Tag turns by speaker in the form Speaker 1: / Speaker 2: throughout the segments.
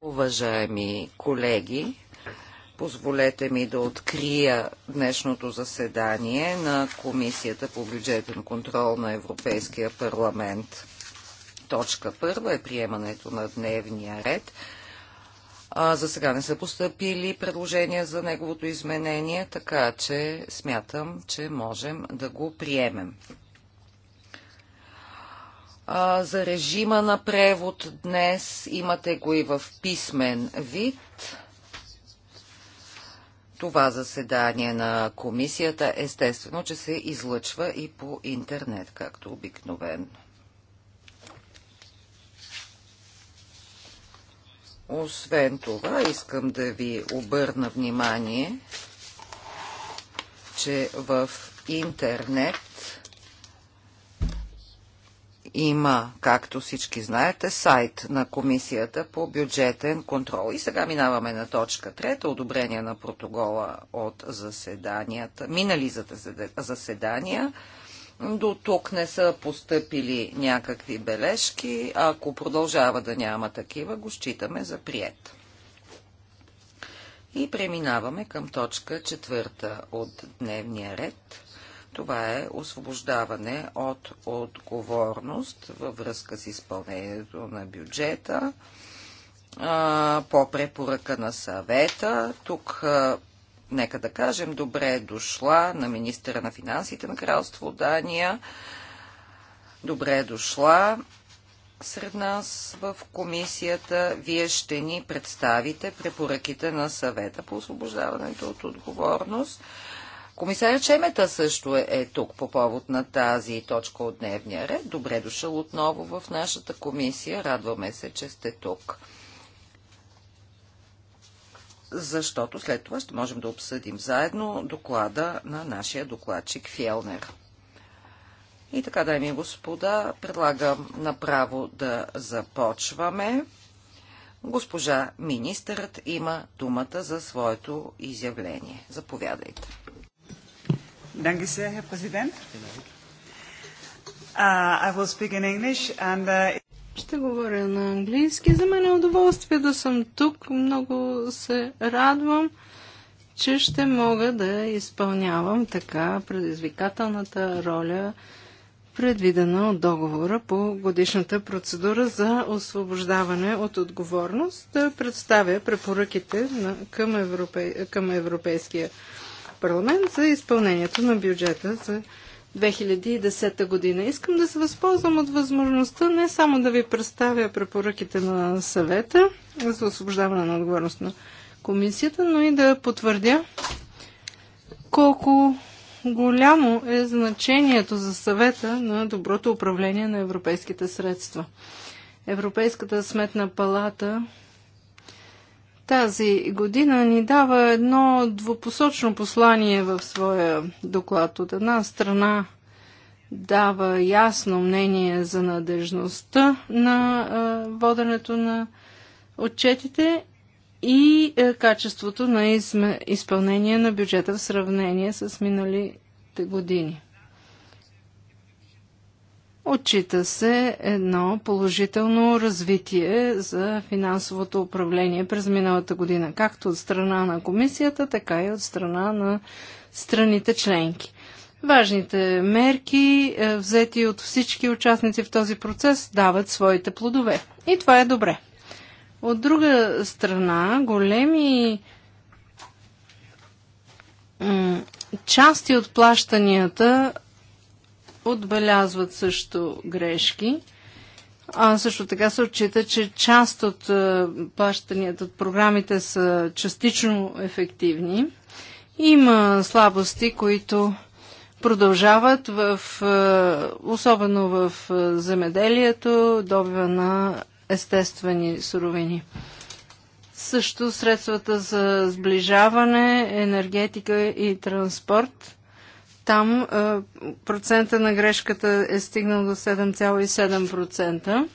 Speaker 1: Уважаеми колеги, позволете ми да открия днешното заседание на Комисията по бюджетен контрол на Европейския парламент. Точка първа е приемането на дневния ред. А, за сега не са поступили предложения за неговото изменение, така че смятам, че можем да го приемем а, за режима на превод днес. Имате го и в писмен вид. Това заседание на комисията естествено, че се излъчва и по интернет, както обикновено. Освен това, искам да ви обърна внимание, че в интернет има, както всички знаете, сайт на Комисията по бюджетен контрол. И сега минаваме на точка трета, одобрение на протокола от заседанията, минали заседания. До тук не са поступили някакви бележки. Ако продължава да няма такива, го считаме за прият. И преминаваме към точка четвърта от дневния ред – това е освобождаване от отговорност във връзка с изпълнението на бюджета по препоръка на съвета. Тук нека да кажем, добре е дошла на министра на финансите на Кралство Дания. Добре е дошла сред нас в комисията. Вие ще ни представите препоръките на съвета по освобождаването от отговорност. Комисаря Шемета също е, е тук по повод на тази точка от дневния ред. Добре дошъл отново в нашата комисия. Радваме се, че сте тук. Защото след това ще можем да обсъдим заедно доклада на нашия докладчик Фелнер. И така, дами и господа, предлагам направо да започваме. Госпожа министърът има думата за своето изявление. Заповядайте.
Speaker 2: Danke sehr, Herr Präsident. Uh, I will speak in English and, uh... Ще говоря на английски. За мен е удоволствие да съм тук. Много се радвам, че ще мога да изпълнявам така предизвикателната роля, предвидена от договора по годишната процедура за освобождаване от отговорност, да представя препоръките на, към, европей, към Европейския парламент за изпълнението на бюджета за 2010 година. Искам да се възползвам от възможността не само да ви представя препоръките на съвета за освобождаване на отговорност на комисията, но и да потвърдя колко голямо е значението за съвета на доброто управление на европейските средства. Европейската сметна палата тази година ни дава едно двупосочно послание в своя доклад. От една страна дава ясно мнение за надежността на а, воденето на отчетите и а, качеството на изме, изпълнение на бюджета в сравнение с миналите години. Отчита се едно положително развитие за финансовото управление през миналата година, както от страна на комисията, така и от страна на страните членки. Важните мерки, е, взети от всички участници в този процес, дават своите плодове. И това е добре. От друга страна, големи части от плащанията отбелязват също грешки. А също така се отчита, че част от е, плащанията от програмите са частично ефективни. Има слабости, които продължават в, е, особено в е, земеделието, добива на естествени суровини. Също средствата за сближаване, енергетика и транспорт там е, процента на грешката е стигнал до 7,7%.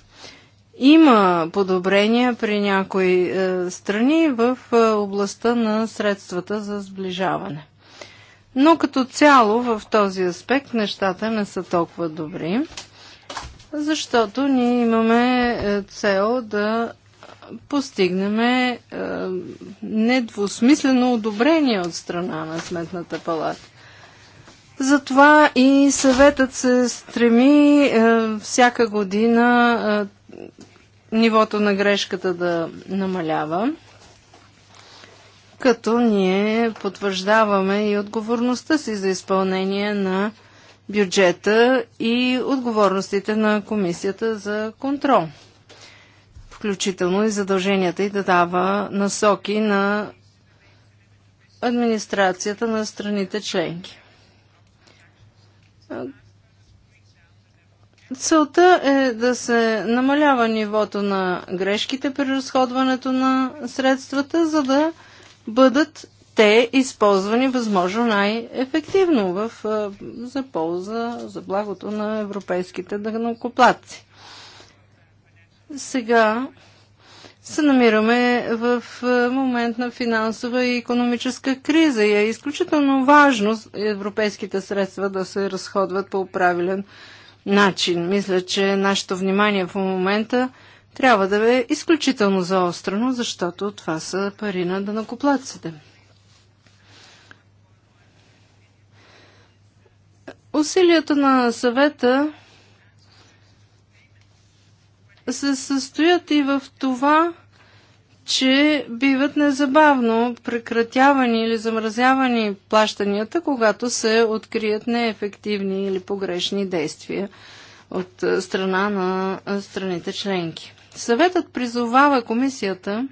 Speaker 2: Има подобрения при някои е, страни в е, областта на средствата за сближаване. Но като цяло в този аспект нещата не са толкова добри, защото ние имаме цел да постигнем недвусмислено одобрение от страна на Сметната палата. Затова и съветът се стреми е, всяка година е, нивото на грешката да намалява, като ние потвърждаваме и отговорността си за изпълнение на бюджета и отговорностите на комисията за контрол, включително и задълженията и да дава насоки на администрацията на страните членки. Целта е да се намалява нивото на грешките при разходването на средствата, за да бъдат те използвани възможно най-ефективно в, за полза, за благото на европейските дъгнокоплаци. Сега се намираме в е, момент на финансова и економическа криза и е изключително важно европейските средства да се разходват по правилен начин. Мисля, че нашето внимание в момента трябва да е изключително заострено, защото това са пари на данакоплатците. Усилията на съвета се състоят и в това, че биват незабавно прекратявани или замразявани плащанията, когато се открият неефективни или погрешни действия от страна на страните членки. Съветът призовава комисията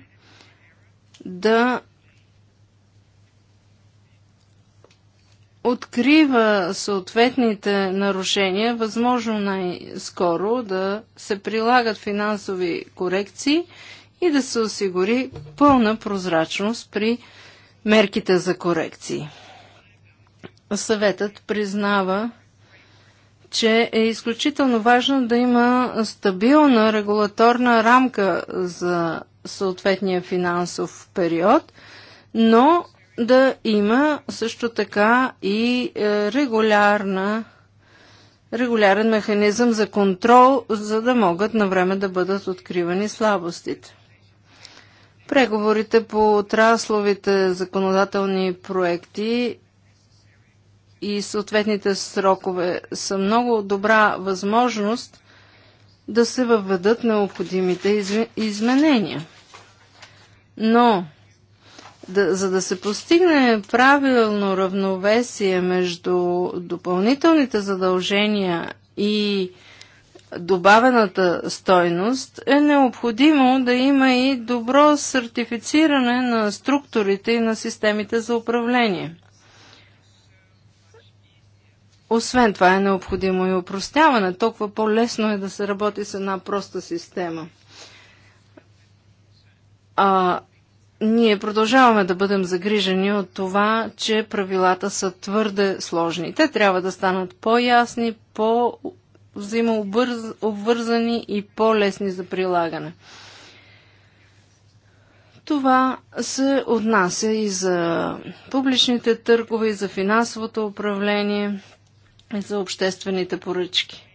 Speaker 2: да открива съответните нарушения, възможно най-скоро да се прилагат финансови корекции и да се осигури пълна прозрачност при мерките за корекции. Съветът признава, че е изключително важно да има стабилна регулаторна рамка за съответния финансов период, но да има също така и е, регулярна, регулярен механизъм за контрол, за да могат на време да бъдат откривани слабостите. Преговорите по отрасловите законодателни проекти и съответните срокове са много добра възможност да се въведат необходимите изменения. Но да, за да се постигне правилно равновесие между допълнителните задължения и добавената стойност, е необходимо да има и добро сертифициране на структурите и на системите за управление. Освен това е необходимо и упростяване. Толкова по-лесно е да се работи с една проста система. А ние продължаваме да бъдем загрижени от това, че правилата са твърде сложни. Те трябва да станат по-ясни, по-взаимообвързани и по-лесни за прилагане. Това се отнася и за публичните търгове, и за финансовото управление, и за обществените поръчки.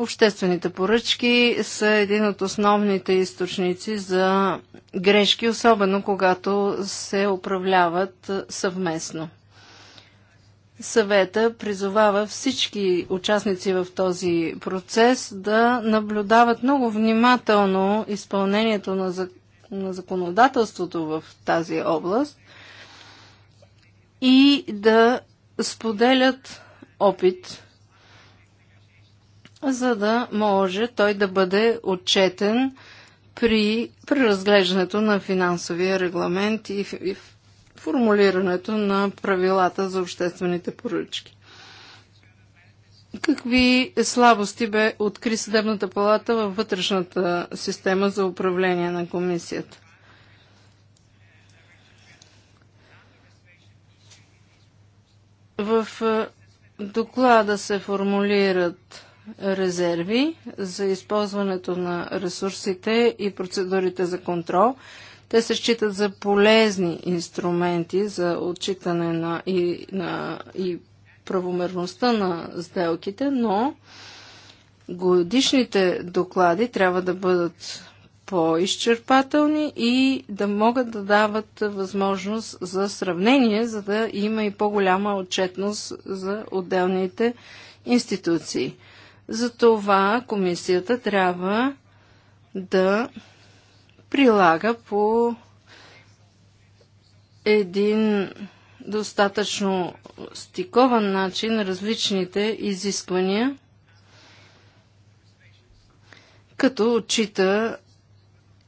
Speaker 2: Обществените поръчки са един от основните източници за грешки, особено когато се управляват съвместно. Съвета призовава всички участници в този процес да наблюдават много внимателно изпълнението на, за... на законодателството в тази област и да споделят опит за да може той да бъде отчетен при преразглеждането на финансовия регламент и, и формулирането на правилата за обществените поръчки. Какви слабости бе откри Съдебната палата във вътрешната система за управление на комисията? В е, доклада се формулират резерви за използването на ресурсите и процедурите за контрол. Те се считат за полезни инструменти за отчитане на и, на, и правомерността на сделките, но годишните доклади трябва да бъдат по-изчерпателни и да могат да дават възможност за сравнение, за да има и по-голяма отчетност за отделните институции. Затова комисията трябва да прилага по един достатъчно стикован начин различните изисквания, като отчита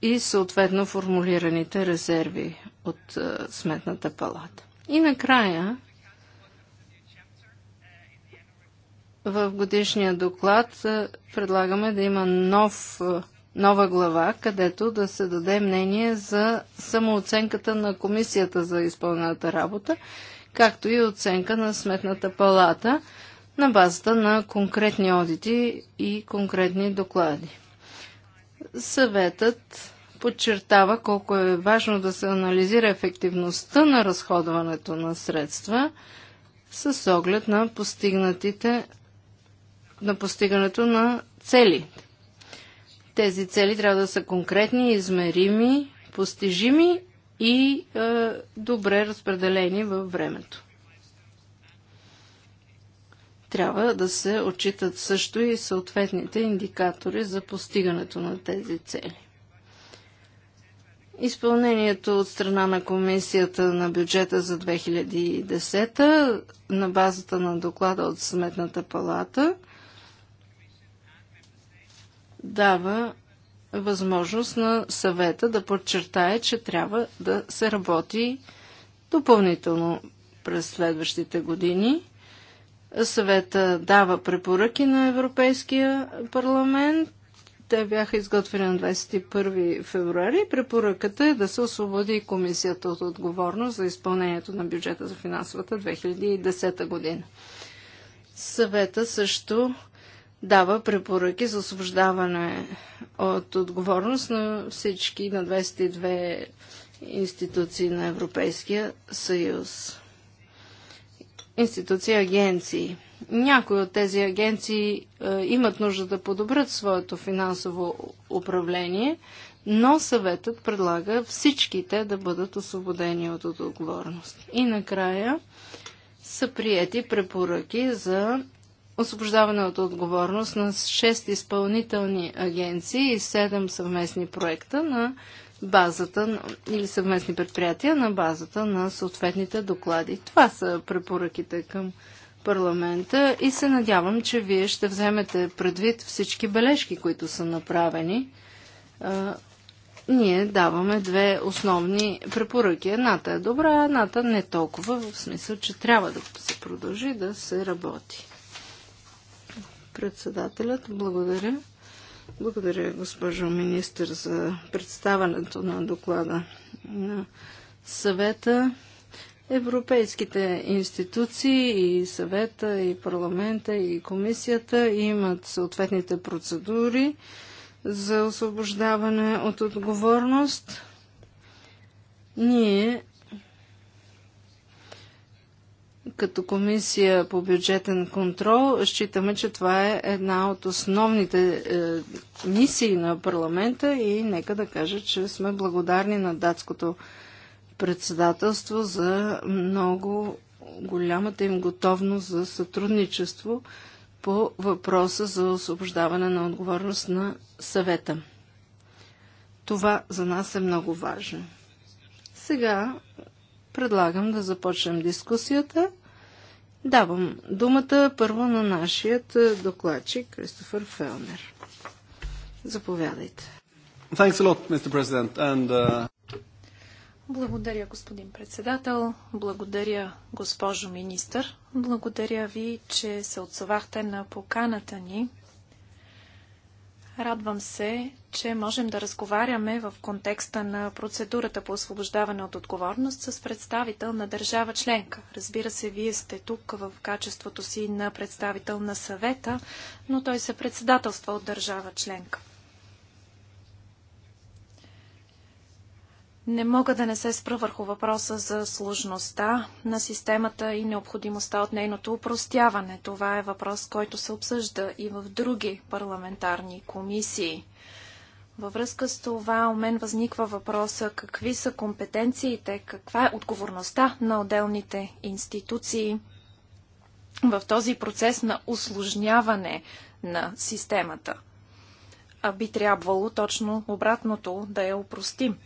Speaker 2: и съответно формулираните резерви от е, Сметната палата. И накрая В годишния доклад е, предлагаме да има нов, е, нова глава, където да се даде мнение за самооценката на комисията за изпълнената работа, както и оценка на сметната палата на базата на конкретни одити и конкретни доклади. Съветът подчертава колко е важно да се анализира ефективността на разходването на средства с оглед на постигнатите на постигането на цели. Тези цели трябва да са конкретни, измерими, постижими и е, добре разпределени във времето. Трябва да се отчитат също и съответните индикатори за постигането на тези цели. Изпълнението от страна на комисията на бюджета за 2010 на базата на доклада от Сметната палата – дава възможност на съвета да подчертае, че трябва да се работи допълнително през следващите години. Съвета дава препоръки на Европейския парламент. Те бяха изготвени на 21 февруари. Препоръката е да се освободи комисията от отговорност за изпълнението на бюджета за финансовата 2010 година. Съвета също дава препоръки за освобождаване от отговорност на всички на 22 институции на Европейския съюз. Институции, агенции. Някои от тези агенции е, имат нужда да подобрят своето финансово управление, но съветът предлага всичките да бъдат освободени от отговорност. И накрая са приети препоръки за освобождаване от отговорност на 6 изпълнителни агенции и 7 съвместни проекта на базата или съвместни предприятия на базата на съответните доклади. Това са препоръките към парламента и се надявам, че вие ще вземете предвид всички бележки, които са направени. ние даваме две основни препоръки. Едната е добра, едната не толкова, в смисъл, че трябва да се продължи да се работи. Председателят, благодаря. Благодаря, госпожо министър, за представането на доклада на съвета. Европейските институции и съвета, и парламента, и комисията имат съответните процедури за освобождаване от отговорност. Ние като комисия по бюджетен контрол считаме, че това е една от основните е, мисии на парламента и нека да кажа, че сме благодарни на датското председателство за много голямата им готовност за сътрудничество по въпроса за освобождаване на отговорност на съвета. Това за нас е много важно. Сега предлагам да започнем дискусията. Давам думата първо на нашият е, докладчик Кристофър Фелнер. Заповядайте. Lot, And, uh...
Speaker 3: Благодаря, господин председател. Благодаря, госпожо министър. Благодаря ви, че се отзовахте на поканата ни. Радвам се, че можем да разговаряме в контекста на процедурата по освобождаване от отговорност с представител на държава членка. Разбира се, вие сте тук в качеството си на представител на съвета, но той се председателства от държава членка. Не мога да не се спра върху въпроса за сложността на системата и необходимостта от нейното упростяване. Това е въпрос, който се обсъжда и в други парламентарни комисии. Във връзка с това у мен възниква въпроса какви са компетенциите, каква е отговорността на отделните институции в този процес на усложняване на системата. А би трябвало точно обратното да я упростим.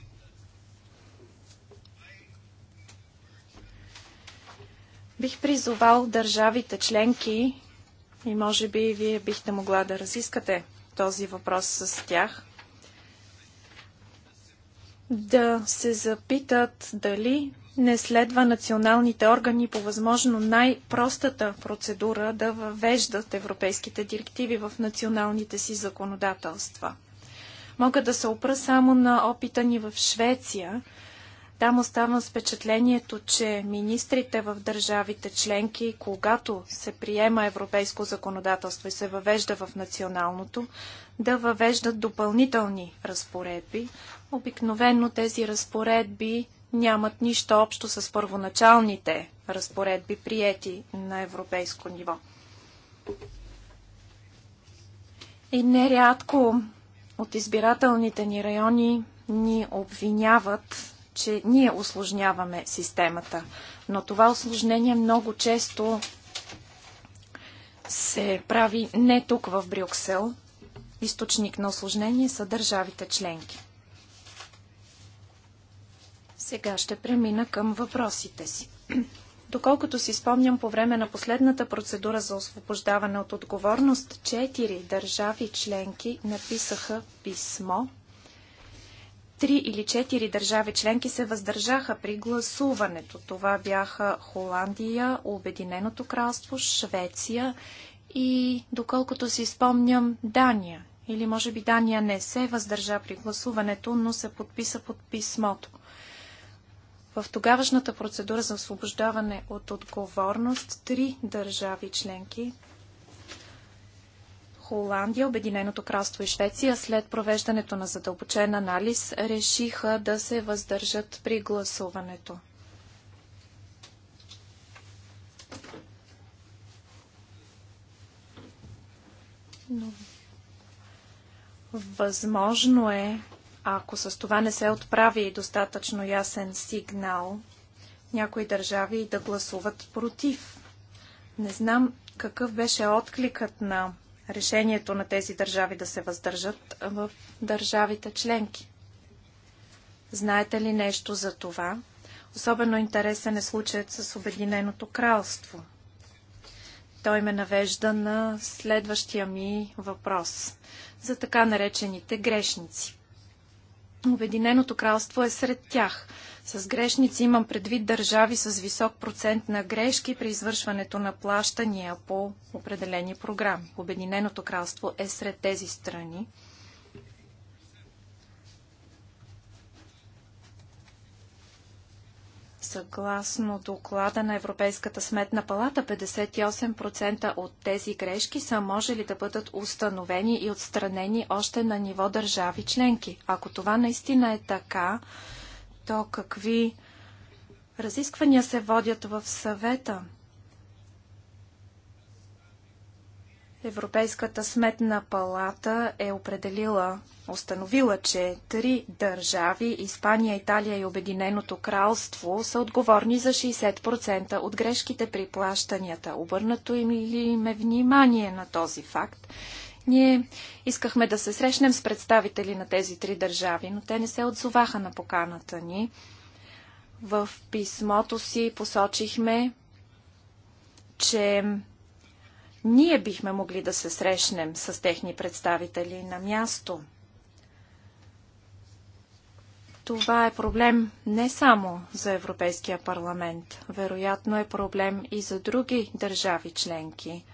Speaker 3: Бих призовал държавите членки и може би вие бихте могла да разискате този въпрос с тях да се запитат дали не следва националните органи по възможно най-простата процедура да въвеждат европейските директиви в националните си законодателства. Мога да се опра само на опита ни в Швеция, там оставам с впечатлението, че министрите в държавите членки, когато се приема европейско законодателство и се въвежда в националното, да въвеждат допълнителни разпоредби. Обикновено тези разпоредби нямат нищо общо с първоначалните разпоредби, приети на европейско ниво. И нерядко от избирателните ни райони ни обвиняват че ние осложняваме системата. Но това осложнение много често се прави не тук в Брюксел. Източник на осложнение са държавите членки. Сега ще премина към въпросите си. Доколкото си спомням по време на последната процедура за освобождаване от отговорност, четири държави членки написаха писмо три или четири държави членки се въздържаха при гласуването. Това бяха Холандия, Обединеното кралство, Швеция и, доколкото си спомням, Дания. Или може би Дания не се въздържа при гласуването, но се подписа под писмото. В тогавашната процедура за освобождаване от отговорност три държави членки Холандия, Обединеното кралство и Швеция след провеждането на задълбочен анализ решиха да се въздържат при гласуването. Но възможно е, ако с това не се отправи достатъчно ясен сигнал, някои държави да гласуват против. Не знам какъв беше откликът на решението на тези държави да се въздържат в държавите членки. Знаете ли нещо за това? Особено интересен е случаят с Обединеното кралство. Той ме навежда на следващия ми въпрос за така наречените грешници. Обединеното кралство е сред тях. С грешници имам предвид държави с висок процент на грешки при извършването на плащания по определени програми. Обединеното кралство е сред тези страни. Съгласно доклада на Европейската сметна палата, 58% от тези грешки са можели да бъдат установени и отстранени още на ниво държави членки. Ако това наистина е така, то какви разисквания се водят в съвета. Европейската сметна палата е определила, установила, че три държави Испания, Италия и Обединеното кралство са отговорни за 60% от грешките при плащанията. Обърнато им ли им е внимание на този факт? Ние искахме да се срещнем с представители на тези три държави, но те не се отзоваха на поканата ни. В писмото си посочихме, че ние бихме могли да се срещнем с техни представители на място. Това е проблем не само за Европейския парламент, вероятно е проблем и за други държави членки –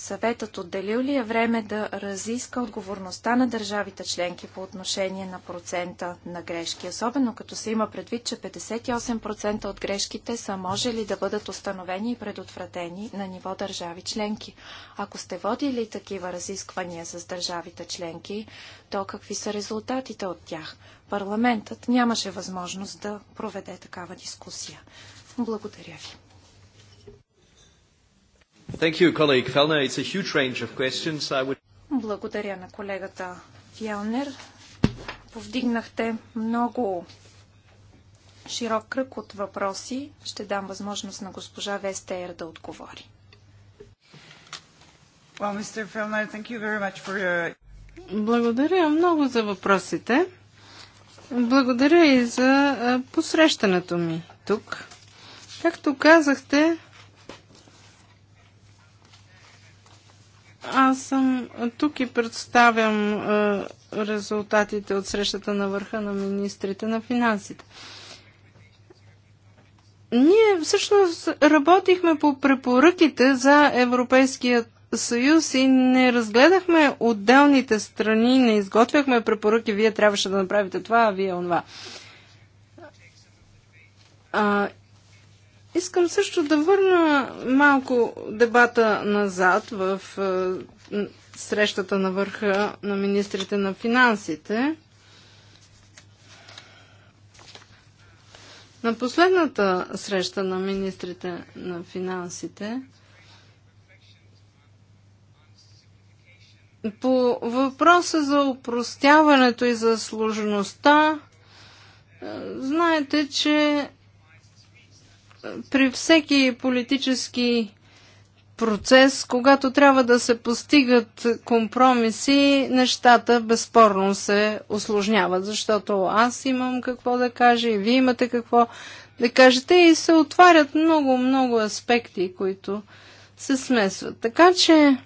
Speaker 3: Съветът отделил ли е време да разиска отговорността на държавите членки по отношение на процента на грешки, особено като се има предвид, че 58% от грешките са може ли да бъдат установени и предотвратени на ниво държави членки? Ако сте водили такива разисквания с държавите членки, то какви са резултатите от тях? Парламентът нямаше възможност да проведе такава дискусия. Благодаря ви. You, Благодаря на колегата Фелнер. Повдигнахте много широк кръг от въпроси. Ще дам възможност на госпожа Вестеер да отговори.
Speaker 2: Well, your... Благодаря много за въпросите. Благодаря и за посрещането ми тук. Както казахте, Аз съм тук и представям е, резултатите от срещата на върха на министрите на финансите. Ние всъщност работихме по препоръките за Европейския съюз и не разгледахме отделните страни, не изготвяхме препоръки, вие трябваше да направите това, а вие онова. А, Искам също да върна малко дебата назад в е, срещата на върха на министрите на финансите. На последната среща на министрите на финансите по въпроса за упростяването и за сложността е, знаете, че при всеки политически процес, когато трябва да се постигат компромиси, нещата безспорно се осложняват, защото аз имам какво да кажа и вие имате какво да кажете и се отварят много-много аспекти, които се смесват. Така че,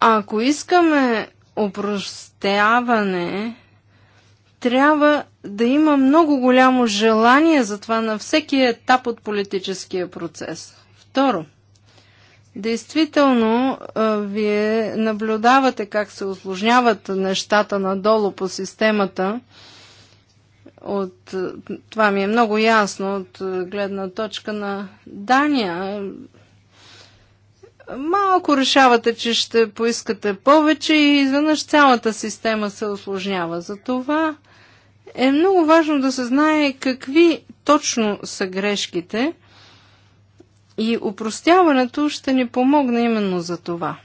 Speaker 2: ако искаме опростяване трябва да има много голямо желание за това на всеки етап от политическия процес. Второ, действително вие наблюдавате как се осложняват нещата надолу по системата. От, това ми е много ясно от гледна точка на Дания. Малко решавате, че ще поискате повече и изведнъж цялата система се осложнява. Затова е много важно да се знае какви точно са грешките и упростяването ще ни помогне именно за това.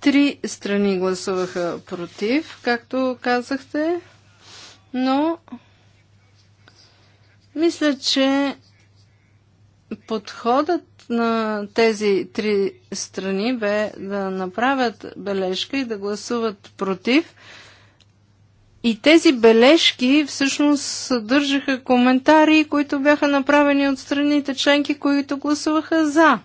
Speaker 2: Три страни гласуваха против, както казахте, но мисля, че подходът на тези три страни бе да направят бележка и да гласуват против, и тези бележки всъщност съдържаха коментари, които бяха направени от страните членки, които гласуваха за.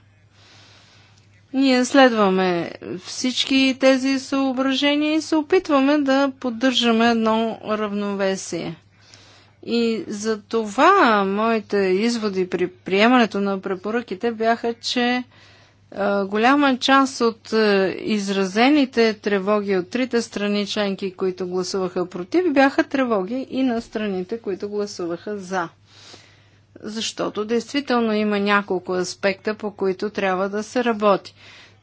Speaker 2: Ние следваме всички тези съображения и се опитваме да поддържаме едно равновесие. И за това моите изводи при приемането на препоръките бяха, че Голяма част от е, изразените тревоги от трите страни членки, които гласуваха против, бяха тревоги и на страните, които гласуваха за. Защото действително има няколко аспекта, по които трябва да се работи.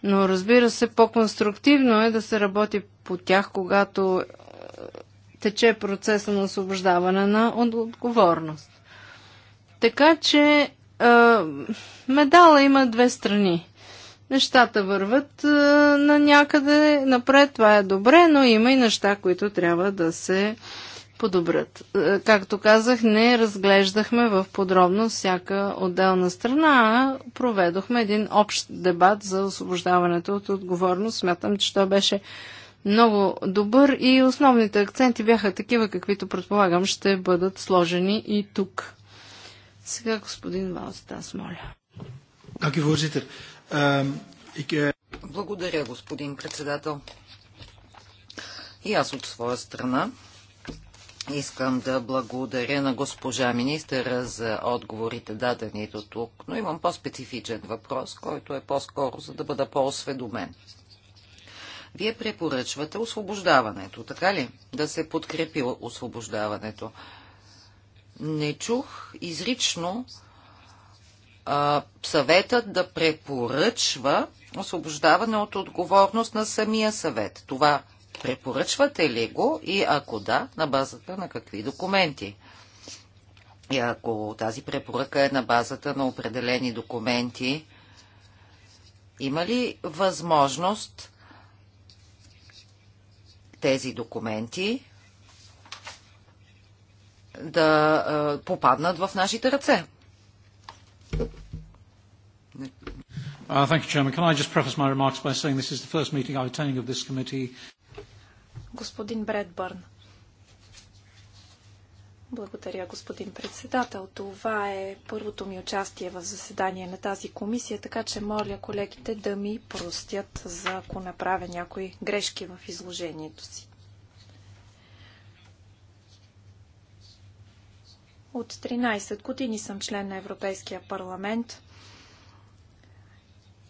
Speaker 2: Но разбира се, по-конструктивно е да се работи по тях, когато е, тече процеса на освобождаване на отговорност. Така че е, медала има две страни нещата върват на някъде напред, това е добре, но има и неща, които трябва да се подобрят. Както казах, не разглеждахме в подробно всяка отделна страна, а проведохме един общ дебат за освобождаването от отговорност. Смятам, че то беше много добър и основните акценти бяха такива, каквито предполагам ще бъдат сложени и тук. Сега господин Валстас, моля.
Speaker 3: Как и voorzitter.
Speaker 2: Благодаря,
Speaker 1: господин председател. И аз от своя страна искам да благодаря на госпожа министъра за отговорите дадени до тук, но имам по-специфичен въпрос, който е по-скоро, за да бъда по-осведомен. Вие препоръчвате освобождаването, така ли? Да се подкрепи освобождаването. Не чух изрично съветът да препоръчва освобождаване от отговорност на самия съвет. Това препоръчвате ли го и ако да, на базата на какви документи? И ако тази препоръка е на базата на определени документи, има ли възможност тези документи да попаднат в нашите ръце? Uh, thank you, Chairman. Can I just preface my remarks by saying this is the first meeting I'm attending of this committee.
Speaker 3: Господин Бредбърн. Благодаря, господин председател. Това е първото ми участие в заседание на тази комисия, така че моля колегите да ми простят за ако направя някои грешки в изложението си. От 13 години съм член на Европейския парламент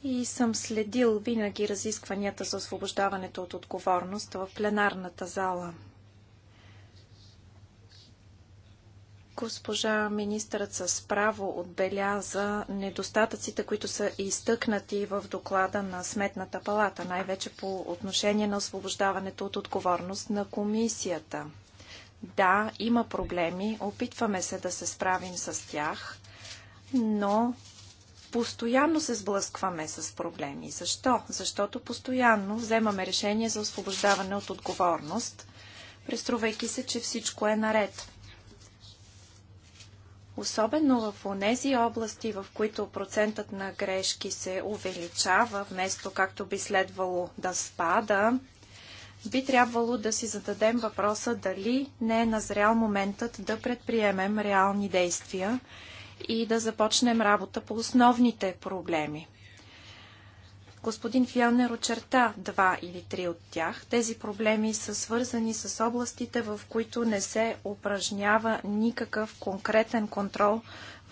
Speaker 3: и съм следил винаги разискванията за освобождаването от отговорност в пленарната зала. Госпожа министърът с право отбеляза недостатъците, които са изтъкнати в доклада на Сметната палата, най-вече по отношение на освобождаването от отговорност на комисията – да, има проблеми, опитваме се да се справим с тях, но постоянно се сблъскваме с проблеми. Защо? Защото постоянно вземаме решение за освобождаване от отговорност, преструвайки се, че всичко е наред. Особено в онези области, в които процентът на грешки се увеличава, вместо както би следвало да спада, би трябвало да си зададем въпроса дали не е назрял моментът да предприемем реални действия и да започнем работа по основните проблеми. Господин Фионер очерта два или три от тях. Тези проблеми са свързани с областите, в които не се упражнява никакъв конкретен контрол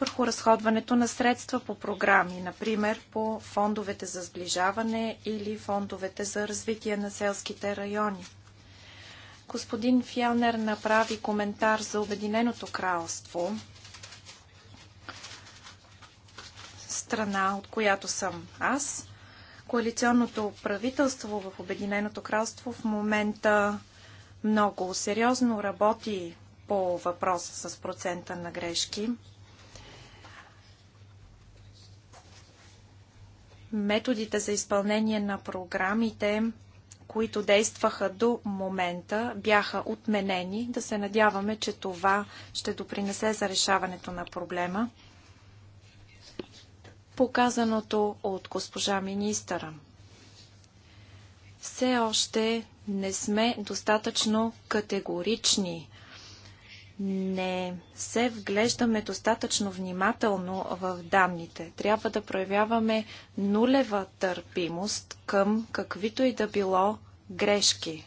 Speaker 3: върху разходването на средства по програми, например по фондовете за сближаване или фондовете за развитие на селските райони. Господин Фялнер направи коментар за Обединеното кралство, страна, от която съм аз. Коалиционното правителство в Обединеното кралство в момента много сериозно работи по въпроса с процента на грешки. методите за изпълнение на програмите, които действаха до момента, бяха отменени. Да се надяваме, че това ще допринесе за решаването на проблема. Показаното от госпожа министъра. Все още не сме достатъчно категорични не се вглеждаме достатъчно внимателно в данните. Трябва да проявяваме нулева търпимост към каквито и да било грешки.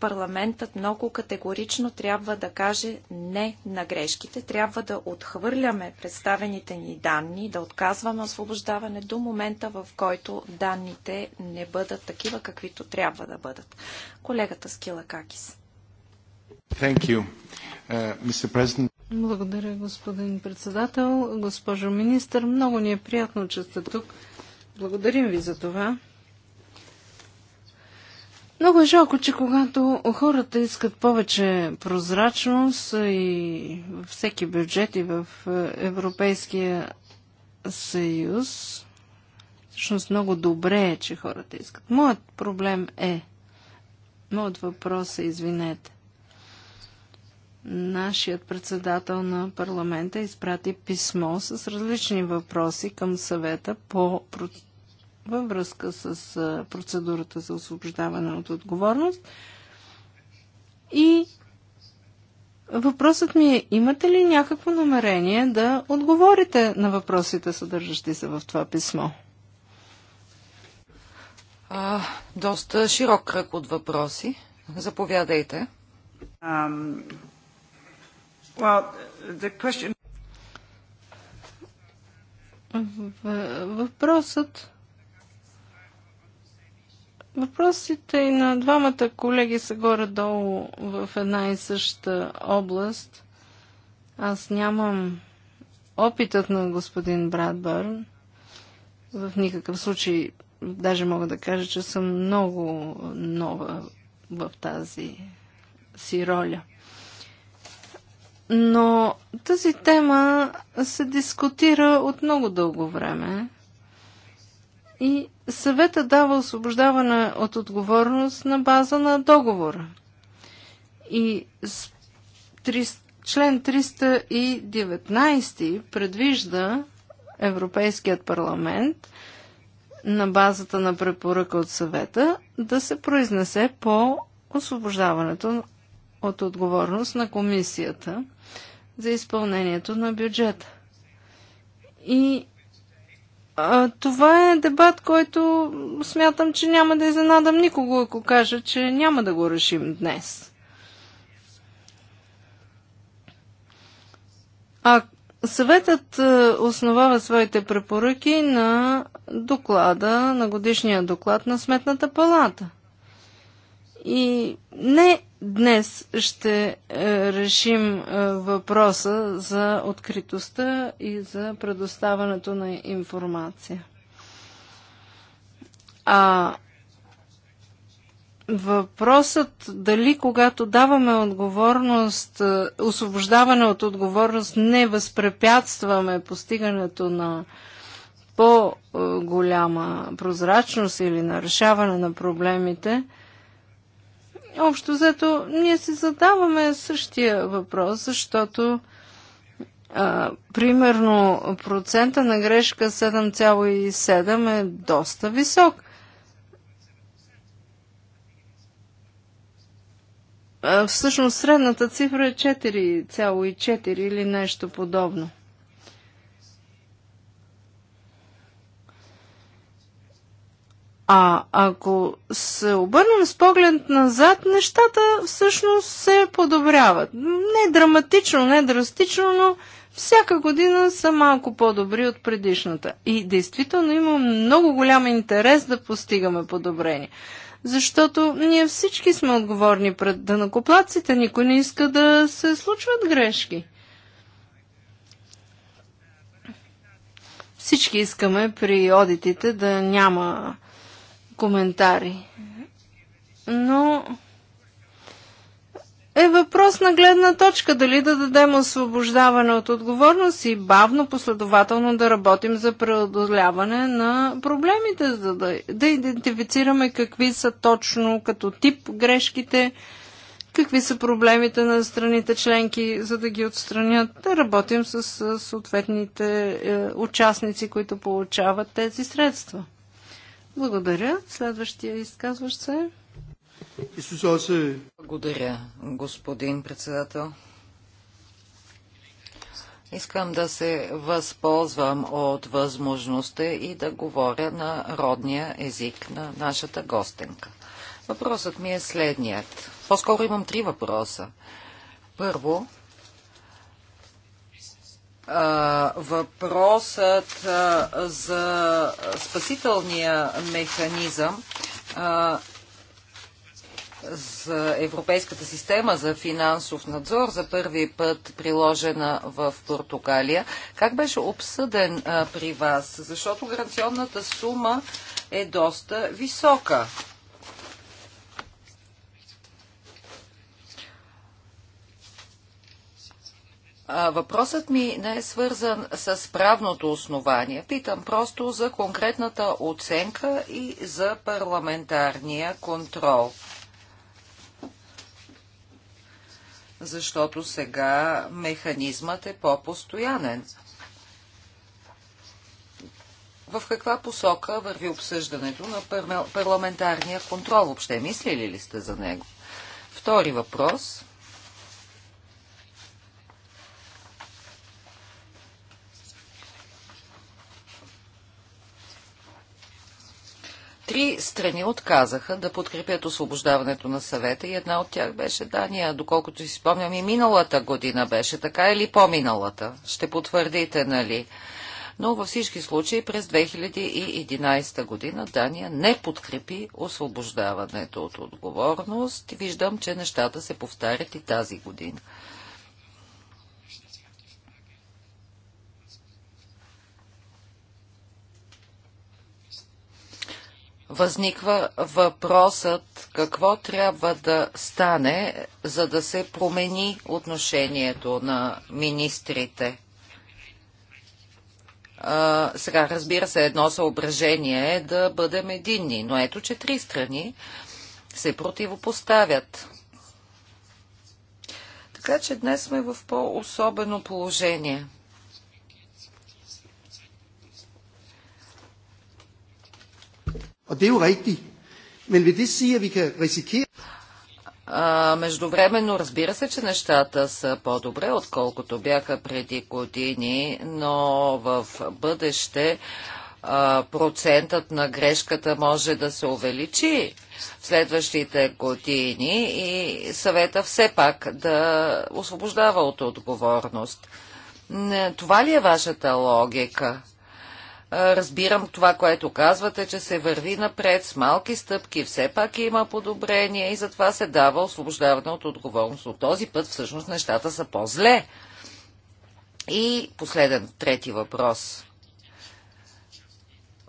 Speaker 3: Парламентът много категорично трябва да каже не на грешките. Трябва да отхвърляме представените ни данни, да отказваме освобождаване до момента, в който данните не бъдат такива, каквито трябва да бъдат. Колегата Скила Какис. Thank you, uh, Mr.
Speaker 2: Благодаря, господин председател. Госпожо министър, много ни е приятно, че сте тук. Благодарим ви за това. Много е жалко, че когато хората искат повече прозрачност и във всеки бюджет и в е, Европейския съюз, всъщност много добре е, че хората искат. Моят проблем е, моят въпрос е, извинете, Нашият председател на парламента изпрати писмо с различни въпроси към съвета по, във връзка с процедурата за освобождаване от отговорност. И въпросът ми е, имате ли някакво намерение да отговорите на въпросите, съдържащи се в това писмо?
Speaker 1: А, доста широк кръг от въпроси. Заповядайте.
Speaker 2: Well, the question... Въпросът Въпросите и на двамата колеги са горе-долу в една и съща област. Аз нямам опитът на господин Брадбърн. В никакъв случай, даже мога да кажа, че съм много нова в тази си роля. Но тази тема се дискутира от много дълго време. И съвета дава освобождаване от отговорност на база на договора. И член 319 предвижда Европейският парламент на базата на препоръка от съвета да се произнесе по освобождаването от отговорност на комисията за изпълнението на бюджета. И а, това е дебат, който смятам, че няма да изненадам никого, ако кажа, че няма да го решим днес. А съветът основава своите препоръки на доклада, на годишния доклад на Сметната палата – и не днес ще е, решим е, въпроса за откритостта и за предоставането на информация. А въпросът дали когато даваме отговорност, е, освобождаване от отговорност, не възпрепятстваме постигането на по-голяма прозрачност или на решаване на проблемите – Общо взето, ние си задаваме същия въпрос, защото а, примерно процента на грешка 7,7 е доста висок. А, всъщност средната цифра е 4,4 или нещо подобно. А ако се обърнем с поглед назад, нещата всъщност се подобряват. Не драматично, не драстично, но всяка година са малко по-добри от предишната. И действително има много голям интерес да постигаме подобрение. Защото ние всички сме отговорни пред дънакоплаците, никой не иска да се случват грешки. Всички искаме при одитите да няма коментари. Но е въпрос на гледна точка дали да дадем освобождаване от отговорност и бавно, последователно да работим за преодоляване на проблемите, за да, да идентифицираме какви са точно като тип грешките, какви са проблемите на страните членки, за да ги отстранят, да работим с съответните е, участници, които получават тези средства. Благодаря. Следващия изказващ се.
Speaker 1: Благодаря, господин председател. Искам да се възползвам от възможността и да говоря на родния език на нашата гостенка. Въпросът ми е следният. По-скоро имам три въпроса. Първо, въпросът за спасителния механизъм за Европейската система за финансов надзор, за първи път приложена в Португалия. Как беше обсъден а, при вас? Защото гаранционната сума е доста висока. Въпросът ми не е свързан с правното основание. Питам просто за конкретната оценка и за парламентарния контрол. Защото сега механизмът е по-постоянен. В каква посока върви обсъждането на парламентарния контрол? Въобще мислили ли сте за него? Втори въпрос – Три страни отказаха да подкрепят освобождаването на съвета и една от тях беше Дания. Доколкото си спомням и миналата година беше така или по-миналата. Ще потвърдите, нали? Но във всички случаи през 2011 година Дания не подкрепи освобождаването от отговорност. Виждам, че нещата се повтарят и тази година. възниква въпросът какво трябва да стане, за да се промени отношението на министрите. А, сега, разбира се, едно съображение е да бъдем единни, но ето, че три страни се противопоставят. Така че днес сме в по-особено положение –
Speaker 3: Og det er jo rigtigt.
Speaker 1: Men vil det sige, at vi kan risikere... А, междувременно, разбира се, че нещата са по-добре, отколкото бяха преди години, но в бъдеще а, процентът на грешката може да се увеличи в следващите години и съвета все пак да освобождава от отговорност. Не, това ли е вашата логика? Разбирам това, което казвате, че се върви напред с малки стъпки, все пак има подобрение и затова се дава освобождаване от отговорност. От този път всъщност нещата са по-зле. И последен, трети въпрос.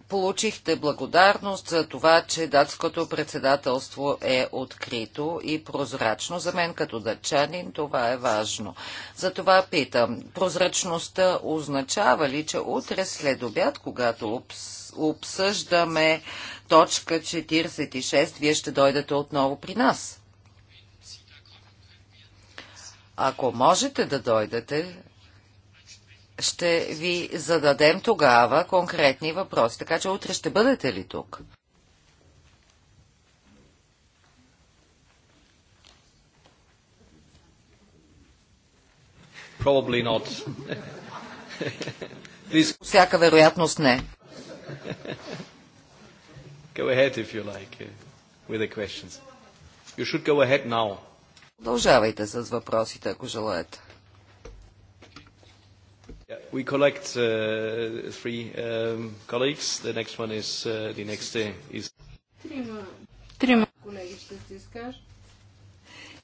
Speaker 1: Получихте благодарност за това, че датското председателство е открито и прозрачно. За мен като датчанин това е важно. За това питам, прозрачността означава ли, че утре след обяд, когато обсъждаме точка 46, вие ще дойдете отново при нас? Ако можете да дойдете, ще ви зададем тогава конкретни въпроси. Така че утре ще бъдете ли тук?
Speaker 2: Probably not. Please.
Speaker 1: Всяка вероятност не.
Speaker 2: Go ahead if you like
Speaker 1: uh, with the questions. You should go ahead now. Продължавайте с въпросите, ако желаете. We collect uh,
Speaker 2: three um, colleagues. The next one is uh, the next day uh, is... Трима, колеги ще се изкажат.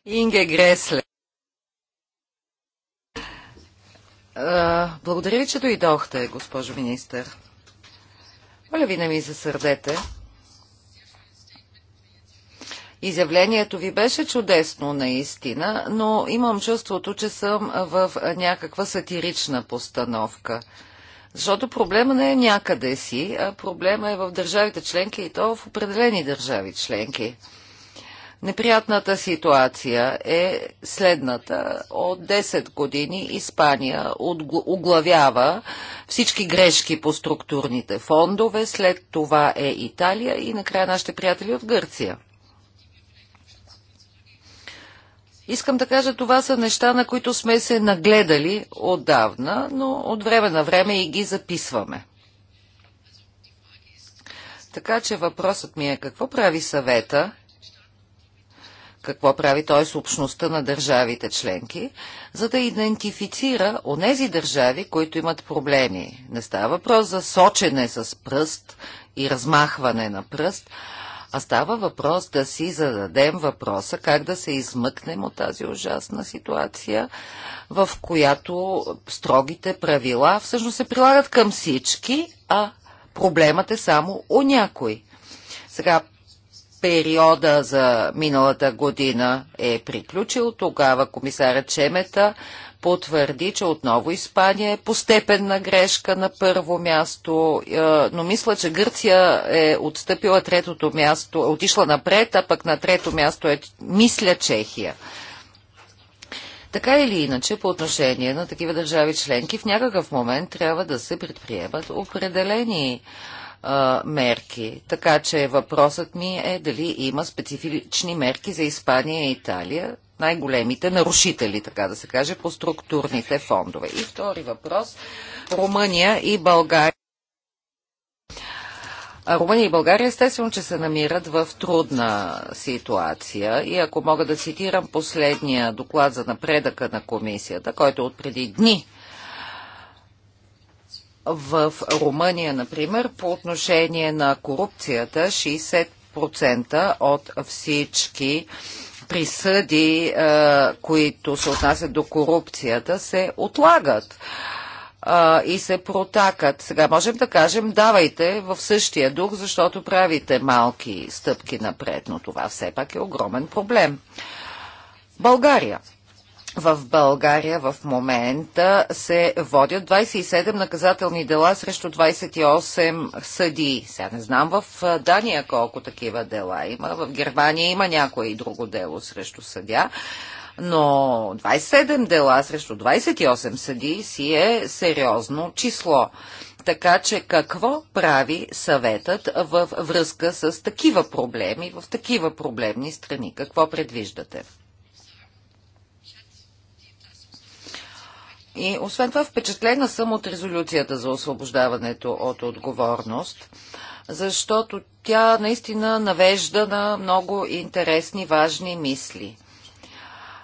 Speaker 2: Инге Гресле.
Speaker 1: Е, благодаря ви, че дойдохте, госпожо министър. Моля ви не ми засърдете. Изявлението ви беше чудесно наистина, но имам чувството, че съм в някаква сатирична постановка. Защото проблема не е някъде си, а проблема е в държавите членки и то в определени държави членки. Неприятната ситуация е следната. От 10 години Испания оглавява всички грешки по структурните фондове, след това е Италия и накрая нашите приятели от Гърция. Искам да кажа, това са неща, на които сме се нагледали отдавна, но от време на време и ги записваме. Така че въпросът ми е какво прави съвета, какво прави той с общността на държавите членки, за да идентифицира онези държави, които имат проблеми. Не става въпрос за сочене с пръст и размахване на пръст, а става въпрос да си зададем въпроса как да се измъкнем от тази ужасна ситуация, в която строгите правила всъщност се прилагат към всички, а проблемът е само у някой. Сега периода за миналата година е приключил. Тогава комисарът Чемета потвърди, че отново Испания е по степенна грешка на първо място, е, но мисля, че Гърция е отстъпила третото място, е отишла напред, а пък на трето място е, мисля, Чехия. Така или иначе, по отношение на такива държави членки, в някакъв момент трябва да се предприемат определени а, е, мерки. Така че въпросът ми е дали има специфични мерки за Испания и Италия, най-големите нарушители, така да се каже, по структурните фондове. И втори въпрос. Румъния и България. Румъния и България естествено, че се намират в трудна ситуация и ако мога да цитирам последния доклад за напредъка на комисията, който е от преди дни в Румъния, например, по отношение на корупцията, 60% от всички присъди, е, които се отнасят до корупцията, се отлагат е, и се протакат. Сега можем да кажем, давайте в същия дух, защото правите малки стъпки напред, но това все пак е огромен проблем. България. В България в момента се водят 27 наказателни дела срещу 28 съдии. Сега не знам в Дания колко такива дела има. В Германия има някое и друго дело срещу съдя. Но 27 дела срещу 28 съдии си е сериозно число. Така че какво прави съветът във връзка с такива проблеми в такива проблемни страни? Какво предвиждате? И освен това впечатлена съм от резолюцията за освобождаването от отговорност, защото тя наистина навежда на много интересни, важни мисли.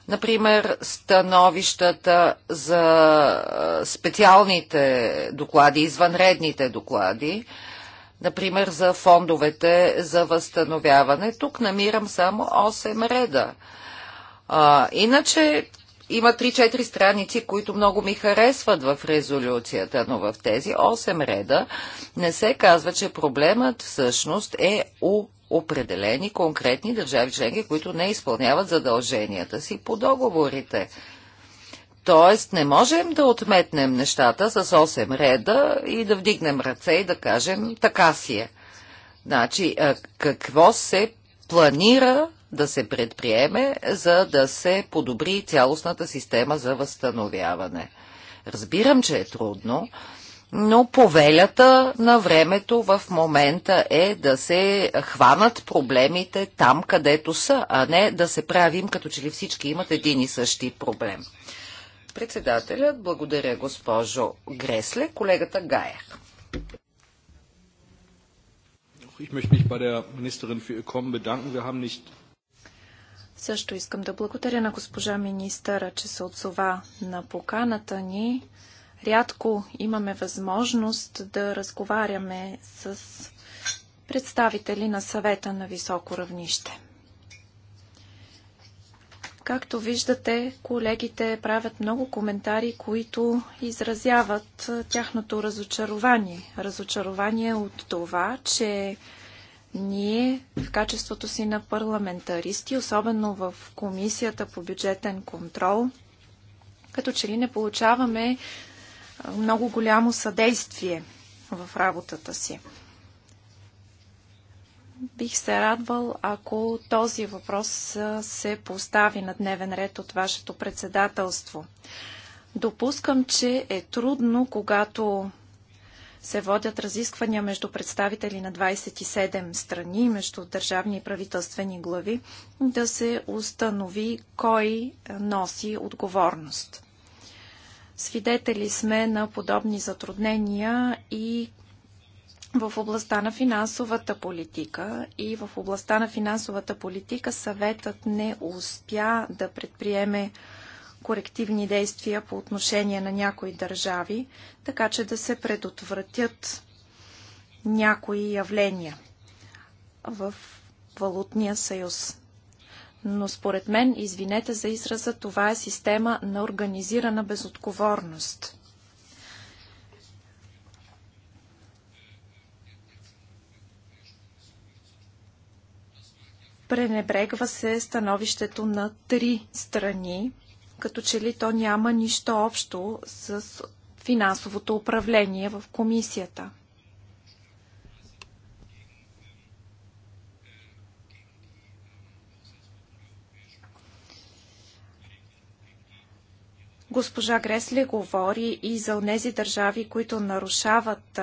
Speaker 1: Например, становищата за специалните доклади, извънредните доклади, например за фондовете за възстановяване. Тук намирам само 8 реда. А, иначе има 3-4 страници, които много ми харесват в резолюцията, но в тези 8 реда не се казва, че проблемът всъщност е у определени конкретни държави членки, които не изпълняват задълженията си по договорите. Тоест не можем да отметнем нещата с 8 реда и да вдигнем ръце и да кажем така си е. Значи, какво се планира да се предприеме, за да се подобри цялостната система за възстановяване. Разбирам, че е трудно, но повелята на времето в момента е да се хванат проблемите там, където са, а не да се правим като че ли всички имат един и същи проблем. Председателят, благодаря госпожо Гресле, колегата Гаер. Ich möchte mich bei der Ministerin für ihr Kommen
Speaker 2: bedanken. Wir haben nicht
Speaker 3: също искам да благодаря на госпожа министъра, че се отзова на поканата ни. Рядко имаме възможност да разговаряме с представители на съвета на високо равнище. Както виждате, колегите правят много коментари, които изразяват тяхното разочарование. Разочарование от това, че ние в качеството си на парламентаристи, особено в Комисията по бюджетен контрол, като че ли не получаваме много голямо съдействие в работата си. Бих се радвал, ако този въпрос се постави на дневен ред от вашето председателство. Допускам, че е трудно, когато се водят разисквания между представители на 27 страни, между държавни и правителствени глави, да се установи кой носи отговорност. Свидетели сме на подобни затруднения и в областта на финансовата политика и в областта на финансовата политика съветът не успя да предприеме корективни действия по отношение на някои държави, така че да се предотвратят някои явления в валутния съюз. Но според мен, извинете за израза, това е система на организирана безотговорност. пренебрегва се становището на три страни като че ли то няма нищо общо с финансовото управление в комисията. Госпожа Гресли говори и за тези държави, които нарушават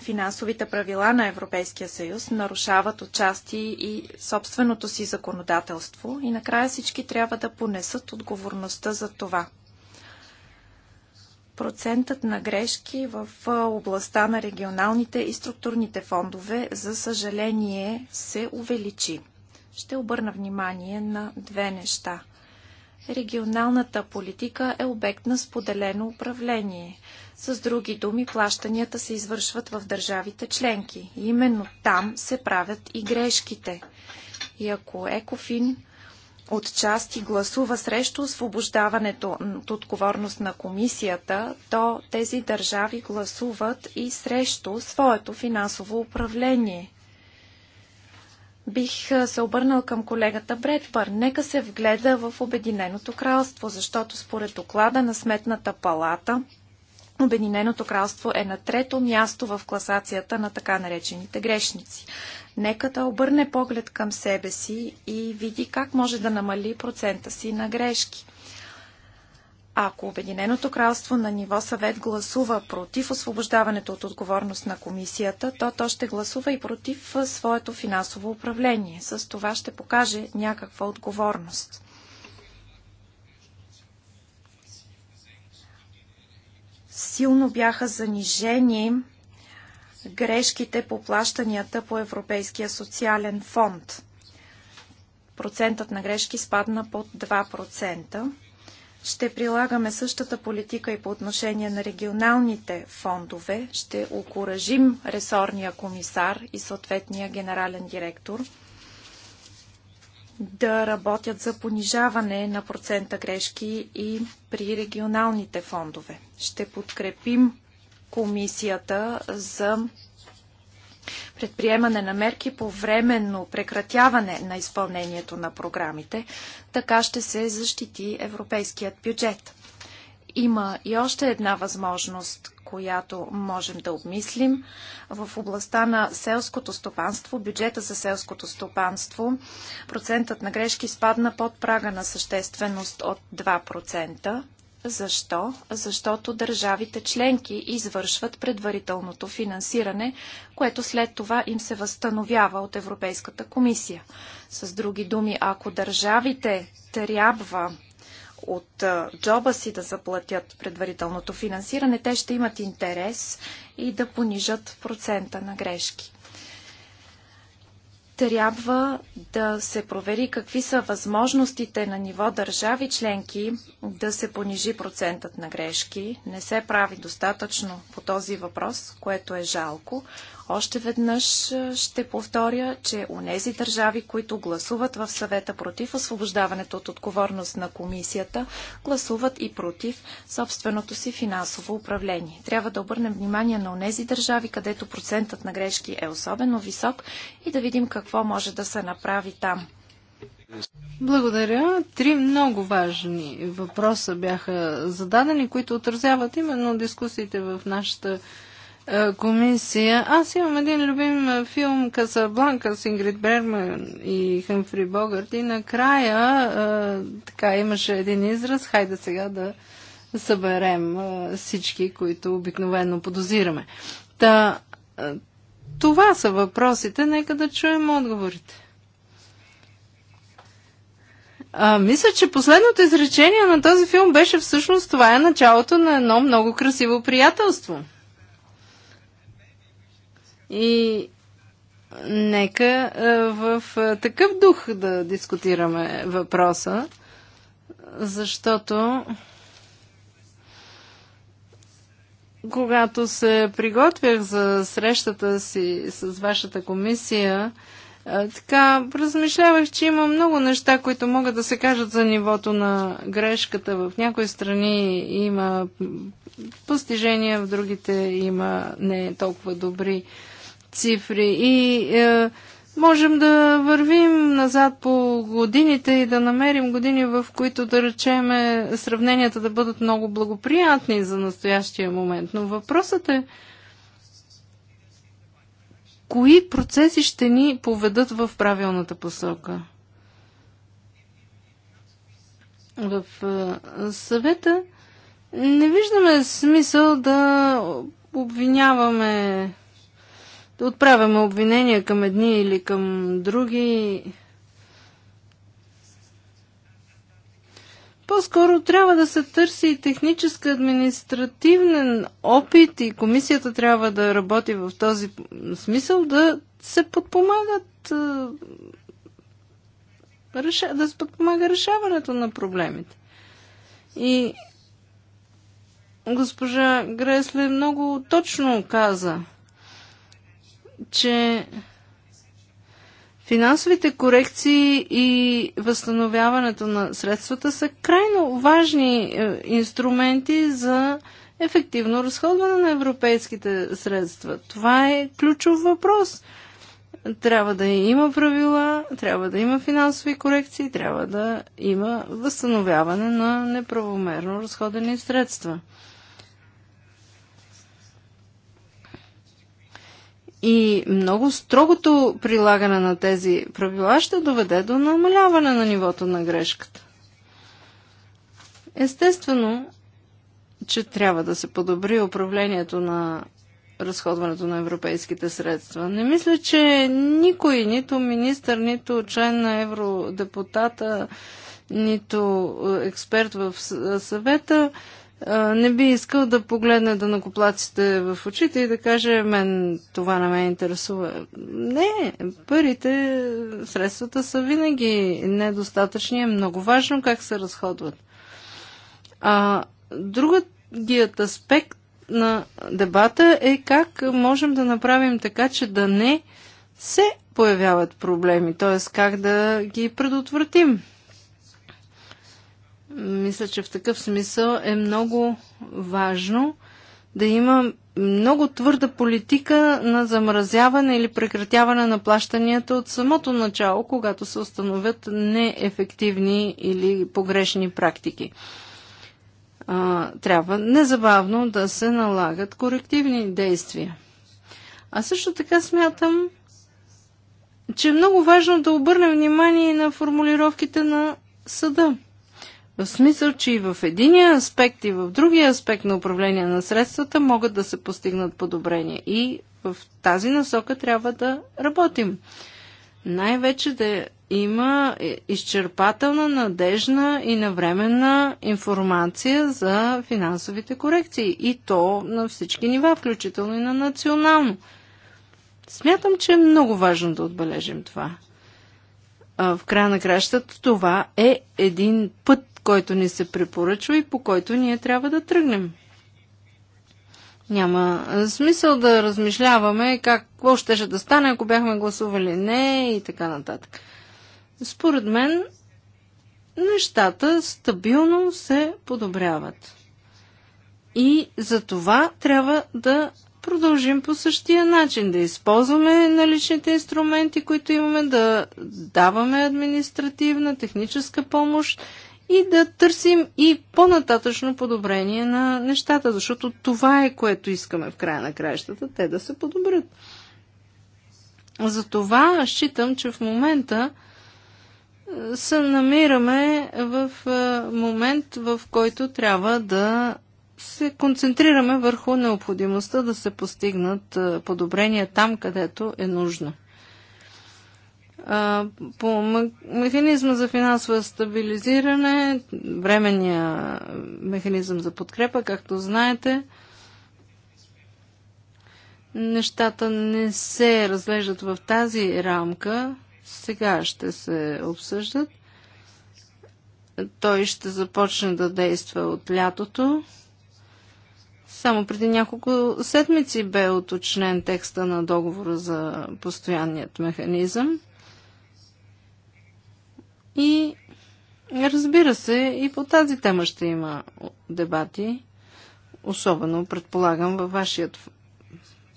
Speaker 3: финансовите правила на Европейския съюз нарушават отчасти и собственото си законодателство и накрая всички трябва да понесат отговорността за това. Процентът на грешки в областта на регионалните и структурните фондове, за съжаление, се увеличи. Ще обърна внимание на две неща. Регионалната политика е обект на споделено управление – с други думи, плащанията се извършват в държавите членки. И именно там се правят и грешките. И ако Екофин от части гласува срещу освобождаването от отговорност на комисията, то тези държави гласуват и срещу своето финансово управление. Бих се обърнал към колегата Бредпър. Нека се вгледа в Обединеното кралство, защото според доклада на Сметната палата – Обединеното кралство е на трето място в класацията на така наречените грешници. Нека да обърне поглед към себе си и види как може да намали процента си на грешки. Ако Обединеното кралство на ниво съвет гласува против освобождаването от отговорност на комисията, то то ще гласува и против своето финансово управление. С това ще покаже някаква отговорност. Силно бяха занижени грешките по плащанията по Европейския социален фонд. Процентът на грешки спадна под 2%. Ще прилагаме същата политика и по отношение на регионалните фондове. Ще окоръжим ресорния комисар и съответния генерален директор – да работят за понижаване на процента грешки и при регионалните фондове. Ще подкрепим комисията за предприемане на мерки по временно прекратяване на изпълнението на програмите, така ще се защити европейският бюджет. Има и още една възможност, която можем да обмислим. В областта на селското стопанство, бюджета за селското стопанство, процентът на грешки спадна под прага на същественост от 2%. Защо? Защото държавите членки извършват предварителното финансиране, което след това им се възстановява от Европейската комисия. С други думи, ако държавите трябва от джоба си да заплатят предварителното финансиране, те ще имат интерес и да понижат процента на грешки трябва да се провери какви са възможностите на ниво държави членки да се понижи процентът на грешки. Не се прави достатъчно по този въпрос, което е жалко. Още веднъж ще повторя, че нези държави, които гласуват в съвета против освобождаването от отговорност на комисията, гласуват и против собственото си финансово управление. Трябва да обърнем внимание на нези държави, където процентът на грешки е особено висок и да видим какво какво може да се направи там.
Speaker 2: Благодаря. Три много важни въпроса бяха зададени, които отразяват именно дискусиите в нашата е, комисия. Аз имам един любим е, филм Касабланка с Ингрид Берман и Хъмфри Богърт и накрая е, така имаше един израз, хайде сега да съберем е, всички, които обикновено подозираме. Та, е, това са въпросите, нека да чуем отговорите. А, мисля, че последното изречение на този филм беше всъщност това е началото на едно много красиво приятелство. И нека в такъв дух да дискутираме въпроса, защото когато се приготвях за срещата си с вашата комисия, така, размишлявах, че има много неща, които могат да се кажат за нивото на грешката. В някои страни има постижения, в другите има не толкова добри цифри. И е, Можем да вървим назад по годините и да намерим години, в които да речеме сравненията да бъдат много благоприятни за настоящия момент. Но въпросът е, кои процеси ще ни поведат в правилната посока? В съвета не виждаме смисъл да обвиняваме да отправяме обвинения към едни или към други. По-скоро трябва да се търси и техническа административен опит и комисията трябва да работи в този смисъл да се подпомагат е, да се подпомага решаването на проблемите. И госпожа Гресле много точно каза – че финансовите корекции и възстановяването на средствата са крайно важни е, инструменти за ефективно разходване на европейските средства. Това е ключов въпрос. Трябва да има правила, трябва да има финансови корекции, трябва да има възстановяване на неправомерно разходени средства. И много строгото прилагане на тези правила ще доведе до намаляване на нивото на грешката. Естествено, че трябва да се подобри управлението на разходването на европейските средства. Не мисля, че никой, нито министър, нито член на евродепутата, нито е, експерт в съвета, не би искал да погледне да накоплаците в очите и да каже, мен това не ме интересува. Не, парите, средствата са винаги недостатъчни. Е много важно как се разходват. А другият аспект на дебата е как можем да направим така, че да не се появяват проблеми, т.е. как да ги предотвратим. Мисля, че в такъв смисъл е много важно да има много твърда политика на замразяване или прекратяване на плащанията от самото начало, когато се установят неефективни или погрешни практики. А, трябва незабавно да се налагат корективни действия. А също така смятам, че е много важно да обърнем внимание и на формулировките на съда. В смисъл, че и в единия аспект и в другия аспект на управление на средствата могат да се постигнат подобрения. И в тази насока трябва да работим. Най-вече да има изчерпателна, надежна и навременна информация за финансовите корекции. И то на всички нива, включително и на национално. Смятам, че е много важно да отбележим това. В края на кращата това е един път който ни се препоръчва и по който ние трябва да тръгнем. Няма смисъл да размишляваме как, какво ще да стане, ако бяхме гласували не и така нататък. Според мен, нещата стабилно се подобряват. И за това трябва да продължим по същия начин, да използваме наличните инструменти, които имаме, да даваме административна, техническа помощ и да търсим и по-нататъчно подобрение на нещата, защото това е което искаме в края на краищата, те да се подобрят. Затова считам, че в момента е, се намираме в е, момент, в който трябва да се концентрираме върху необходимостта да се постигнат е, подобрения там, където е нужно по механизма за финансово стабилизиране, временния механизъм за подкрепа, както знаете, нещата не се разглеждат в тази рамка. Сега ще се обсъждат. Той ще започне да действа от лятото. Само преди няколко седмици бе уточнен текста на договора за постоянният механизъм. И разбира се, и по тази тема ще има дебати, особено, предполагам, във вашият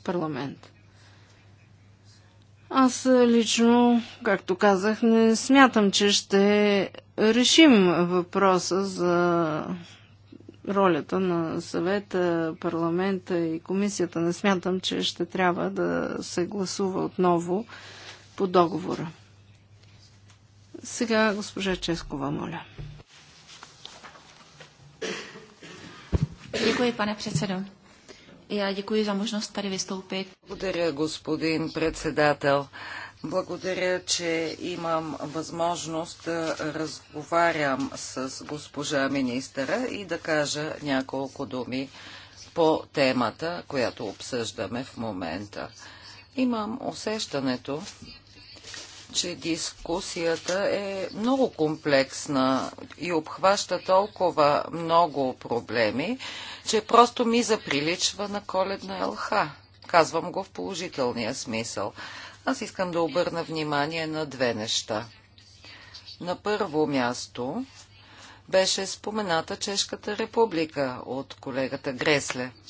Speaker 2: парламент. Аз лично, както казах, не смятам, че ще решим въпроса за ролята на съвета, парламента и комисията. Не смятам, че ще трябва да се гласува отново по договора. Сега госпожа Ческова, моля.
Speaker 3: Děkuji, pane předsedo. Já děkuji za možnost tady vystoupit.
Speaker 1: Благодаря, господин председател. Благодаря, че имам възможност да разговарям с госпожа министъра и да кажа няколко думи по темата, която обсъждаме в момента. Имам усещането, че дискусията е много комплексна и обхваща толкова много проблеми, че просто ми заприличва на коледна ЛХ. Казвам го в положителния смисъл. Аз искам да обърна внимание на две неща. На първо място беше спомената Чешката република от колегата Гресле –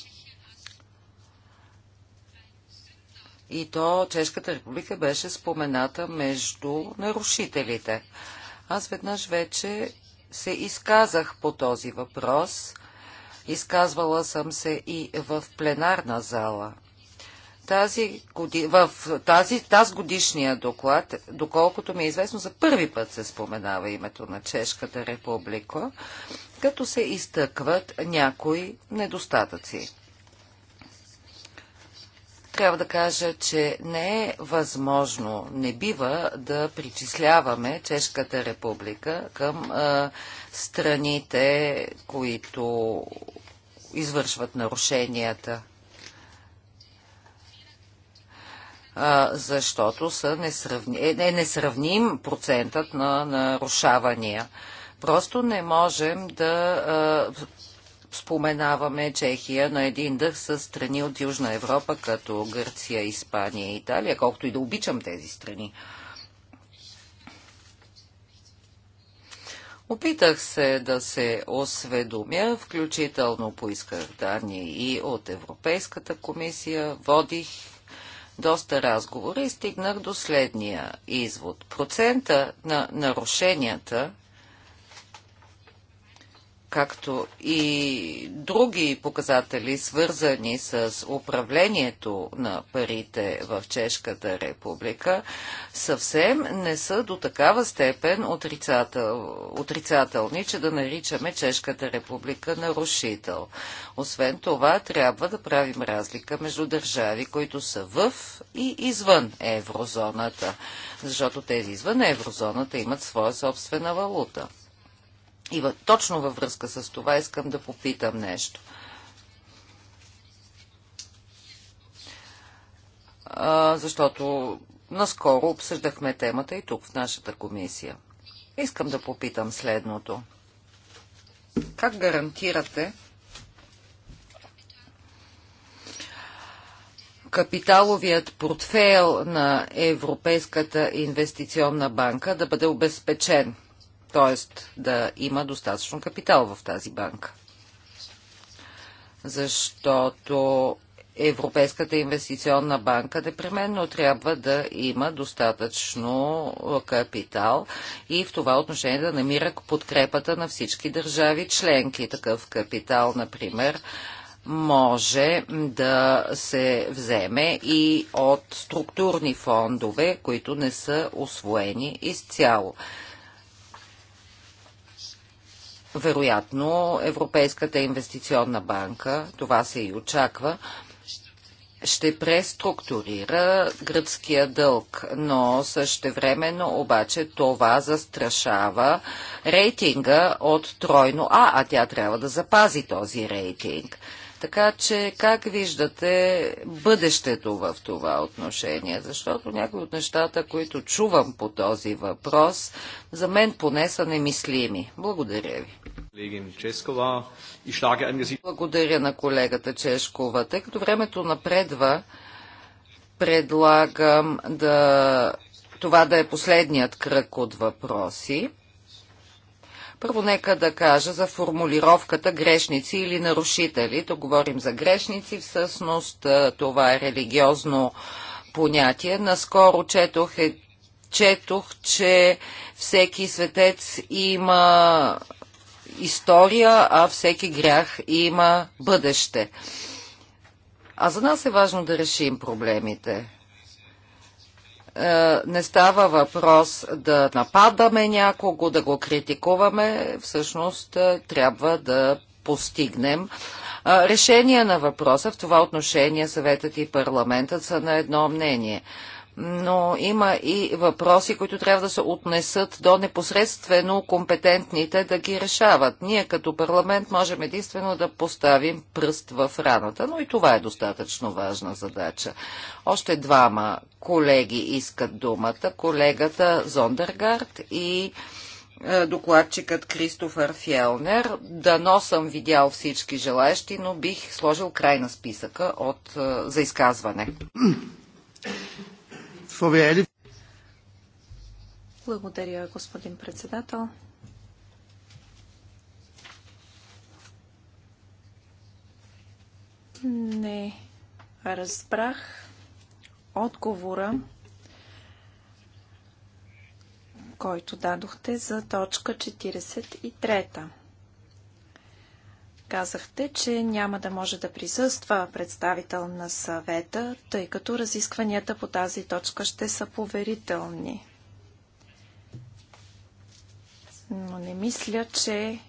Speaker 1: и то Чешката република беше спомената между нарушителите. Аз веднъж вече се изказах по този въпрос. Изказвала съм се и в пленарна зала. Тази годи... В тази, тази годишния доклад, доколкото ми е известно, за първи път се споменава името на Чешката република, като се изтъкват някои недостатъци трябва да кажа, че не е възможно, не бива да причисляваме Чешката република към а, страните, които извършват нарушенията. А, защото са несравни... е несравним процентът на нарушавания. Просто не можем да а, споменаваме Чехия на един дъх с страни от Южна Европа, като Гърция, Испания и Италия, колкото и да обичам тези страни. Опитах се да се осведомя, включително поисках данни и от Европейската комисия, водих доста разговори и стигнах до следния извод. Процента на нарушенията както и други показатели, свързани с управлението на парите в Чешката република, съвсем не са до такава степен отрицател, отрицателни, че да наричаме Чешката република нарушител. Освен това, трябва да правим разлика между държави, които са в и извън еврозоната, защото тези извън еврозоната имат своя собствена валута. И въ... точно във връзка с това искам да попитам нещо. А, защото наскоро обсъждахме темата и тук в нашата комисия. Искам да попитам следното. Как гарантирате капиталовият портфейл на Европейската инвестиционна банка да бъде обезпечен? т.е. да има достатъчно капитал в тази банка. Защото Европейската инвестиционна банка непременно трябва да има достатъчно капитал и в това отношение да намира подкрепата на всички държави членки. Такъв капитал, например, може да се вземе и от структурни фондове, които не са освоени изцяло. Вероятно Европейската инвестиционна банка, това се и очаква, ще преструктурира гръцкия дълг, но времено обаче това застрашава рейтинга от тройно А, а тя трябва да запази този рейтинг. Така че как виждате бъдещето в това отношение? Защото някои от нещата, които чувам по този въпрос, за мен поне са немислими. Благодаря ви. Благодаря на колегата Чешкова. Тъй като времето напредва, предлагам да това да е последният кръг от въпроси. Първо нека да кажа за формулировката грешници или нарушители. То говорим за грешници, всъщност това е религиозно понятие. Наскоро четох, е, четох че всеки светец има история, а всеки грях има бъдеще. А за нас е важно да решим проблемите. Е, не става въпрос да нападаме някого, да го критикуваме, всъщност е, трябва да постигнем е, решение на въпроса. В това отношение съветът и парламентът са на едно мнение но има и въпроси, които трябва да се отнесат до непосредствено компетентните да ги решават. Ние като парламент можем единствено да поставим пръст в раната, но и това е достатъчно важна задача. Още двама колеги искат думата. Колегата Зондергард и е, докладчикът Кристофър Фелнер. Дано съм видял всички желаящи, но бих сложил край на списъка от, е, за изказване. Е
Speaker 3: Благодаря, господин председател. Не разбрах отговора, който дадохте за точка 43. Казахте, че няма да може да присъства представител на съвета, тъй като разискванията по тази точка ще са поверителни. Но не мисля, че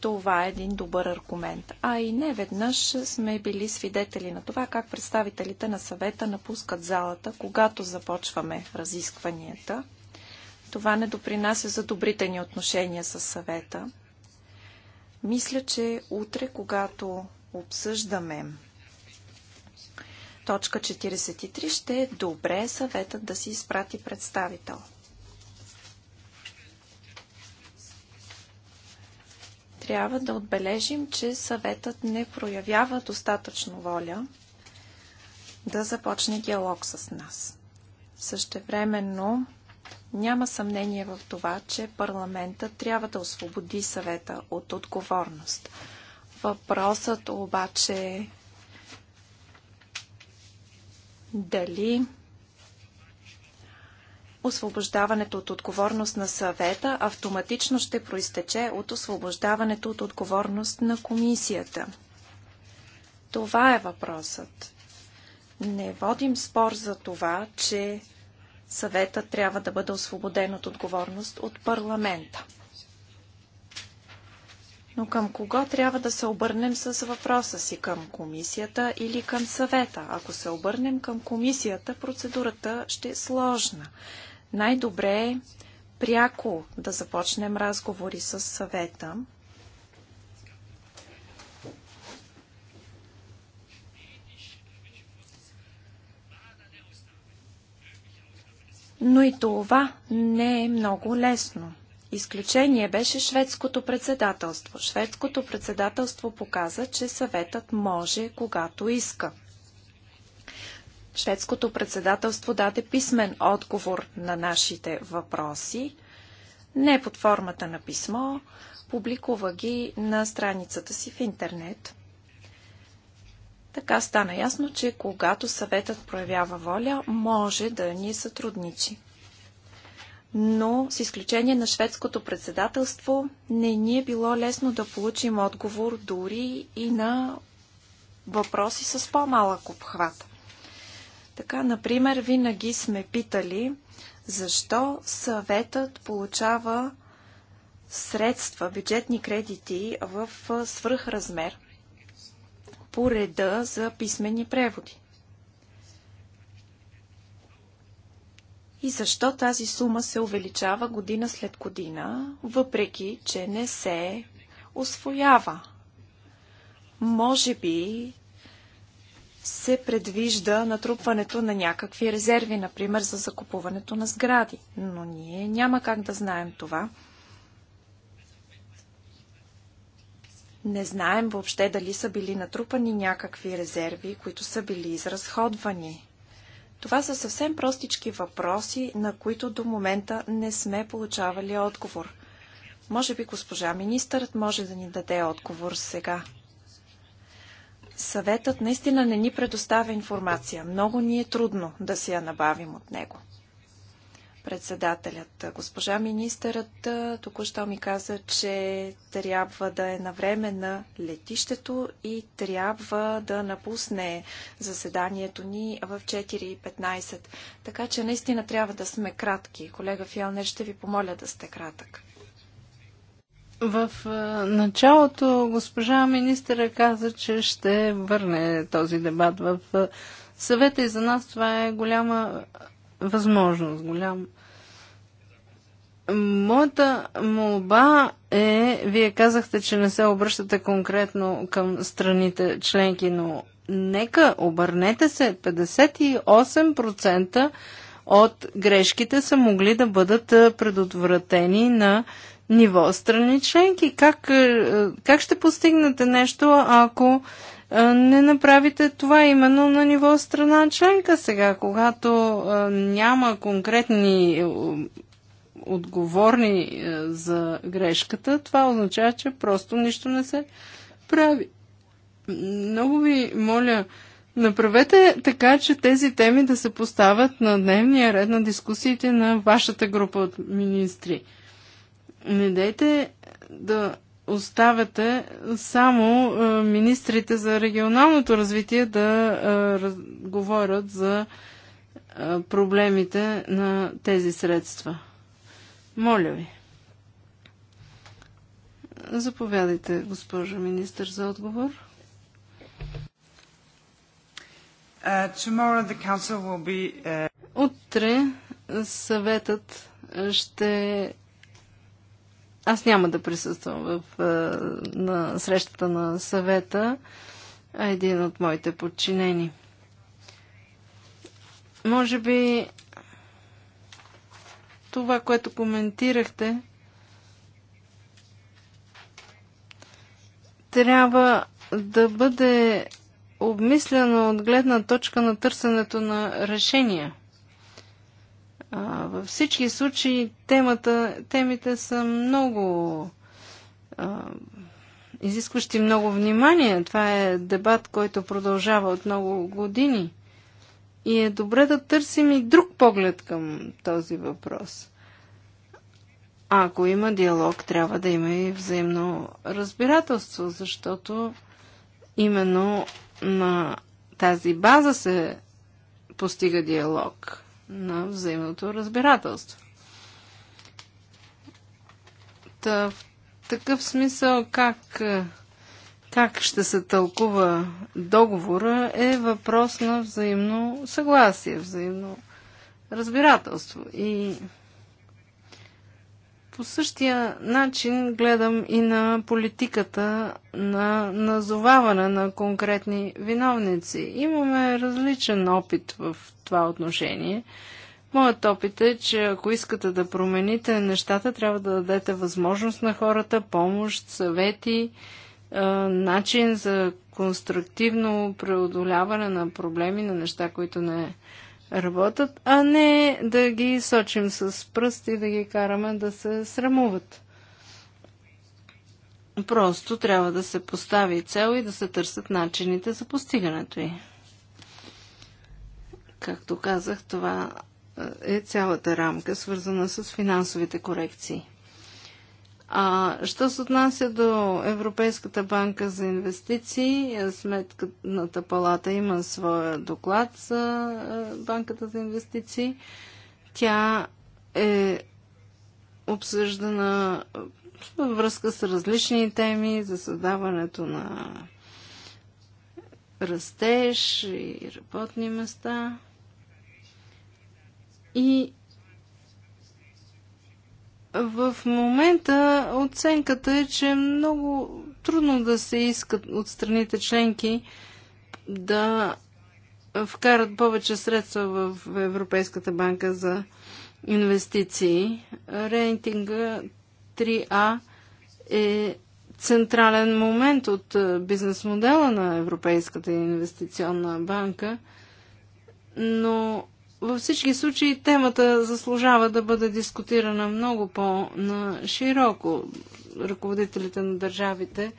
Speaker 3: това е един добър аргумент. А и не веднъж сме били свидетели на това, как представителите на съвета напускат залата, когато започваме разискванията. Това не допринася за добрите ни отношения с съвета. Мисля, че утре, когато обсъждаме точка 43, ще е добре съветът да си изпрати представител. Трябва да отбележим, че съветът не проявява достатъчно воля да започне диалог с нас. Същевременно, времено няма съмнение в това, че парламента трябва да освободи съвета от отговорност. Въпросът обаче е дали освобождаването от отговорност на съвета автоматично ще проистече от освобождаването от отговорност на комисията. Това е въпросът. Не водим спор за това, че съветът трябва да бъде освободен от отговорност от парламента. Но към кого трябва да се обърнем с въпроса си? Към комисията или към съвета? Ако се обърнем към комисията, процедурата ще е сложна. Най-добре е пряко да започнем разговори с съвета но и това не е много лесно. Изключение беше шведското председателство. Шведското председателство показа, че съветът може, когато иска. Шведското председателство даде писмен отговор на нашите въпроси, не под формата на писмо, публикува ги на страницата си в интернет. Така стана ясно, че когато съветът проявява воля, може да ни сътрудничи. Но с изключение на шведското председателство не ни е било лесно да получим отговор дори и на въпроси с по-малък обхват. Така, например, винаги сме питали защо съветът получава средства, бюджетни кредити в свръхразмер – по реда за писмени преводи. И защо тази сума се увеличава година след година, въпреки че не се освоява? Може би се предвижда натрупването на някакви резерви, например за закупуването на сгради. Но ние няма как да знаем това, Не знаем въобще дали са били натрупани някакви резерви, които са били изразходвани. Това са съвсем простички въпроси, на които до момента не сме получавали отговор. Може би госпожа министърът може да ни даде отговор сега. Съветът наистина не ни предоставя информация. Много ни е трудно да си я набавим от него. Председателят. Госпожа министърът току-що ми каза, че трябва да е на време на летището и трябва да напусне заседанието ни в 4.15. Така че наистина трябва да сме кратки. Колега Фиалнер, ще ви помоля да сте кратък.
Speaker 2: В началото госпожа министъра каза, че ще върне този дебат в съвета и за нас това е голяма възможност, голям. Моята молба е, вие казахте, че не се обръщате конкретно към страните членки, но нека обърнете се, 58% от грешките са могли да бъдат предотвратени на ниво страни членки. Как, как ще постигнете нещо, ако не направите това именно на ниво страна членка сега, когато няма конкретни е, отговорни е, за грешката, това означава, че просто нищо не се прави. Много ви моля, направете така, че тези теми да се поставят на дневния ред на дискусиите на вашата група от министри. Не дайте да оставяте само е, министрите за регионалното развитие да е, говорят за е, проблемите на тези средства. Моля ви. Заповядайте, госпожо министър, за отговор. Uh, uh, Утре съветът ще аз няма да присъствам в, е, на срещата на съвета, а един от моите подчинени. Може би това, което коментирахте, трябва да бъде обмислено от гледна точка на търсенето на решения. А, във всички случаи темата, темите са много а, изискващи много внимание. Това е дебат, който продължава от много години. И е добре да търсим и друг поглед към този въпрос. А ако има диалог, трябва да има и взаимно разбирателство, защото именно на тази база се постига диалог на взаимното разбирателство. Та, в такъв смисъл как, как ще се тълкува договора е въпрос на взаимно съгласие, взаимно разбирателство. И по същия начин гледам и на политиката на назоваване на конкретни виновници. Имаме различен опит в това отношение. Моят опит е, че ако искате да промените нещата, трябва да дадете възможност на хората, помощ, съвети, начин за конструктивно преодоляване на проблеми, на неща, които не работят, а не да ги сочим с пръст и да ги караме да се срамуват. Просто трябва да се постави цел и да се търсят начините за постигането й. Както казах, това е, е цялата рамка, свързана с финансовите корекции. А, що се отнася до Европейската банка за инвестиции, сметната палата има своя доклад за банката за инвестиции. Тя е обсъждана във връзка с различни теми за създаването на растеж и работни места. И в момента оценката е, че е много трудно да се искат от страните членки да вкарат повече средства в Европейската банка за инвестиции. Рейтинга 3А е централен момент от е, бизнес модела на Европейската инвестиционна банка, но във всички случаи темата заслужава да бъде дискутирана много по-широко. Ръководителите на държавите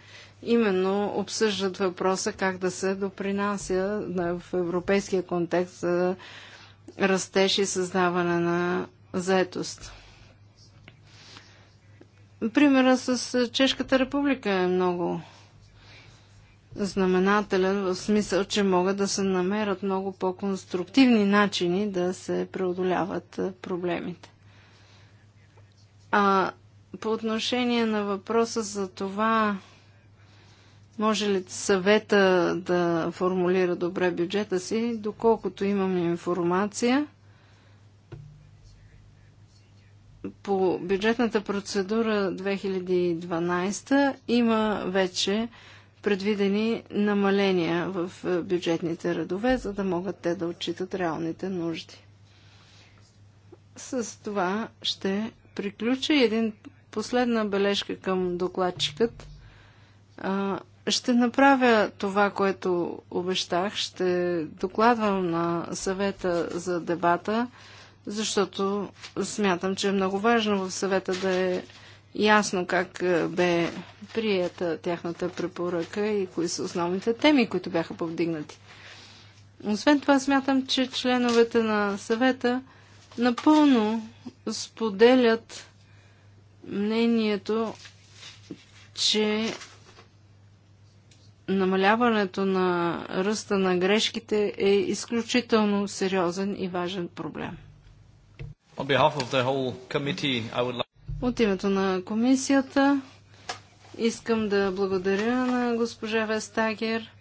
Speaker 2: именно обсъждат въпроса как да се допринася в европейския контекст за растеж и създаване на заетост. Примера с Чешката република е много знаменателен в смисъл, че могат да се намерят много по-конструктивни начини да се преодоляват проблемите. А по отношение на въпроса за това, може ли съвета да формулира добре бюджета си, доколкото имам информация, по бюджетната процедура 2012 има вече предвидени намаления в е, бюджетните редове, за да могат те да отчитат реалните нужди. С това ще приключа един последна бележка към докладчикът. Ще направя това, което обещах. Ще докладвам на съвета за дебата, защото смятам, че е много важно в съвета да е ясно как е, бе прията тяхната препоръка и кои са основните теми, които бяха повдигнати. Освен това, смятам, че членовете на съвета напълно споделят мнението, че намаляването на ръста на грешките е изключително сериозен и важен проблем. Would... От името на комисията искам да благодаря на госпожа Вестагер.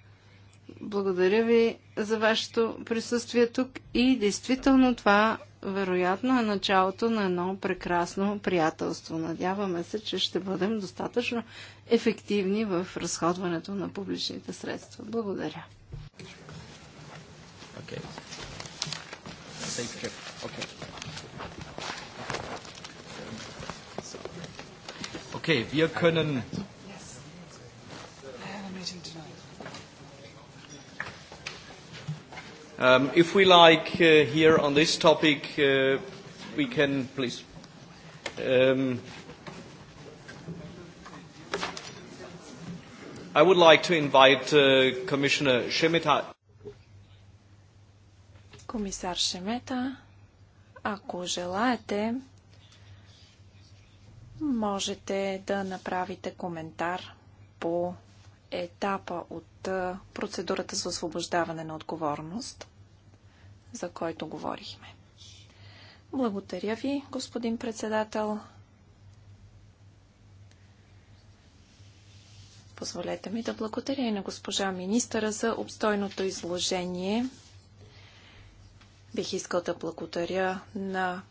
Speaker 2: Благодаря ви за вашето присъствие тук и действително това вероятно е началото на едно прекрасно приятелство. Надяваме се, че ще бъдем достатъчно ефективни в разходването на публичните средства. Благодаря. Okay. Okay.
Speaker 1: Okay, wir können. Um, if we like uh, here on this topic, uh, we can please. Um, I would like to invite uh, Commissioner Shemeta.
Speaker 3: Комисар Шемета, ако желаете, Можете да направите коментар по етапа от процедурата за освобождаване на отговорност, за който говорихме. Благодаря ви, господин председател. Позволете ми да благодаря и на госпожа министъра за обстойното изложение. Бих искал да благодаря на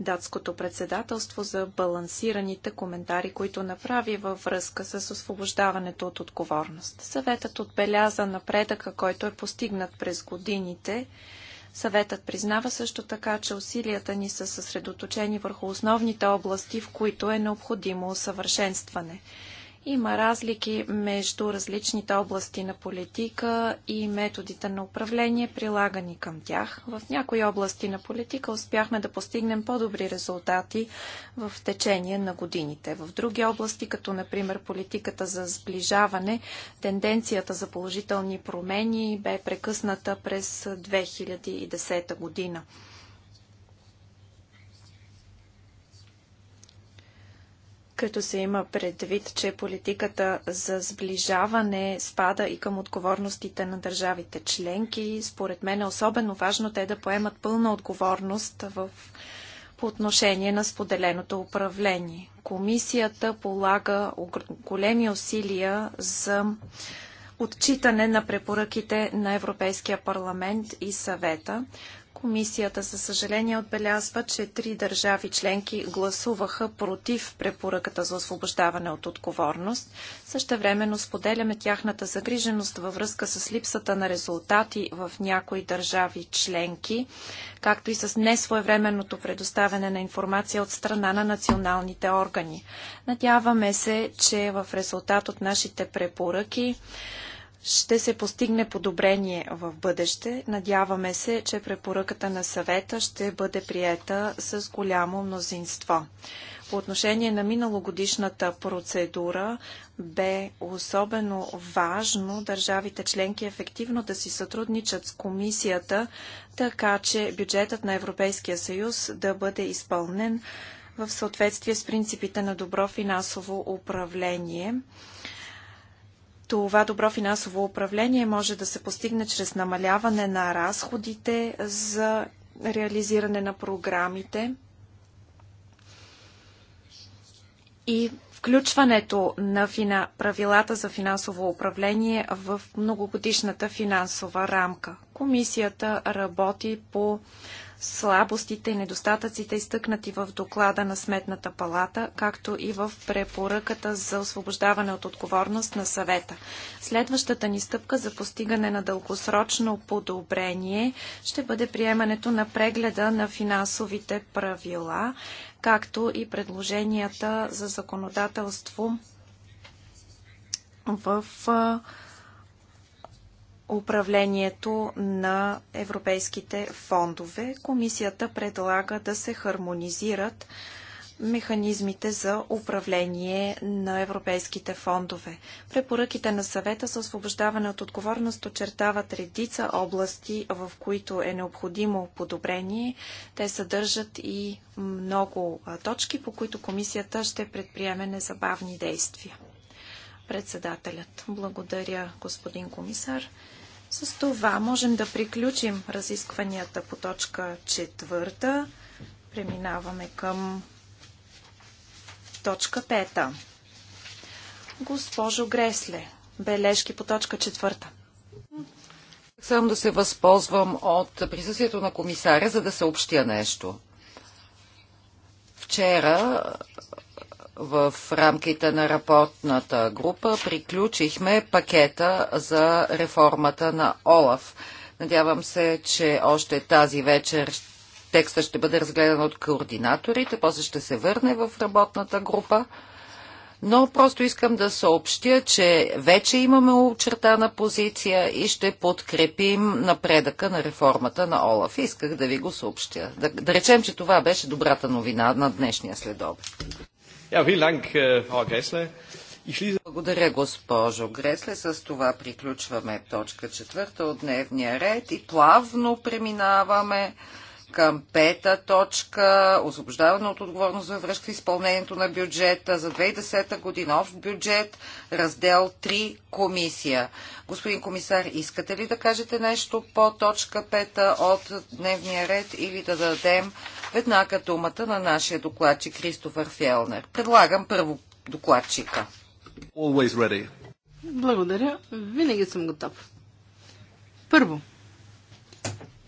Speaker 3: датското председателство за балансираните коментари, които направи във връзка с освобождаването от отговорност. Съветът отбеляза напредъка, който е постигнат през годините. Съветът признава също така, че усилията ни са съсредоточени върху основните области, в които е необходимо усъвършенстване – има разлики между различните области на политика и методите на управление, прилагани към тях. В някои области на политика успяхме да постигнем по-добри резултати в течение на годините. В други области, като например политиката за сближаване, тенденцията за положителни промени бе прекъсната през 2010 година. като се има предвид, че политиката за сближаване спада и към отговорностите на държавите членки. Според мен е особено важно те да поемат пълна отговорност в по отношение на споделеното управление. Комисията полага големи усилия за отчитане на препоръките на Европейския парламент и съвета. Комисията, за съжаление, отбелязва, че три държави членки гласуваха против препоръката за освобождаване от отговорност. Същевременно споделяме тяхната загриженост във връзка с липсата на резултати в някои държави членки, както и с несвоевременното предоставяне на информация от страна на националните органи. Надяваме се, че в резултат от нашите препоръки ще се постигне подобрение в бъдеще. Надяваме се, че препоръката на съвета ще бъде приета с голямо мнозинство. По отношение на миналогодишната процедура бе особено важно държавите членки ефективно да си сътрудничат с комисията, така че бюджетът на Европейския съюз да бъде изпълнен в съответствие с принципите на добро финансово управление. Това добро финансово управление може да се постигне чрез намаляване на разходите за реализиране на програмите и включването на правилата за финансово управление в многогодишната финансова рамка. Комисията работи по слабостите и недостатъците, изтъкнати в доклада на Сметната палата, както и в препоръката за освобождаване от отговорност на съвета. Следващата ни стъпка за постигане на дългосрочно подобрение ще бъде приемането на прегледа на финансовите правила, както и предложенията за законодателство в управлението на европейските фондове. Комисията предлага да се хармонизират механизмите за управление на европейските фондове. Препоръките на съвета за освобождаване от отговорност очертават редица области, в които е необходимо подобрение. Те съдържат и много точки, по които комисията ще предприеме незабавни действия. Председателят. Благодаря, господин комисар. С това можем да приключим разискванията по точка четвърта. Преминаваме към точка пета. Госпожо Гресле, бележки по точка четвърта.
Speaker 1: Само да се възползвам от присъствието на комисаря, за да съобщя нещо. Вчера в рамките на работната група приключихме пакета за реформата на ОЛАФ. Надявам се, че още тази вечер текста ще бъде разгледан от координаторите, после ще се върне в работната група. Но просто искам да съобщя, че вече имаме очертана позиция и ще подкрепим напредъка на реформата на ОЛАФ. Исках да ви го съобщя. Да, да речем, че това беше добрата новина на днешния следобед. Äh, Благодаря, госпожо Гресле. С това приключваме точка четвърта от дневния ред и плавно преминаваме към пета точка освобождаване от отговорност за връзка в изпълнението на бюджета за 2010 година. Общ бюджет, раздел 3, комисия. Господин комисар, искате ли да кажете нещо по точка пета от дневния ред или да дадем Веднага думата на нашия докладчик Кристофър Фелнер. Предлагам първо докладчика.
Speaker 2: Always ready. Благодаря. Винаги съм готов. Първо,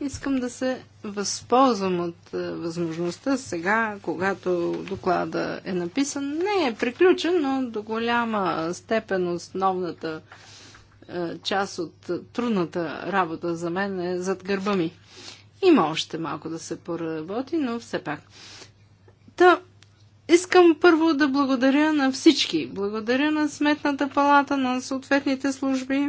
Speaker 2: искам да се възползвам от е, възможността сега, когато доклада е написан. Не е приключен, но до голяма степен основната е, част от трудната работа за мен е зад гърба ми. Има още малко да се поработи, но все пак. Та, искам първо да благодаря на всички. Благодаря на Сметната палата, на съответните служби.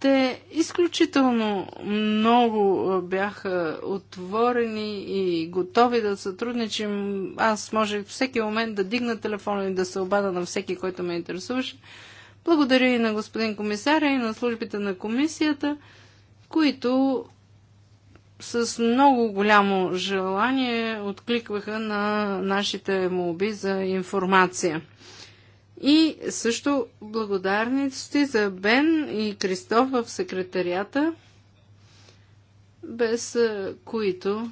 Speaker 2: Те изключително много бяха отворени и готови да сътрудничим. Аз можех всеки момент да дигна телефона и да се обада на всеки, който ме интересуваше. Благодаря и на господин комисаря, и на службите на комисията които с много голямо желание откликваха на нашите молби за информация. И също благодарности за Бен и Кристоф в секретарията, без които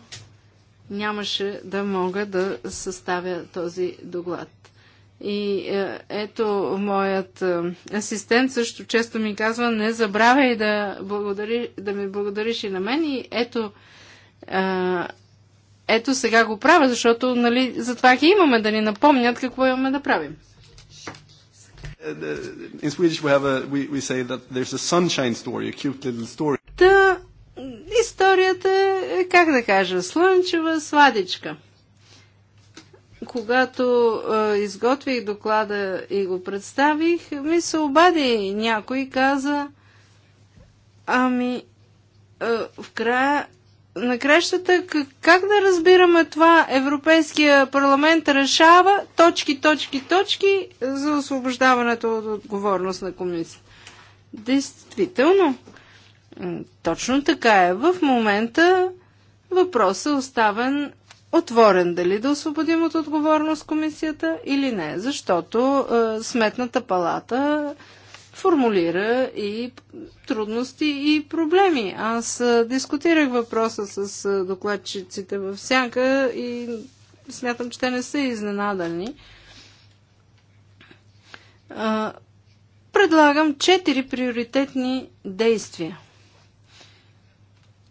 Speaker 2: нямаше да мога да съставя този доклад. И е, ето, моят е, асистент също често ми казва, не забравяй да, благодари, да ми благодариш и на мен. И ето, е, ето сега го правя, защото нали, затова ги имаме, да ни напомнят какво имаме да правим. Uh, in Swedish we have a, we, we say that there's a sunshine story, a cute little story. Та, историята е, как да кажа, слънчева сладичка когато а, изготвих доклада и го представих, ми се обади някой и каза, ами, а, в края на кращата, как, как да разбираме това? Европейския парламент решава точки, точки, точки за освобождаването от отговорност на комисията. Действително, точно така е. В момента въпросът е оставен отворен дали да освободим от отговорност комисията или не, защото е, Сметната палата формулира и трудности и проблеми. Аз е, дискутирах въпроса с е, докладчиците в сянка и смятам, че те не са изненадани. Е, предлагам четири приоритетни действия.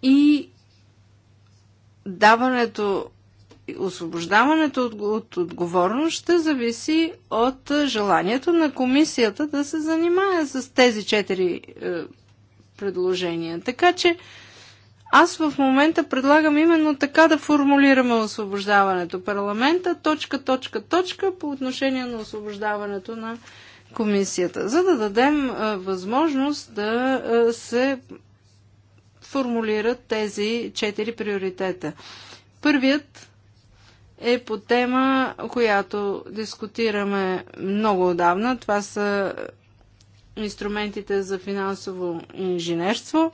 Speaker 2: И даването освобождаването от, от отговорност ще зависи от е, желанието на комисията да се занимае с тези четири е, предложения. Така че аз в момента предлагам именно така да формулираме освобождаването. Парламента, точка, точка, точка по отношение на освобождаването на комисията, за да дадем е, възможност да е, се формулират тези четири приоритета. Първият е по тема, която дискутираме много отдавна. Това са инструментите за финансово инженерство.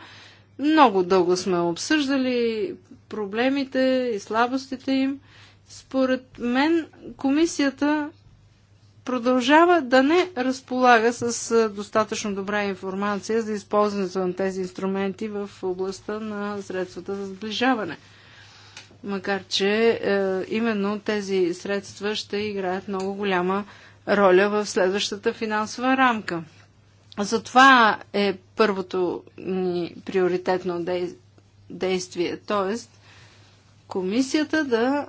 Speaker 2: Много дълго сме обсъждали проблемите и слабостите им. Според мен комисията продължава да не разполага с достатъчно добра информация за използването на тези инструменти в областта на средствата за сближаване – макар че е, именно тези средства ще играят много голяма роля в следващата финансова рамка. Затова е първото ни приоритетно действие, т.е. комисията да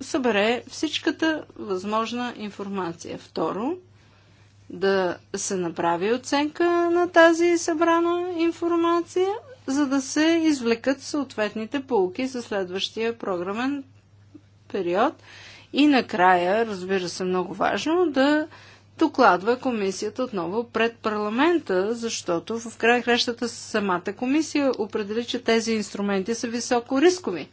Speaker 2: събере всичката възможна информация. Второ, да се направи оценка на тази събрана информация, за да се извлекат съответните полуки за следващия програмен период. И накрая, разбира се, много важно да докладва комисията отново пред парламента, защото в край хрещата самата комисия определи, че тези инструменти са високо рискови.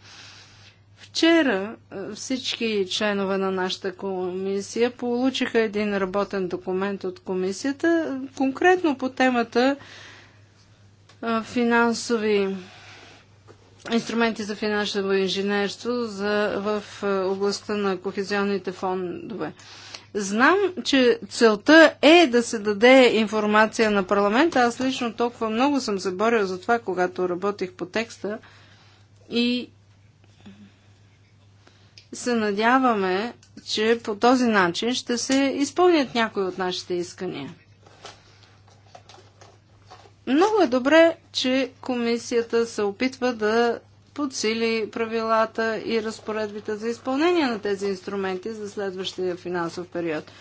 Speaker 2: Вчера е, всички членове на нашата комисия получиха един работен документ от комисията, конкретно по темата финансови инструменти за финансово инженерство за, в областта на кохезионните фондове. Знам, че целта е да се даде информация на парламента. Аз лично толкова много съм се борил за това, когато работих по текста. И се надяваме, че по този начин ще се изпълнят някои от нашите искания. Много е добре, че комисията се опитва да подсили правилата и разпоредбите за изпълнение на тези инструменти за следващия финансов период.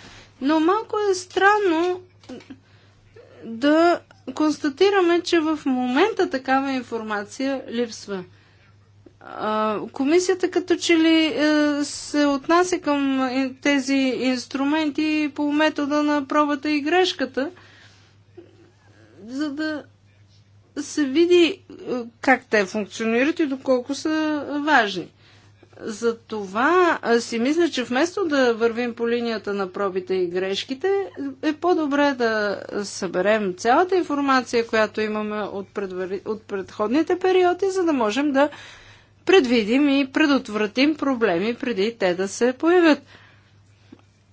Speaker 2: Но малко е странно да констатираме, че в момента такава информация липсва. Комисията като че ли е, се отнася към е, тези инструменти по метода на пробата и грешката – за да се види е, как те функционират и доколко са важни. За това е, си мисля, че вместо да вървим по линията на пробите и грешките, е по-добре да съберем цялата информация, която имаме от, предвари... от предходните периоди, за да можем да предвидим и предотвратим проблеми преди те да се появят.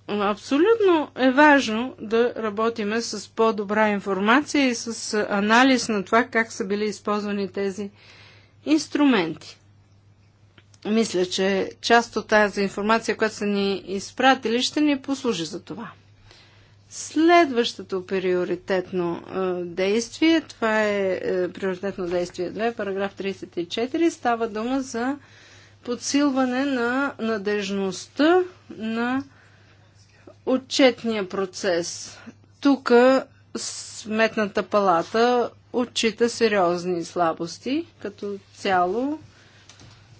Speaker 2: Абсолютно е важно да работиме с по-добра информация и с анализ на това как са били използвани тези инструменти. Мисля, че част от тази информация, която са ни изпратили, ще ни послужи за това. Следващото приоритетно е, действие, това е, е приоритетно действие 2, параграф 34, става дума за подсилване на надежността на отчетния процес. Тук Сметната палата отчита сериозни слабости като цяло.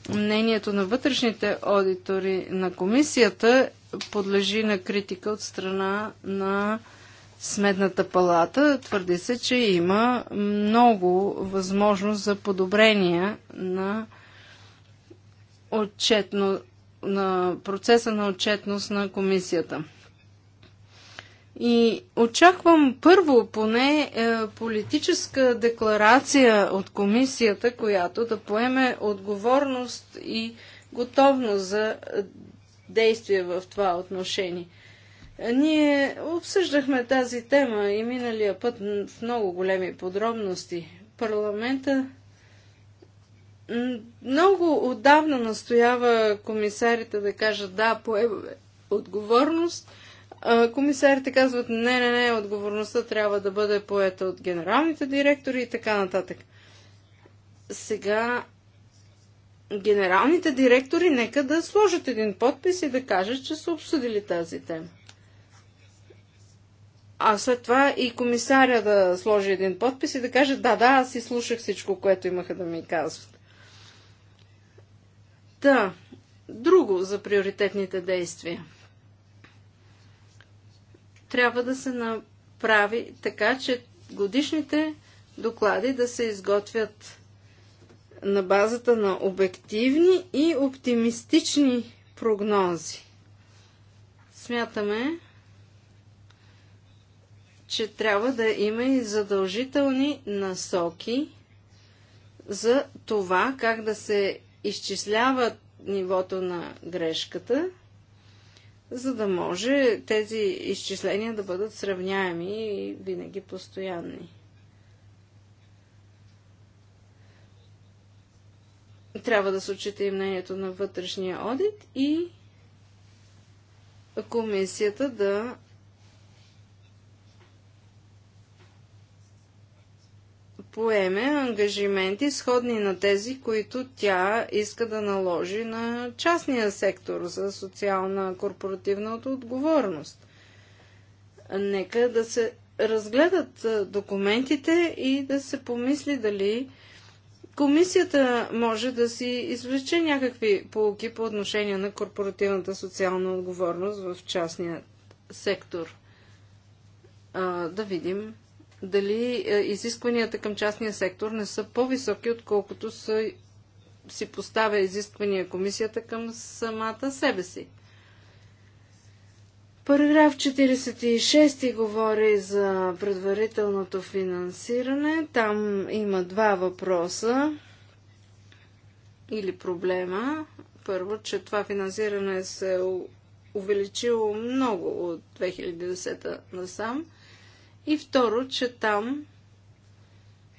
Speaker 2: Мнението на вътрешните аудитори на комисията подлежи на критика от страна на Сметната палата. Твърди се, че има много възможност за подобрение на отчетно, на процеса на отчетност на комисията. И очаквам първо поне е, политическа декларация от комисията, която да поеме отговорност и готовност за е, действие в това отношение. Е, ние обсъждахме тази тема и миналия път в много големи подробности. Парламента много отдавна настоява комисарите да кажат да, поеме отговорност – комисарите казват, не, не, не, отговорността трябва да бъде поета от генералните директори и така нататък. Сега генералните директори нека да сложат един подпис и да кажат, че са обсъдили тази тема. А след това и комисаря да сложи един подпис и да каже, да, да, аз изслушах всичко, което имаха да ми казват. Да, друго за приоритетните действия трябва да се направи така, че годишните доклади да се изготвят на базата на обективни и оптимистични прогнози. Смятаме, че трябва да има и задължителни насоки за това как да се изчислява нивото на грешката – за да може тези изчисления да бъдат сравняеми и винаги постоянни. Трябва да се отчита и мнението на вътрешния одит и комисията да поеме ангажименти, сходни на тези, които тя иска да наложи на частния сектор за социална корпоративната отговорност. Нека да се разгледат документите и да се помисли дали комисията може да си извлече някакви полуки по отношение на корпоративната социална отговорност в частния сектор. да видим дали е, изискванията към частния сектор не са по-високи, отколкото са, си поставя изисквания комисията към самата себе си. Параграф 46 говори за предварителното финансиране. Там има два въпроса или проблема. Първо, че това финансиране се увеличило много от 2010 насам – и второ, че там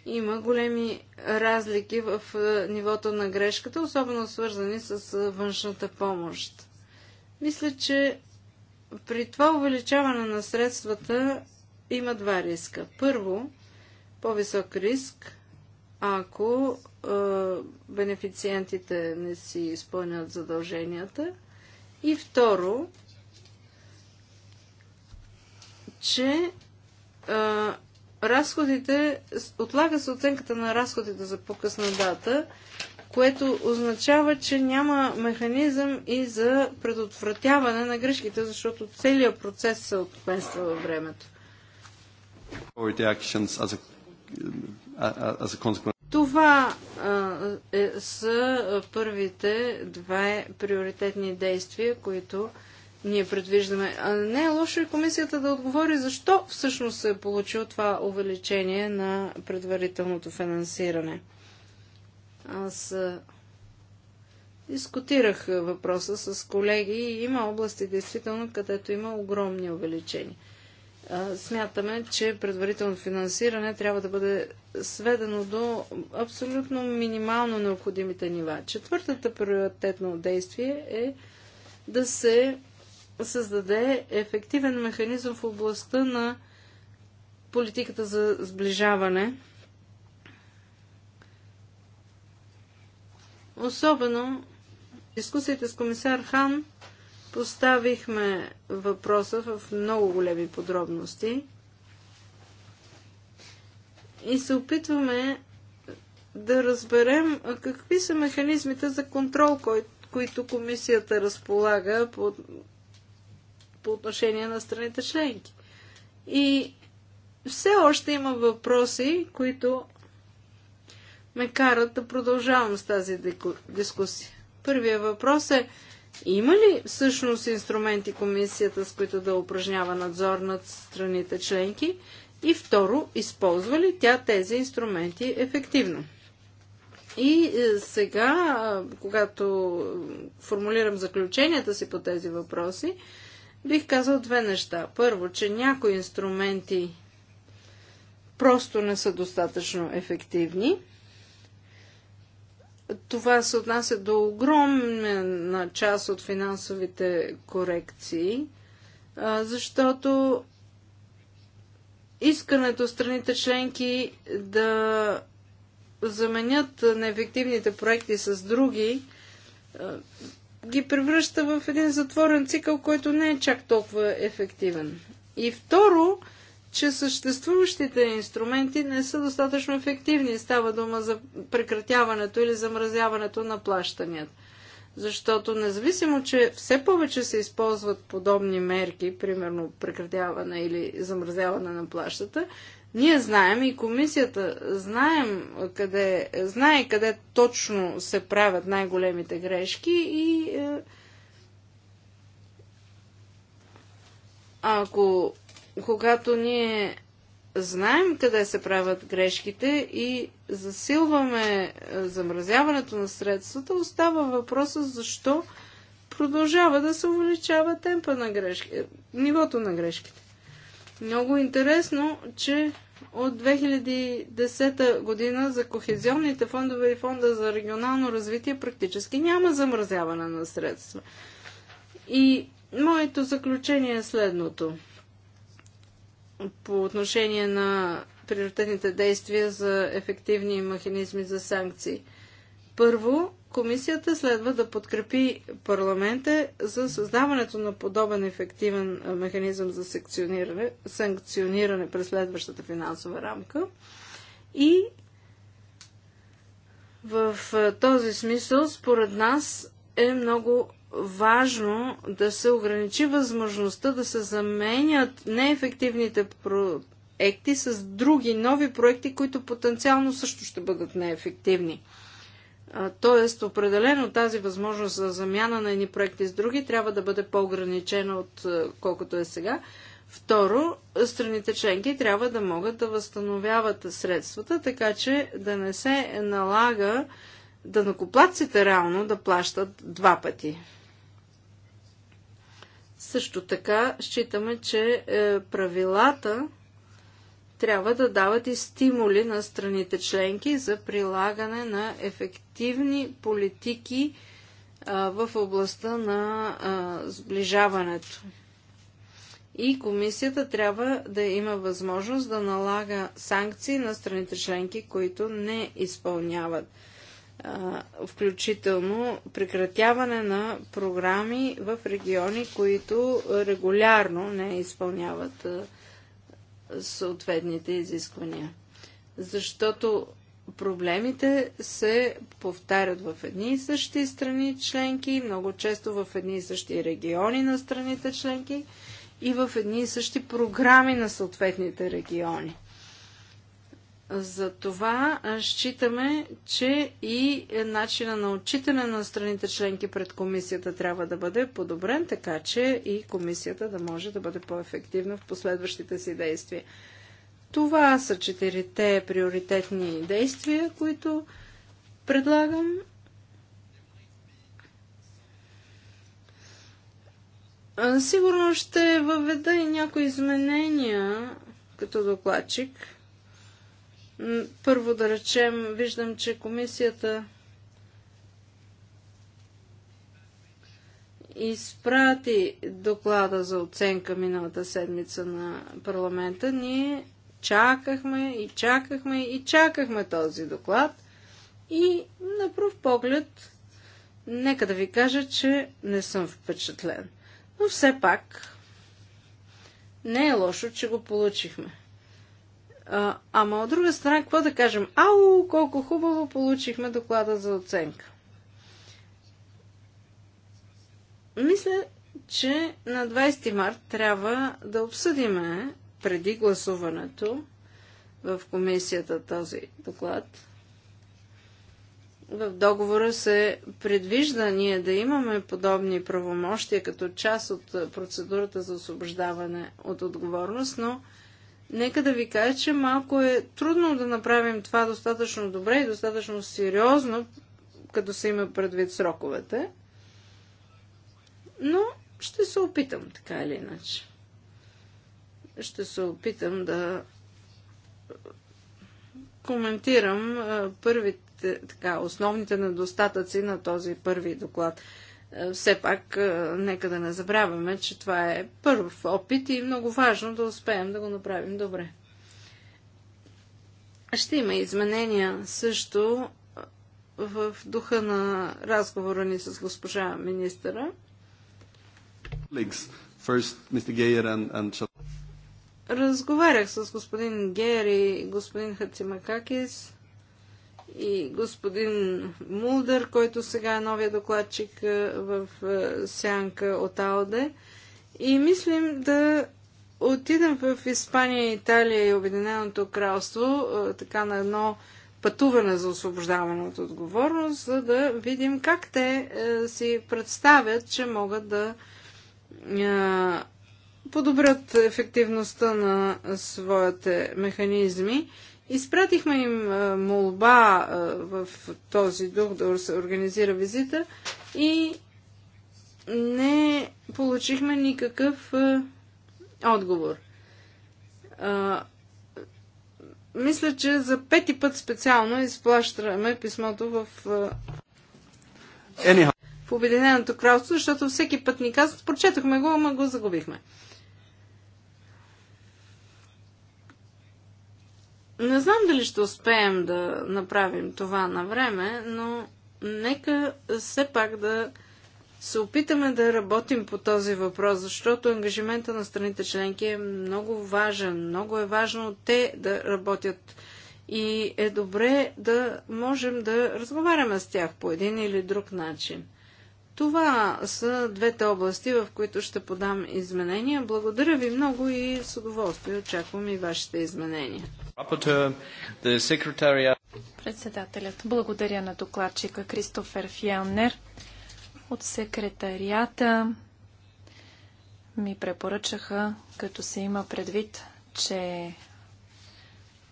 Speaker 2: има големи разлики в е, нивото на грешката, особено свързани с е, външната помощ. Мисля, че при това увеличаване на средствата има два риска. Първо, по-висок риск, ако е, бенефициентите не си изпълнят задълженията. И второ, че разходите, отлага се оценката на разходите за по-късна дата, което означава, че няма механизъм и за предотвратяване на грешките, защото целият процес се отпенства във времето. Uh, Това а, е, са първите две приоритетни действия, които ние предвиждаме. А не е лошо и комисията да отговори защо всъщност се е получило това увеличение на предварителното финансиране. Аз дискутирах въпроса с колеги и има области, действително, където има огромни увеличения. Смятаме, че предварително финансиране трябва да бъде сведено до абсолютно минимално необходимите нива. Четвъртата приоритетно действие е да се създаде ефективен механизъм в областта на политиката за сближаване. Особено дискусиите с комисар Хан поставихме въпроса в много големи подробности и се опитваме да разберем какви са механизмите за контрол, които комисията разполага по по отношение на страните членки. И все още има въпроси, които ме карат да продължавам с тази дискусия. Първия въпрос е, има ли всъщност инструменти комисията, с които да упражнява надзор над страните членки? И второ, използва ли тя тези инструменти ефективно? И е, сега, когато формулирам заключенията си по тези въпроси, Бих казал две неща. Първо, че някои инструменти просто не са достатъчно ефективни. Това се отнася до огромна част от финансовите корекции, защото искането страните членки да заменят неефективните проекти с други ги превръща в един затворен цикъл, който не е чак толкова ефективен. И второ, че съществуващите инструменти не са достатъчно ефективни. Става дума за прекратяването или замразяването на плащанията. Защото независимо, че все повече се използват подобни мерки, примерно прекратяване или замразяване на плащата, ние знаем и комисията знаем къде, знае къде точно се правят най-големите грешки и е, ако когато ние знаем къде се правят грешките и засилваме е, замразяването на средствата, остава въпроса защо продължава да се увеличава темпа на грешки, нивото на грешките. Много интересно, че от 2010 година за кохезионните фондове и фонда за регионално развитие практически няма замразяване на средства. И моето заключение е следното. По отношение на приоритетните действия за ефективни механизми за санкции. Първо, Комисията следва да подкрепи парламента за създаването на подобен ефективен механизъм за санкциониране, санкциониране през следващата финансова рамка и в този смисъл, според нас, е много важно да се ограничи възможността да се заменят неефективните проекти с други нови проекти, които потенциално също ще бъдат неефективни. Тоест, определено тази възможност за замяна на едни проекти с други трябва да бъде по-ограничена от колкото е сега. Второ, страните членки трябва да могат да възстановяват средствата, така че да не се налага да накоплаците реално да плащат два пъти. Също така считаме, че е, правилата трябва да дават и стимули на страните членки за прилагане на ефективни политики в областта на сближаването. И комисията трябва да има възможност да налага санкции на страните членки, които не изпълняват включително прекратяване на програми в региони, които регулярно не изпълняват съответните изисквания. Защото проблемите се повтарят в едни и същи страни членки, много често в едни и същи региони на страните членки и в едни и същи програми на съответните региони. За това считаме, че и е, начина на отчитане на страните членки пред комисията трябва да бъде подобрен, така че и комисията да може да бъде по-ефективна в последващите си действия. Това са четирите приоритетни действия, които предлагам. Сигурно ще въведа и някои изменения като докладчик – първо да речем, виждам, че комисията изпрати доклада за оценка миналата седмица на парламента. Ние чакахме и чакахме и чакахме този доклад. И на пръв поглед, нека да ви кажа, че не съм впечатлен. Но все пак, не е лошо, че го получихме. А, ама от друга страна, какво да кажем? Ау, колко хубаво получихме доклада за оценка. Мисля, че на 20 март трябва да обсъдиме преди гласуването в комисията този доклад. В договора се предвижда ние да имаме подобни правомощия като част от процедурата за освобождаване от отговорност, но Нека да ви кажа, че малко е трудно да направим това достатъчно добре и достатъчно сериозно, като се има предвид сроковете. Но ще се опитам, така или иначе. Ще се опитам да коментирам първите, така, основните недостатъци на този първи доклад. Е, все пак, е, нека да не забравяме, че това е първ опит и е много важно да успеем да го направим добре. Ще има изменения също е, в духа на разговора ни с госпожа министъра. Разговарях с господин Гери и господин Хацимакакис и господин Мулдър, който сега е новия докладчик в сянка от Ауде. И мислим да отидем в Испания, Италия и Обединеното кралство, така на едно пътуване за освобождаване от отговорност, за да видим как те си представят, че могат да подобрят ефективността на своите механизми Изпратихме им молба в този дух да се организира визита и не получихме никакъв отговор. Мисля, че за пети път специално изплащаме писмото в в Обединеното кралство, защото всеки път ни казват, прочетохме го, ама го загубихме. Не знам дали ще успеем да направим това на време, но нека все пак да се опитаме да работим по този въпрос, защото ангажимента на страните членки е много важен. Много е важно те да работят и е добре да можем да разговаряме с тях по един или друг начин. Това са двете области, в които ще подам изменения. Благодаря
Speaker 3: ви много и с удоволствие очаквам и вашите изменения. Председателят, благодаря на докладчика Кристофер Фиелнер от секретарията ми препоръчаха, като се има предвид, че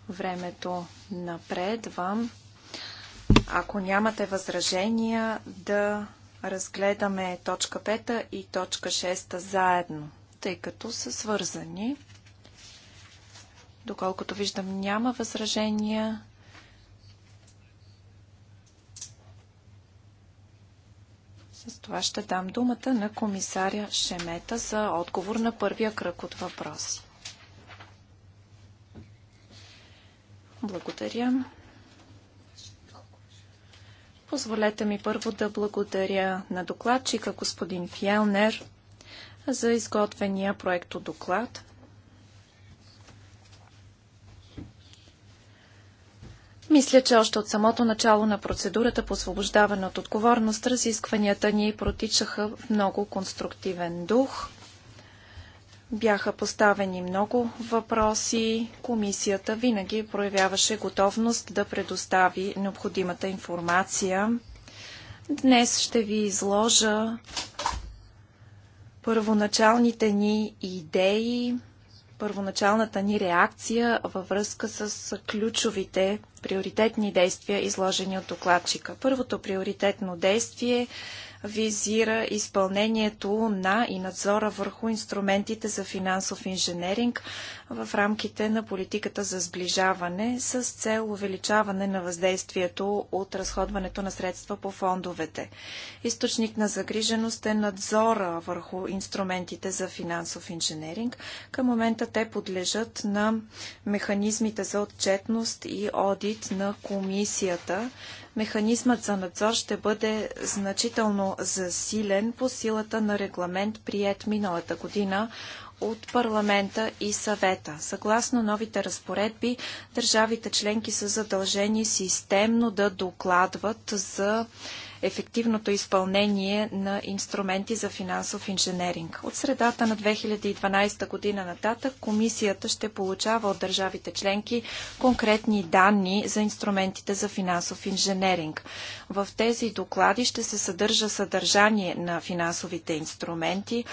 Speaker 3: времето напредва. Ако нямате възражения, да разгледаме точка 5 и точка 6 заедно, тъй като са свързани. Доколкото виждам, няма възражения. С това ще дам думата на комисаря Шемета за отговор на първия кръг от въпроси. Благодаря. Позволете ми първо да благодаря на докладчика господин Фиелнер за изготвения проекто доклад. Мисля, че още от самото начало на процедурата по освобождаване от отговорност разискванията ни протичаха в много конструктивен дух. Бяха поставени много въпроси. Комисията винаги проявяваше готовност да предостави необходимата информация. Днес ще ви изложа първоначалните ни идеи, първоначалната ни реакция във връзка с ключовите приоритетни действия, изложени от докладчика. Първото приоритетно действие визира изпълнението на и надзора върху инструментите за финансов инженеринг в рамките на политиката за сближаване с цел увеличаване на въздействието от разходването на средства по фондовете. Източник на загриженост е надзора върху инструментите за финансов инженеринг. Към момента те подлежат на механизмите за отчетност и одит на комисията, Механизмът за надзор ще бъде значително засилен по силата на регламент, прият миналата година от парламента и съвета. Съгласно новите разпоредби, държавите членки са задължени системно да докладват за ефективното изпълнение на инструменти за финансов инженеринг. От средата на 2012 година нататък комисията ще получава от държавите членки конкретни данни за инструментите за финансов инженеринг. В тези доклади ще се съдържа съдържание на финансовите инструменти,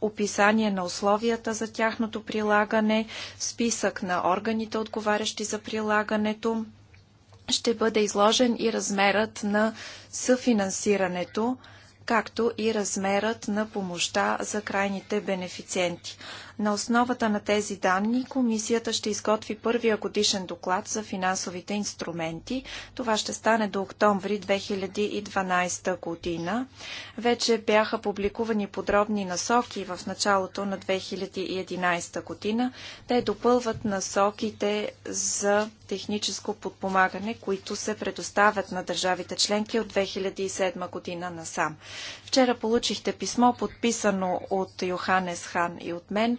Speaker 3: описание на условията за тяхното прилагане, списък на органите, отговарящи за прилагането, ще бъде изложен и размерът на съфинансирането, както и размерът на помощта за крайните бенефициенти. На основата на тези данни комисията ще изготви първия годишен доклад за финансовите инструменти. Това ще стане до октомври 2012 година. Вече бяха публикувани подробни насоки в началото на 2011 година. Те допълват насоките за техническо подпомагане, които се предоставят на държавите членки от 2007 година насам. Вчера получихте писмо, подписано от Йоханес Хан и от мен,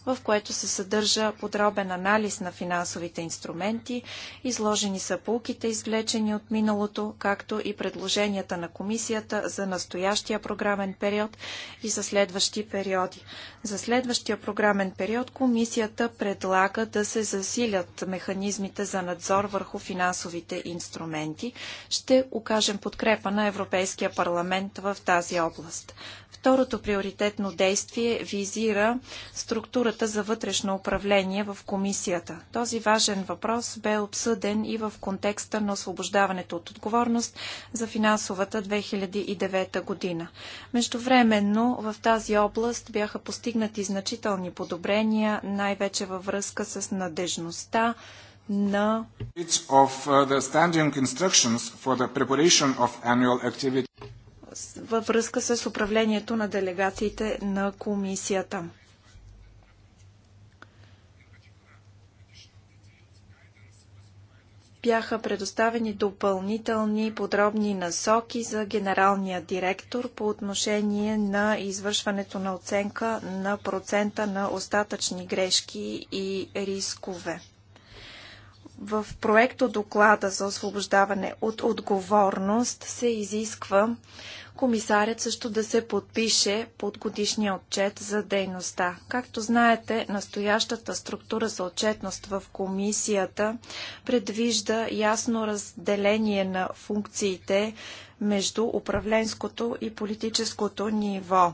Speaker 3: в което се съдържа подробен анализ на финансовите инструменти, изложени са полките, извлечени от миналото, както и предложенията на комисията за настоящия програмен период и за следващи периоди. За следващия програмен период комисията предлага да се засилят механизмите за надзор върху финансовите инструменти. Ще окажем подкрепа на Европейския парламент в тази област. Второто приоритетно действие визира структура процедурата за вътрешно управление в комисията. Този важен въпрос бе обсъден и в контекста на освобождаването от отговорност за финансовата 2009 година. Междувременно в тази област бяха постигнати значителни подобрения, най-вече във връзка с надежността, на uh, във връзка с управлението на делегациите на комисията. бяха предоставени допълнителни подробни насоки за генералния директор по отношение на извършването на оценка на процента на остатъчни грешки и рискове. В проекто доклада за освобождаване от отговорност се изисква комисарят също да се подпише под годишния отчет за дейността. Както знаете, настоящата структура за отчетност в комисията предвижда ясно разделение на функциите между управленското и политическото ниво.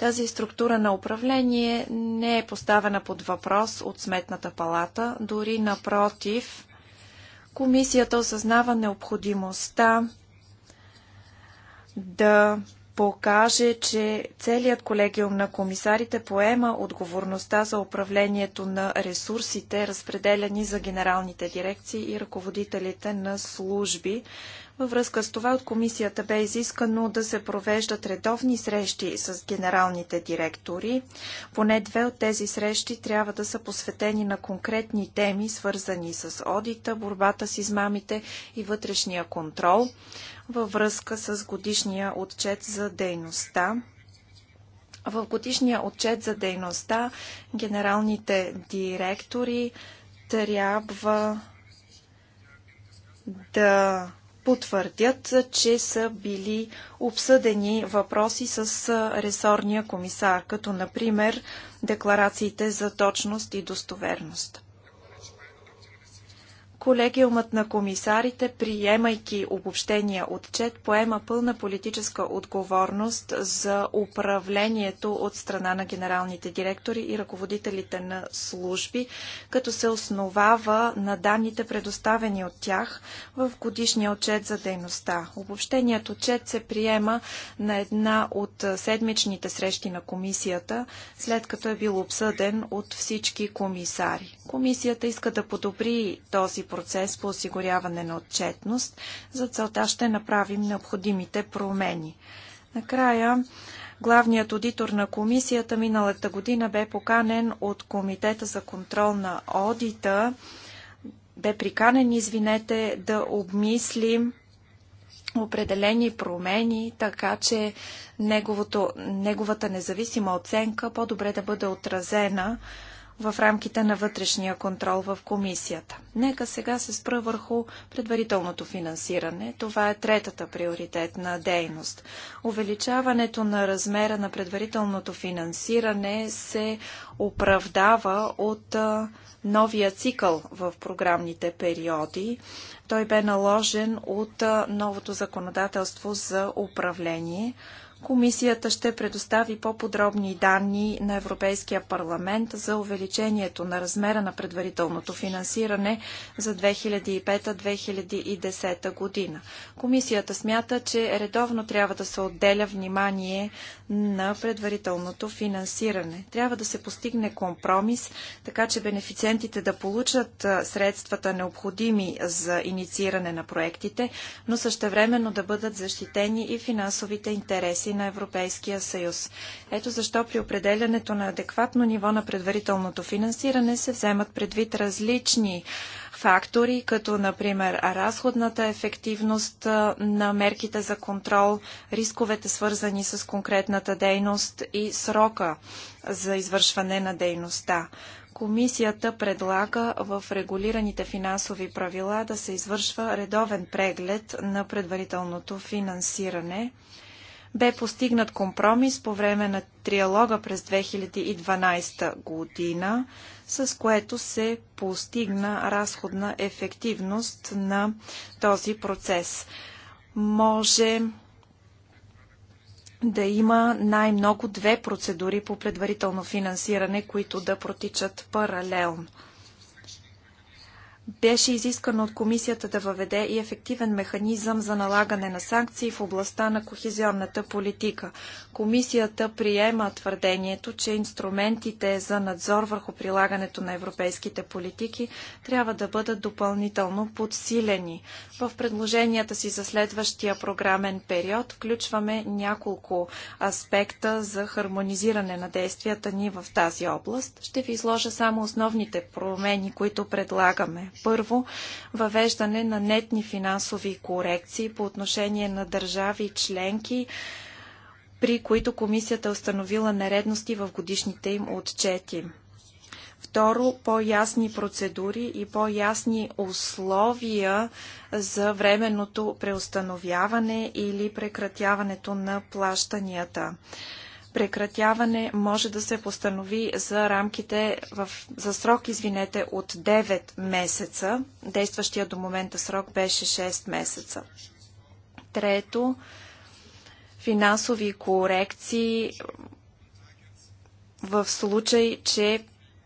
Speaker 3: Тази структура на управление не е поставена под въпрос от Сметната палата, дори напротив, комисията осъзнава необходимостта да покаже, че целият колегиум на комисарите поема отговорността за управлението на ресурсите, разпределени за генералните дирекции и ръководителите на служби във връзка с това от комисията бе изискано да се провеждат редовни срещи с генералните директори. Поне две от тези срещи трябва да са посветени на конкретни теми, свързани с одита, борбата с измамите и вътрешния контрол във връзка с годишния отчет за дейността. В годишния отчет за дейността генералните директори трябва да потвърдят, че са били обсъдени въпроси с ресорния комисар, като например декларациите за точност и достоверност. Колегиумът на комисарите, приемайки обобщения отчет, поема пълна политическа отговорност за управлението от страна на генералните директори и ръководителите на служби, като се основава на данните предоставени от тях в годишния отчет за дейността. Обобщеният отчет се приема на една от седмичните срещи на комисията, след като е бил обсъден от всички комисари. Комисията иска да подобри този процес по осигуряване на отчетност. За целта ще направим необходимите промени. Накрая, главният аудитор на комисията миналата година бе поканен от Комитета за контрол на одита, бе приканен, извинете, да обмислим определени промени, така че неговото, неговата независима оценка по-добре да бъде отразена в рамките на вътрешния контрол в комисията. Нека сега се спра върху предварителното финансиране. Това е третата приоритетна дейност. Увеличаването на размера на предварителното финансиране се оправдава от новия цикъл в програмните периоди. Той бе наложен от новото законодателство за управление, Комисията ще предостави по-подробни данни на Европейския парламент за увеличението на размера на предварителното финансиране за 2005-2010 година. Комисията смята, че редовно трябва да се отделя внимание на предварителното финансиране. Трябва да се постигне компромис, така че бенефициентите да получат средствата необходими за иницииране на проектите, но същевременно да бъдат защитени и финансовите интереси институции на Европейския съюз. Ето защо при определянето на адекватно ниво на предварителното финансиране се вземат предвид различни фактори, като например разходната ефективност на мерките за контрол, рисковете свързани с конкретната дейност и срока за извършване на дейността. Комисията предлага в регулираните финансови правила да се извършва редовен преглед на предварителното финансиране бе постигнат компромис по време на триалога през 2012 година, с което се постигна разходна ефективност на този процес. Може да има най-много две процедури по предварително финансиране, които да протичат паралелно. Беше изискано от комисията да въведе и ефективен механизъм за налагане на санкции в областта на кохезионната политика. Комисията приема твърдението, че инструментите за надзор върху прилагането на европейските политики трябва да бъдат допълнително подсилени. В предложенията си за следващия програмен период включваме няколко аспекта за хармонизиране на действията ни в тази област. Ще ви изложа само основните промени, които предлагаме. Първо, въвеждане на нетни финансови корекции по отношение на държави членки, при които комисията е установила нередности в годишните им отчети. Второ, по-ясни процедури и по-ясни условия за временното преустановяване или прекратяването на плащанията. Прекратяване може да се постанови за рамките в, за срок, извинете, от 9 месеца. Действащия до момента срок беше 6 месеца. Трето, финансови корекции в случай, че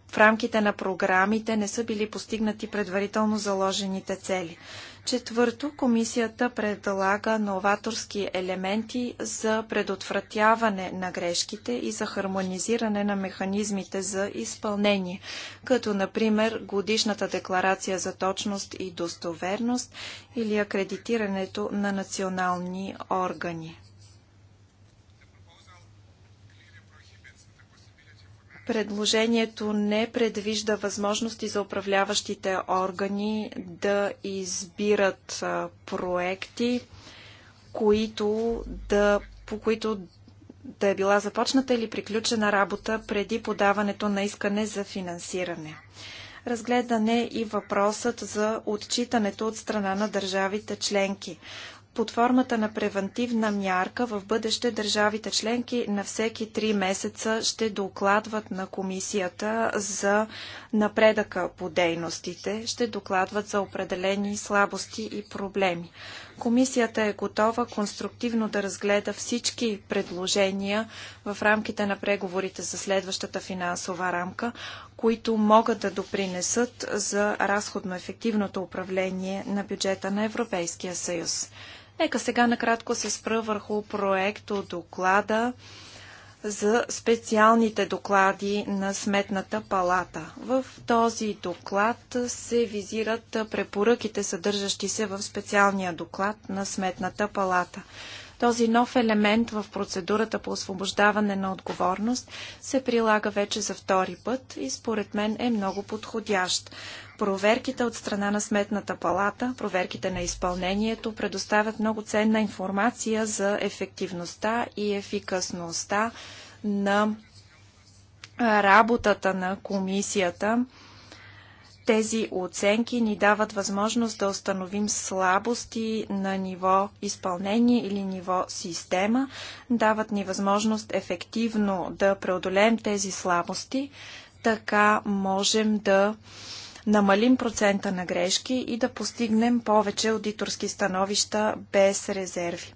Speaker 3: в рамките на програмите не са били постигнати предварително заложените цели. Четвърто, комисията предлага новаторски елементи за предотвратяване на грешките и за хармонизиране на механизмите за изпълнение, като например годишната декларация за точност и достоверност или акредитирането на национални органи. Предложението не предвижда възможности за управляващите органи да избират проекти, които да, по които да е била започната или приключена работа преди подаването на искане за финансиране. Разгледане и въпросът за отчитането от страна на държавите членки под формата на превентивна мярка в бъдеще държавите членки на всеки три месеца ще докладват на комисията за напредъка по дейностите, ще докладват за определени слабости и проблеми. Комисията е готова конструктивно да разгледа всички предложения в рамките на преговорите за следващата финансова рамка, които могат да допринесат за разходно ефективното управление на бюджета на Европейския съюз. Нека сега накратко се спра върху проекто доклада за специалните доклади на Сметната палата. В този доклад се визират препоръките, съдържащи се в специалния доклад на Сметната палата. Този нов елемент в процедурата по освобождаване на отговорност се прилага вече за втори път и според мен е много подходящ. Проверките от страна на Сметната палата, проверките на изпълнението предоставят много ценна информация за ефективността и ефикасността на работата на комисията. Тези оценки ни дават възможност да установим слабости на ниво изпълнение или ниво система, дават ни възможност ефективно да преодолеем тези слабости, така можем да намалим процента на грешки и да постигнем повече аудиторски становища без резерви.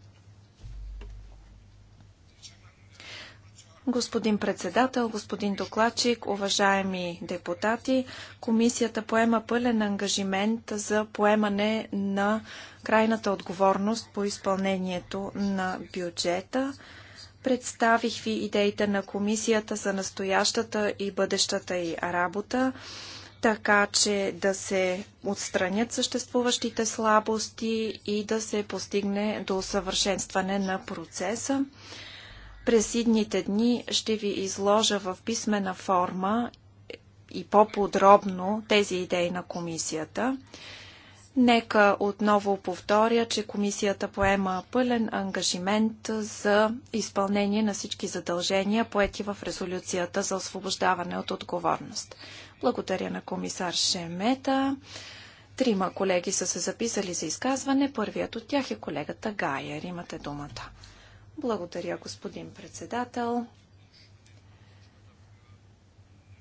Speaker 3: Господин председател, господин докладчик, уважаеми депутати, комисията поема пълен ангажимент за поемане на крайната отговорност по изпълнението на бюджета. Представих ви идеите на комисията за настоящата и бъдещата й работа така че да се отстранят съществуващите слабости и да се постигне до усъвършенстване на процеса. През идните дни ще ви изложа в писмена форма и по-подробно тези идеи на комисията. Нека отново повторя, че комисията поема пълен ангажимент за изпълнение на всички задължения, поети в резолюцията за освобождаване от отговорност. Благодаря на комисар Шемета. Трима колеги са се записали за изказване. Първият от тях е колегата Гайер. Имате думата. Благодаря, господин председател.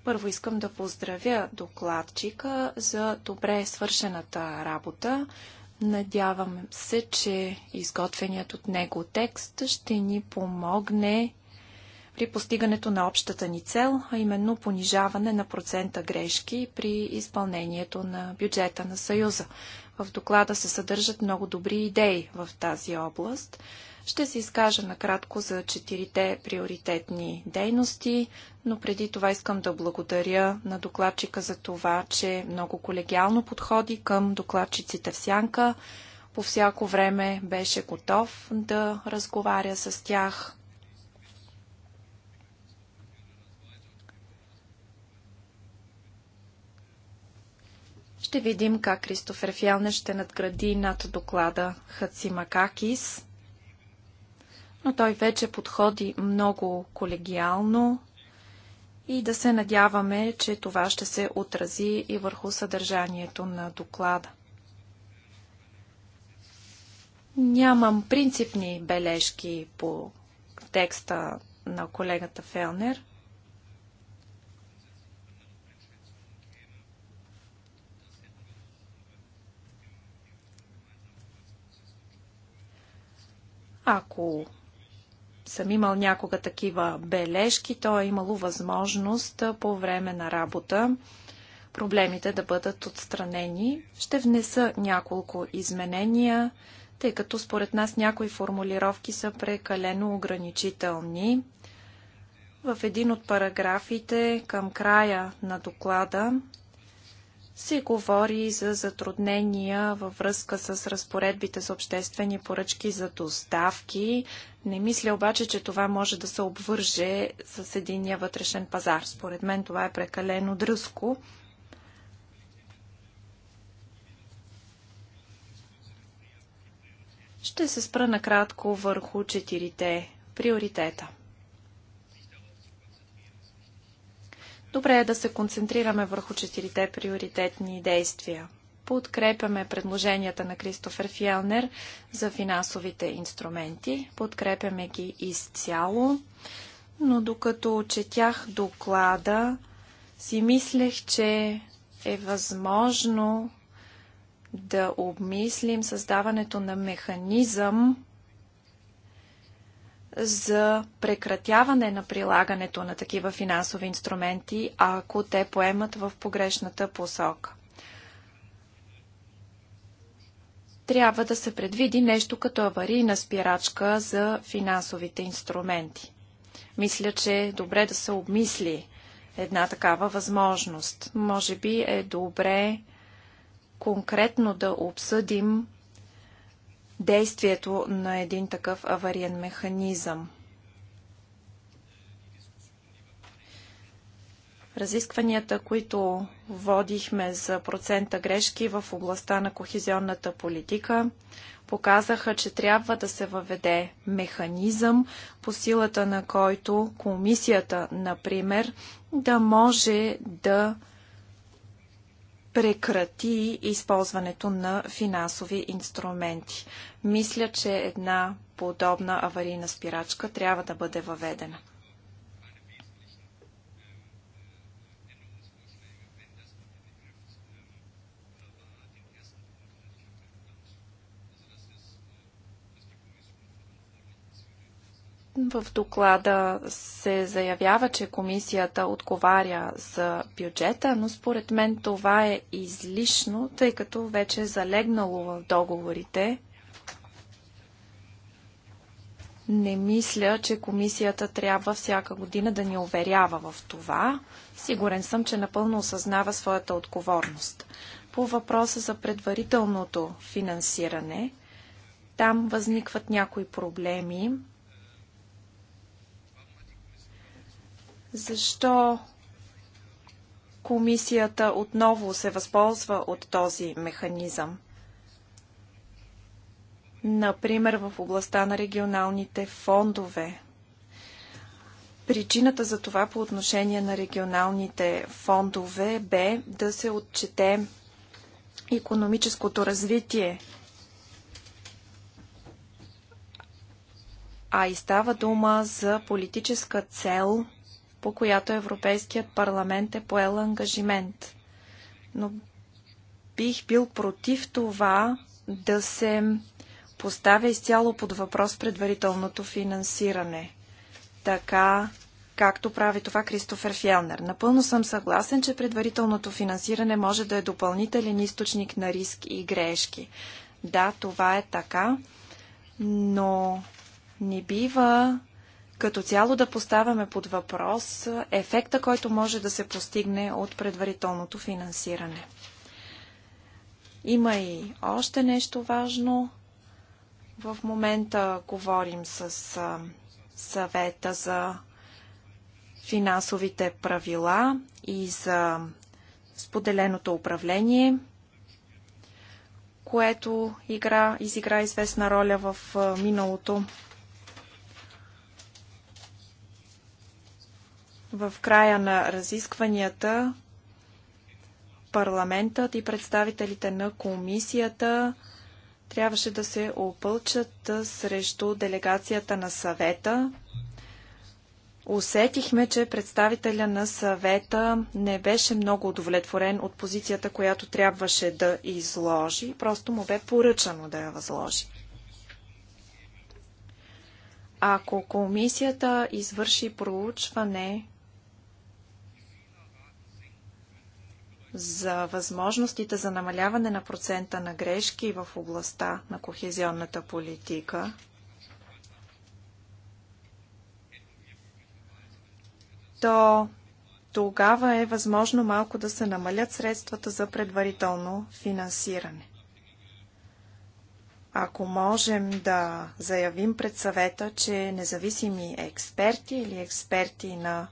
Speaker 3: Първо искам да поздравя докладчика за добре свършената работа. Надявам се, че изготвеният от него текст ще ни помогне при постигането на общата ни цел, а именно понижаване на процента грешки при изпълнението на бюджета на Съюза. В доклада се съдържат много добри идеи в тази област. Ще се изкажа накратко за четирите приоритетни дейности, но преди това искам да благодаря на докладчика за това, че много колегиално подходи към докладчиците в сянка. По всяко време беше готов да разговаря с тях, Ще видим как Кристофер Фялне ще надгради над доклада Хацимакакис, но той вече подходи много колегиално и да се надяваме, че това ще се отрази и върху съдържанието на доклада. Нямам принципни бележки по текста на колегата Фелнер. Ако съм имал някога такива бележки, то е имало възможност по време на работа проблемите да бъдат отстранени. Ще внеса няколко изменения, тъй като според нас някои формулировки са прекалено ограничителни. В един от параграфите към края на доклада се говори за затруднения във връзка с разпоредбите за обществени поръчки за доставки. Не мисля обаче, че това може да се обвърже с единия вътрешен пазар. Според мен това е прекалено дръско. Ще се спра накратко върху четирите приоритета. Добре е да се концентрираме върху четирите приоритетни действия. Подкрепяме предложенията на Кристофер Фиелнер за финансовите инструменти. Подкрепяме ги изцяло. Но докато четях доклада, си мислех, че е възможно да обмислим създаването на механизъм, за прекратяване на прилагането на такива финансови инструменти, ако те поемат в погрешната посока. Трябва да се предвиди нещо като аварийна спирачка за финансовите инструменти. Мисля, че е добре да се обмисли една такава възможност. Може би е добре конкретно да обсъдим действието на един такъв авариен механизъм. Разискванията, които водихме за процента грешки в областта на кохезионната политика, показаха, че трябва да се въведе механизъм, по силата на който комисията, например, да може да прекрати използването на финансови инструменти. Мисля, че една подобна аварийна спирачка трябва да бъде въведена. В доклада се заявява, че комисията отговаря за бюджета, но според мен това е излишно, тъй като вече е залегнало в договорите. Не мисля, че комисията трябва всяка година да ни уверява в това. Сигурен съм, че напълно осъзнава своята отговорност. По въпроса за предварителното финансиране, там възникват някои проблеми. Защо комисията отново се възползва от този механизъм? Например, в областта на регионалните фондове. Причината за това по отношение на регионалните фондове бе да се отчете економическото развитие. А и става дума за политическа цел – по която Европейският парламент е поел ангажимент. Но бих бил против това да се поставя изцяло под въпрос предварителното финансиране. Така, както прави това Кристофер Фелнер. Напълно съм съгласен, че предварителното финансиране може да е допълнителен източник на риск и грешки. Да, това е така, но не бива като цяло да поставяме под въпрос ефекта, който може да се постигне от предварителното финансиране. Има и още нещо важно. В момента говорим с съвета за финансовите правила и за споделеното управление, което игра, изигра известна роля в миналото. В края на разискванията парламентът и представителите на комисията трябваше да се опълчат срещу делегацията на съвета. Усетихме, че представителя на съвета не беше много удовлетворен от позицията, която трябваше да изложи. Просто му бе поръчано да я възложи. Ако комисията извърши проучване за възможностите за намаляване на процента на грешки в областта на кохезионната политика. То тогава е възможно малко да се намалят средствата за предварително финансиране. Ако можем да заявим пред съвета, че независими експерти или експерти на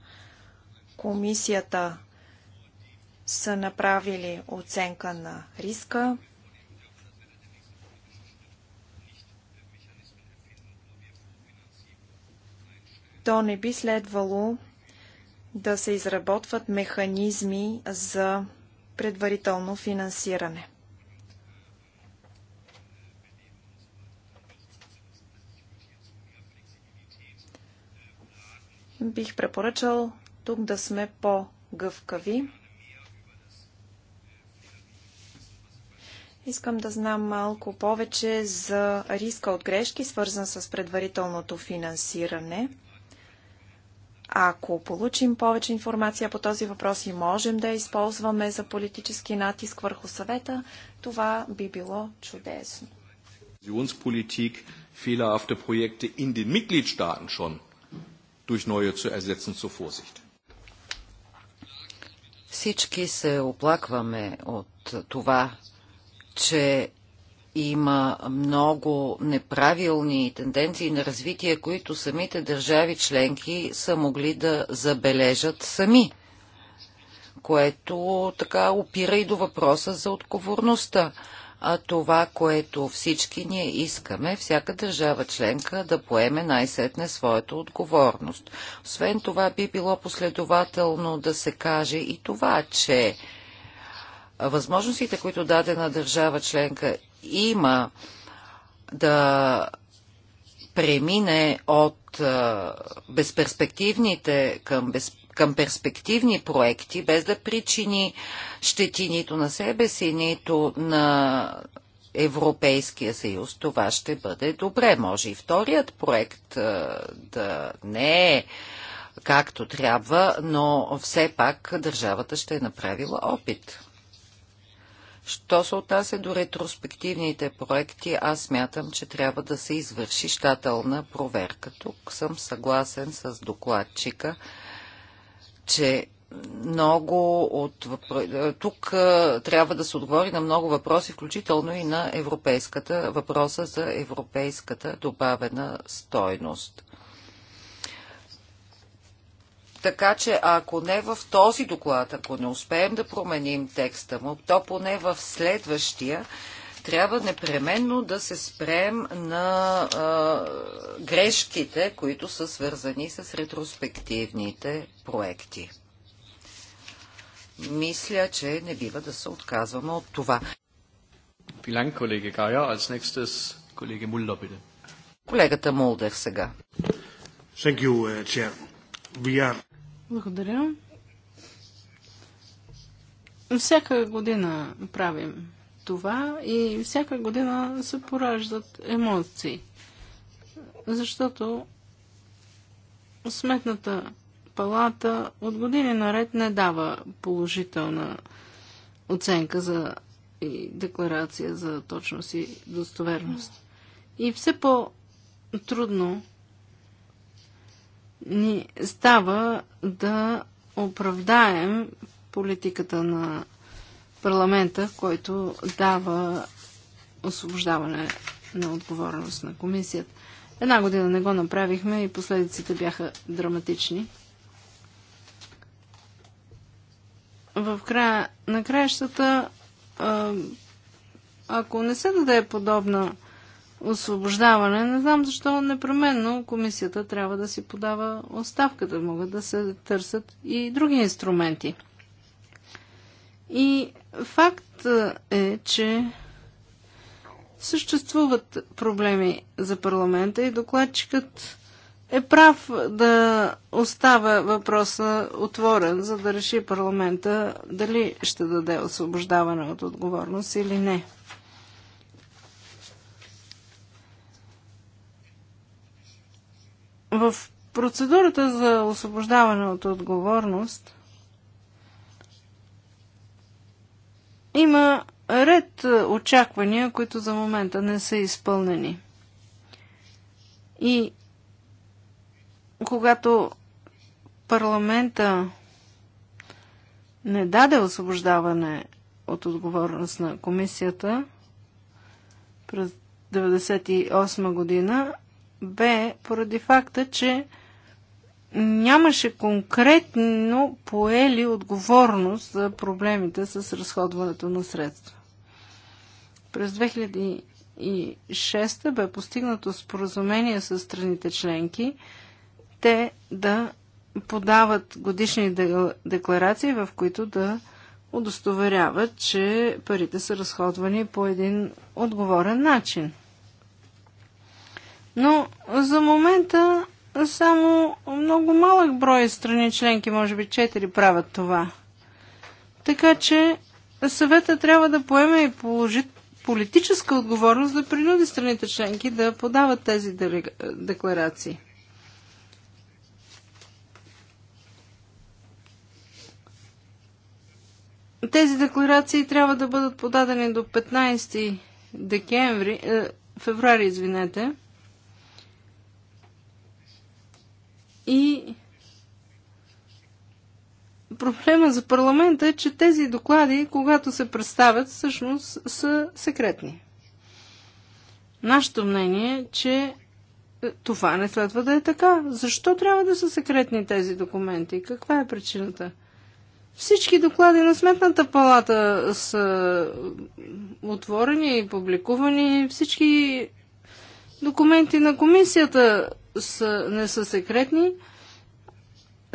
Speaker 3: комисията са направили оценка на риска. То не би следвало да се изработват механизми за предварително финансиране. Бих препоръчал тук да сме по-гъвкави. Искам да знам малко повече за риска от грешки, свързан с предварителното финансиране. Ако получим повече информация по този въпрос и можем да я използваме за политически натиск върху съвета, това би било чудесно.
Speaker 2: in den Mitgliedstaaten schon
Speaker 3: durch neue zu ersetzen zur Vorsicht.
Speaker 1: Всички се оплакваме от това, че има много неправилни тенденции на развитие, които самите държави членки са могли да забележат сами, което така опира и до въпроса за отговорността. А това, което всички ние искаме, всяка държава членка да поеме най-сетне своята отговорност. Освен това би било последователно да се каже и това, че възможностите, които дадена държава членка има да премине от безперспективните към, без, към перспективни проекти, без да причини щети нито на себе си, нито на Европейския съюз, това ще бъде добре. Може и вторият проект да не е както трябва, но все пак държавата ще е направила опит. Що се отнася до ретроспективните проекти, аз смятам, че трябва да се извърши щателна проверка. Тук съм съгласен с докладчика, че много от Тук трябва да се отговори на много въпроси, включително и на европейската, въпроса за европейската добавена стойност. Така че ако не в този доклад, ако не успеем да променим текста му, то поне в следващия трябва непременно да се спрем на а, грешките, които са свързани с ретроспективните проекти. Мисля, че не бива да се отказваме от това. Колегата Мулдер сега.
Speaker 3: Thank you, uh, Chair. We are
Speaker 2: благодаря. Всяка година правим това и всяка година се пораждат емоции. Защото сметната палата от години наред не дава положителна оценка за и декларация за точност и достоверност. И все по-трудно ни става да оправдаем политиката на парламента, който дава освобождаване на отговорност на комисията. Една година не го направихме и последиците бяха драматични. В края на краищата, ако не се даде подобна освобождаване. Не знам защо непременно комисията трябва да си подава оставката. Могат да се търсят и други инструменти. И факт е, че съществуват проблеми за парламента и докладчикът е прав да остава въпроса отворен, за да реши парламента дали ще даде освобождаване от отговорност или не. В процедурата за освобождаване от отговорност има ред е, очаквания, които за момента не са изпълнени. И когато парламента не даде освобождаване от отговорност на комисията през 1998 година, бе поради факта, че нямаше конкретно поели отговорност за проблемите с разходването на средства. През 2006 бе постигнато споразумение с страните членки те да подават годишни декларации, в които да удостоверяват, че парите са разходвани по един отговорен начин – но за момента само много малък брой страни членки, може би 4, правят това. Така че съвета трябва да поеме и положи политическа отговорност да принуди страните членки да подават тези декларации. Тези декларации трябва да бъдат подадени до 15 декември, е, феврари, извинете. И проблема за парламента е, че тези доклади, когато се представят, всъщност са секретни. Нашето мнение е, че е, това не следва да е така. Защо трябва да са секретни тези документи? Каква е причината? Всички доклади на Сметната палата са отворени и публикувани. Всички документи на комисията са, не са секретни.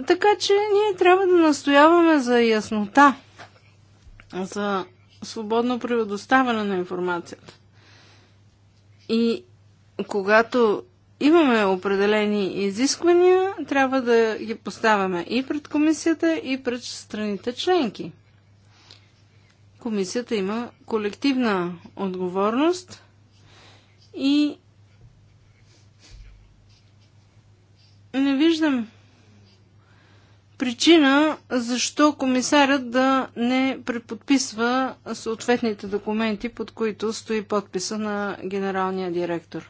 Speaker 2: Така че ние трябва да настояваме за яснота, за свободно предоставяне на информацията. И когато имаме определени изисквания, трябва да ги поставяме и пред комисията, и пред страните членки. Комисията има колективна отговорност и не виждам причина защо комисарят да не преподписва съответните документи, под които стои подписа на генералния директор.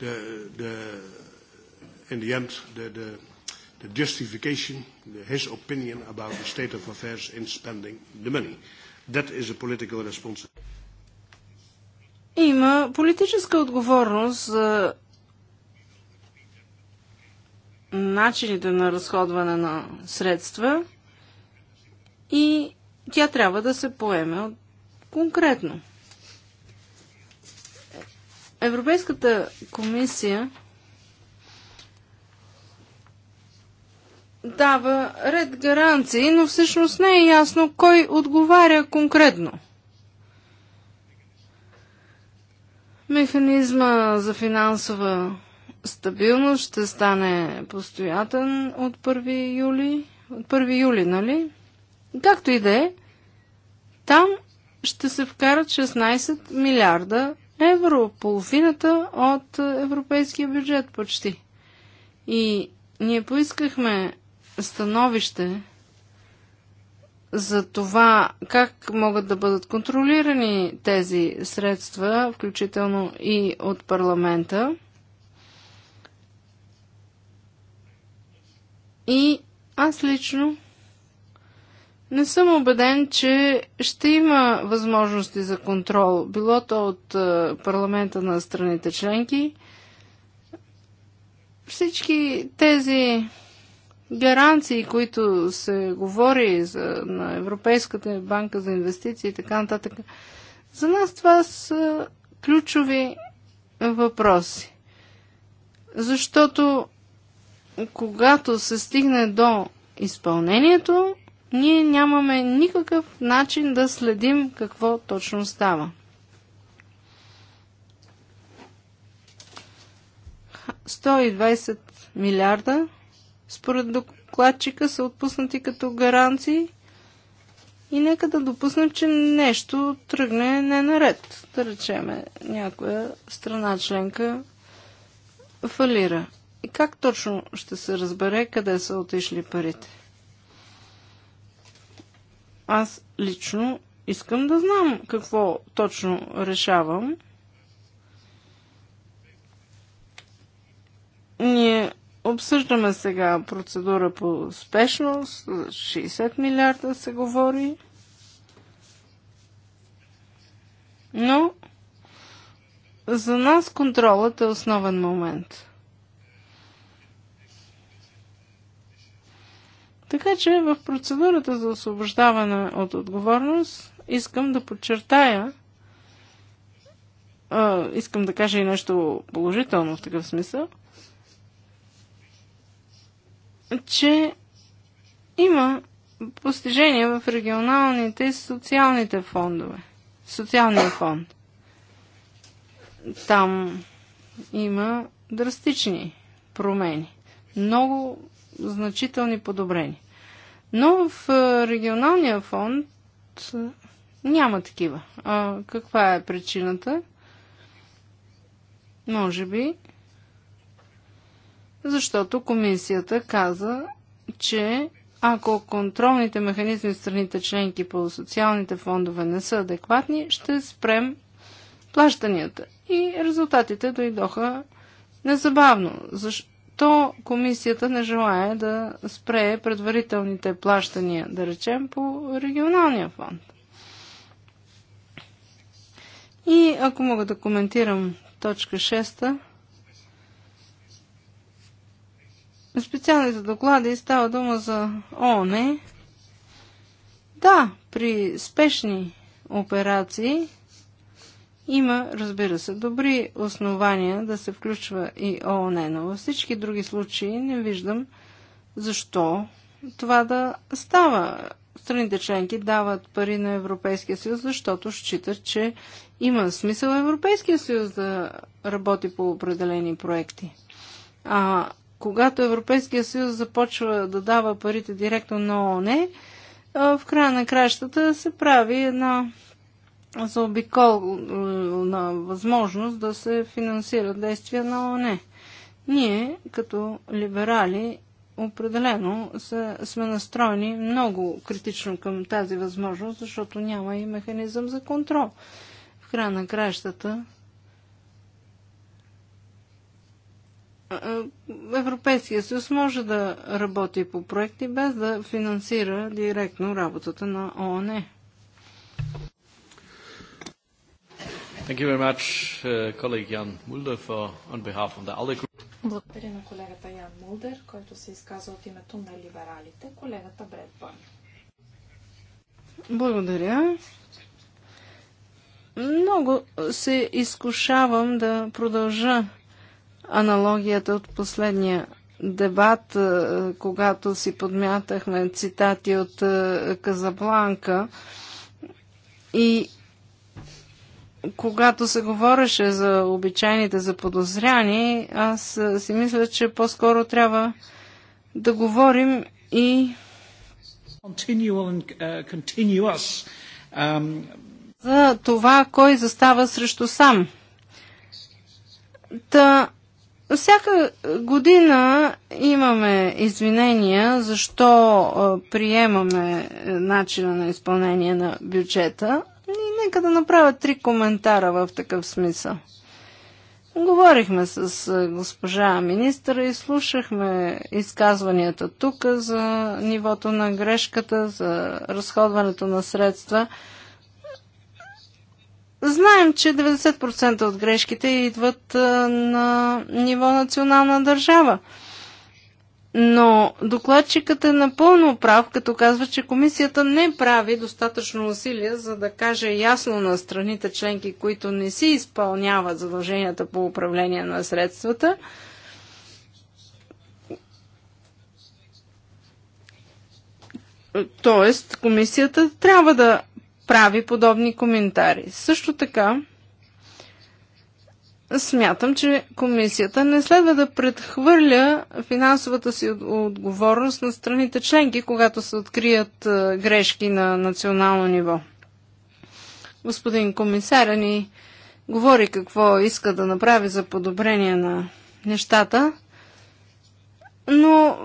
Speaker 2: The, the, in the end, the, the, the justification, the, his opinion about the
Speaker 3: state of affairs in spending the money. That is a political responsibility.
Speaker 2: Има политическа отговорност за начините на разходване на средства и тя трябва да се поеме конкретно. Европейската комисия дава ред гаранции, но всъщност не е ясно кой отговаря конкретно. Механизма за финансова стабилно ще стане постоятен от 1 юли. От 1 юли, нали? Както и да е, там ще се вкарат 16 милиарда евро, половината от европейския бюджет почти. И ние поискахме становище за това как могат да бъдат контролирани тези средства, включително и от парламента. И аз лично не съм убеден, че ще има възможности за контрол, било то от е, парламента на страните членки. Всички тези гаранции, които се говори за, на Европейската банка за инвестиции и така нататък, за нас това са ключови въпроси. Защото когато се стигне до изпълнението, ние нямаме никакъв начин да следим какво точно става. Сто и 120 милиарда според докладчика са отпуснати като гаранции и нека да допуснем, че нещо тръгне не наред. Да речеме, някоя страна членка фалира. И как точно ще се разбере къде са отишли парите? Аз лично искам да знам какво точно решавам. Ние обсъждаме сега процедура по спешност. 60 милиарда се говори. Но за нас контролът е основен момент. Така че в процедурата за освобождаване от отговорност искам да подчертая, а, искам да кажа и нещо положително в такъв смисъл, че има постижения в регионалните и социалните фондове. Социалния фонд. Там има драстични промени. Много значителни подобрения. Но в регионалния фонд няма такива. А каква е причината? Може би, защото комисията каза, че ако контролните механизми в страните членки по социалните фондове не са адекватни, ще спрем плащанията. И резултатите дойдоха незабавно. Защо? то комисията не желая да спре предварителните плащания, да речем, по регионалния фонд. И ако мога да коментирам точка 6, специалните доклади става дума за ОНЕ. Да, при спешни операции има, разбира се, добри основания да се включва и ООН, но във всички други случаи не виждам защо това да става. Страните членки дават пари на Европейския съюз, защото считат, че има смисъл Европейския съюз да работи по определени проекти. А когато Европейския съюз започва да дава парите директно на ООН, в края на кращата се прави една за обиколна е, възможност да се финансира действия на ОНЕ. Ние, като либерали, определено сме настроени много критично към тази възможност, защото няма и механизъм за контрол. В края на кращата. Е, Европейския съюз може да работи по проекти без да финансира директно работата на ООН. Thank you very much, uh, colleague Jan Mulder, for, on behalf of the ALDE group.
Speaker 3: Благодаря на колегата Ян Мулдер, който се изказа от името на либералите, колегата Бред Бърн.
Speaker 2: Благодаря. Много се изкушавам да продължа аналогията от последния дебат, е, когато си подмятахме цитати от е, Казабланка и когато се говореше за обичайните заподозряни, аз си мисля, че по-скоро трябва да говорим и uh, um, за това, кой застава срещу сам. Та, всяка година имаме извинения, защо приемаме е, начина на изпълнение на бюджета, и нека да направя три коментара в такъв смисъл. Говорихме с е, госпожа министра и слушахме изказванията тук за нивото на грешката, за разходването на средства. Знаем, че 90% от грешките идват е, на ниво национална държава. Но докладчикът е напълно прав, като казва, че комисията не прави достатъчно усилия, за да каже ясно на страните членки, които не си изпълняват задълженията по управление на средствата, Тоест, комисията трябва да прави подобни коментари. Също така, смятам, че комисията не следва да предхвърля финансовата си отговорност на страните членки, когато се открият грешки на национално ниво. Господин комисаря ни говори какво иска да направи за подобрение на нещата, но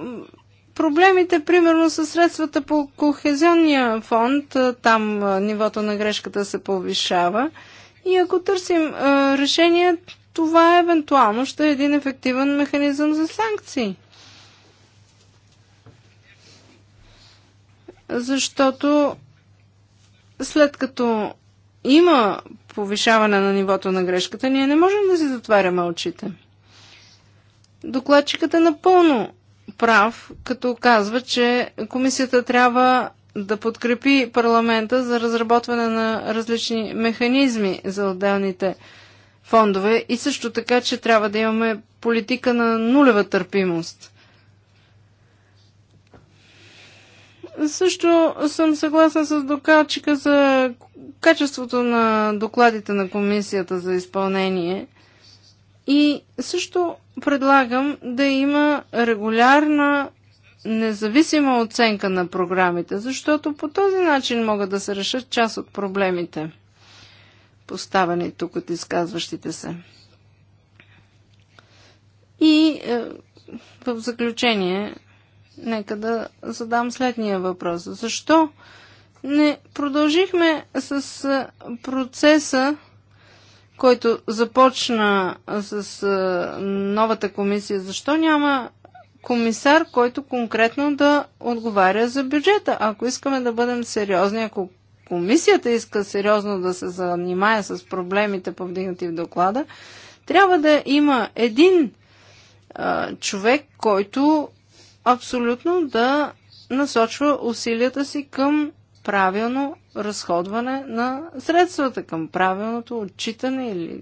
Speaker 2: проблемите, примерно, са средствата по кохезионния фонд, там нивото на грешката се повишава – и ако търсим а, решение, това евентуално ще е един ефективен механизъм за санкции. Защото след като има повишаване на нивото на грешката, ние не можем да си затваряме очите. Докладчикът е напълно прав, като казва, че комисията трябва да подкрепи парламента за разработване на различни механизми за отделните фондове и също така, че трябва да имаме политика на нулева търпимост. Също съм съгласна с докладчика за качеството на докладите на комисията за изпълнение и също предлагам да има регулярна независима оценка на програмите, защото по този начин могат да се решат част от проблемите, поставени тук от изказващите се. И е, в заключение, нека да задам следния въпрос. Защо не продължихме с е, процеса, който започна с е, новата комисия? Защо няма комисар, който конкретно да отговаря за бюджета. Ако искаме да бъдем сериозни, ако комисията иска сериозно да се занимае с проблемите, повдигнати в доклада, трябва да има един а, човек, който абсолютно да насочва усилията си към правилно разходване на средствата, към правилното отчитане или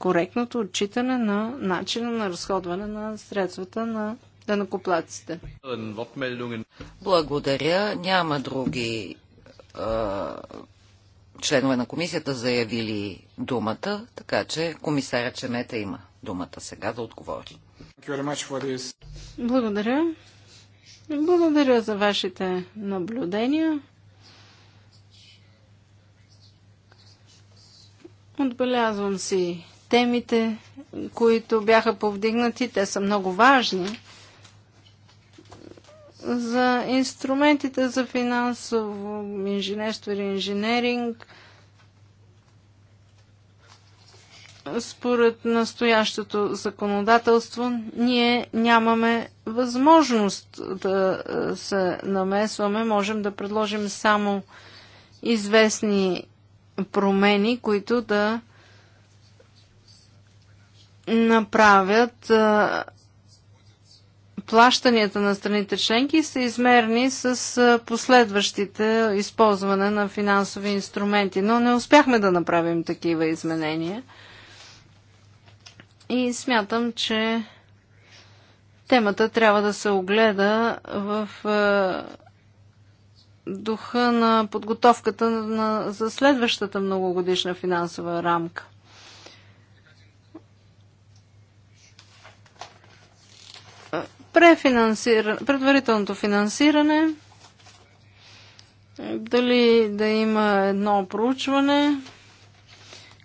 Speaker 2: коректното отчитане на начина на разходване на средствата на денокоплаците. Благодаря.
Speaker 1: Няма други членове на комисията заявили думата, така че комисаря Чемета има думата сега да отговори.
Speaker 2: Благодаря. Благодаря за вашите наблюдения. Отбелязвам си темите, които бяха повдигнати, те са много важни. За инструментите за финансово инженерство или инженеринг, според настоящото законодателство, ние нямаме възможност да е, се намесваме. Можем да предложим само известни промени, които да направят плащанията на страните членки са измерни с последващите използване на финансови инструменти, но не успяхме да направим такива изменения. И смятам, че темата трябва да се огледа в духа на подготовката на, за следващата многогодишна финансова рамка. префинансиране, Предварителното финансиране, дали да има едно проучване,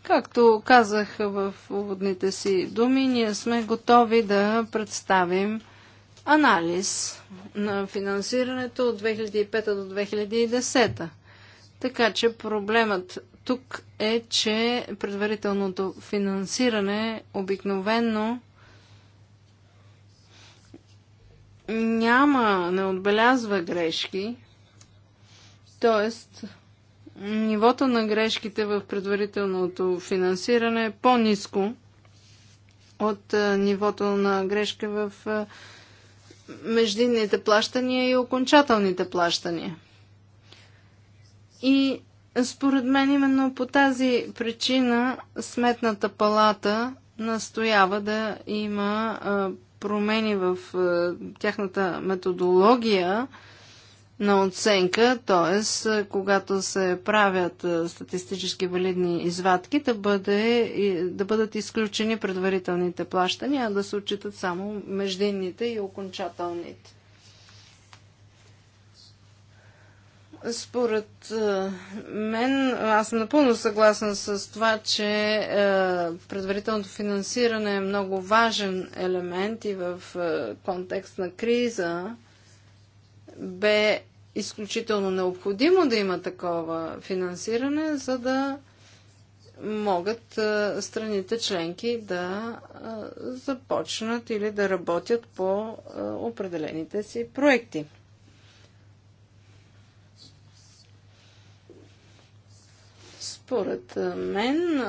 Speaker 2: Както казах в уводните си думи, ние сме готови да представим анализ на финансирането от 2005 до 2010. Така че проблемът тук е, че предварителното финансиране обикновенно няма, не отбелязва грешки, т.е. нивото на грешките в предварителното финансиране е по-низко от нивото на грешка в междинните плащания и окончателните плащания. И според мен именно по тази причина Сметната палата настоява да има промени в е, тяхната методология на оценка, т.е. когато се правят е, статистически валидни извадки, да, бъде, да бъдат изключени предварителните плащания, а да се отчитат само междинните и окончателните. Според е, мен, аз съм напълно съгласна с това, че е, предварителното финансиране е много важен елемент и в е, контекст на криза бе изключително необходимо да има такова финансиране, за да могат страните членки да започнат или да работят по определените си проекти. Според мен,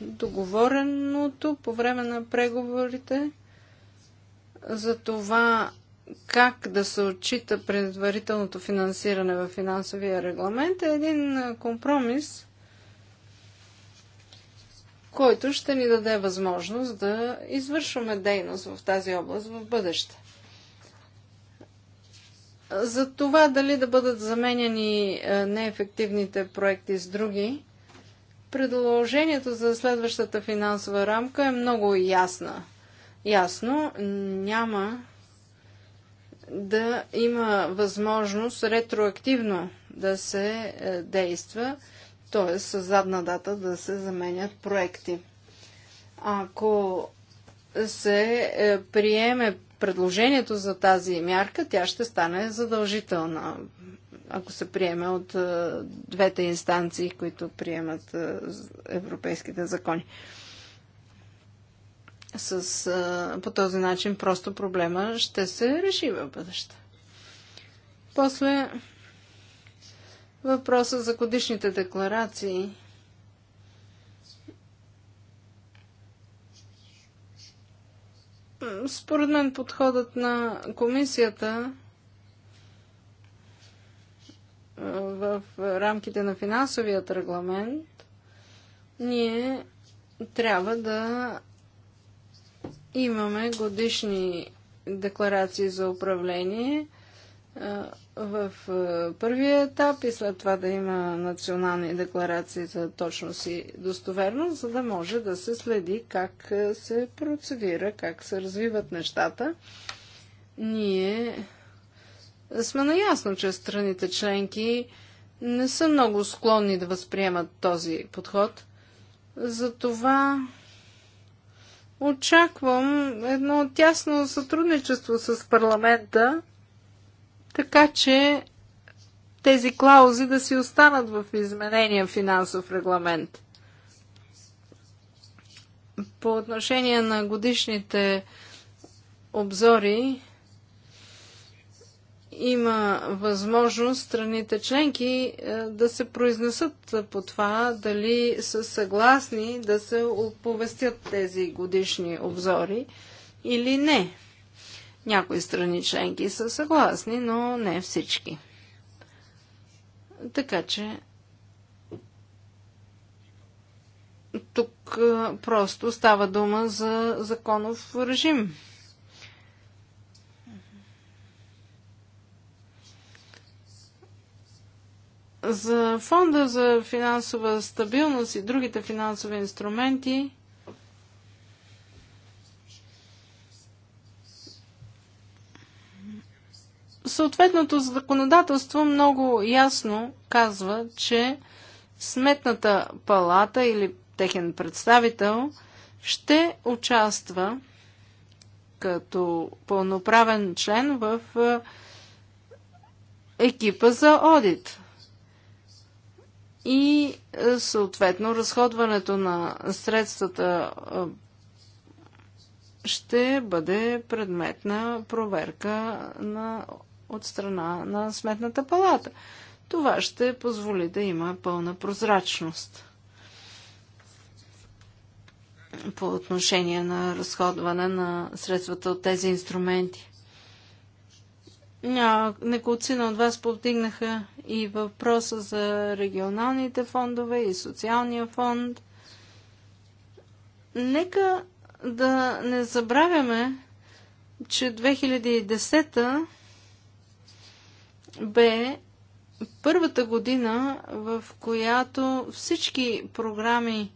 Speaker 2: договореното по време на преговорите за това как да се отчита предварителното финансиране в финансовия регламент е един компромис, който ще ни даде възможност да извършваме дейност в тази област в бъдеще. За това дали да бъдат заменени неефективните проекти с други, Предложението за следващата финансова рамка е много ясна. Ясно, няма да има възможност ретроактивно да се е, действа, т.е. с задна дата да се заменят проекти. Ако се е, приеме предложението за тази мярка, тя ще стане задължителна ако се приеме от двете инстанции, които приемат европейските закони. С, по този начин просто проблема ще се реши в бъдеще. После въпроса за годишните декларации. Според мен подходът на комисията в рамките на финансовият регламент, ние трябва да имаме годишни декларации за управление в първия етап и след това да има национални декларации за точност и достоверност, за да може да се следи как се процедира, как се развиват нещата. Ние сме наясно, че страните членки не са много склонни да възприемат този подход. Затова очаквам едно тясно сътрудничество с парламента, така че тези клаузи да си останат в изменения финансов регламент. По отношение на годишните обзори, има възможност страните членки е, да се произнесат по това, дали са съгласни да се оповестят тези годишни обзори или не. Някои страни членки са съгласни, но не всички. Така че тук е, просто става дума за законов режим. За фонда за финансова стабилност и другите финансови инструменти съответното законодателство много ясно казва, че Сметната палата или техен представител ще участва като пълноправен член в е, екипа за одит и е, съответно разходването на средствата е, ще бъде предмет на проверка на, от страна на Сметната палата. Това ще позволи да има пълна прозрачност по отношение на разходване на средствата от тези инструменти. Неколцина от вас повдигнаха и въпроса за регионалните фондове и социалния фонд. Нека да не забравяме, че 2010 та бе първата година, в която всички програми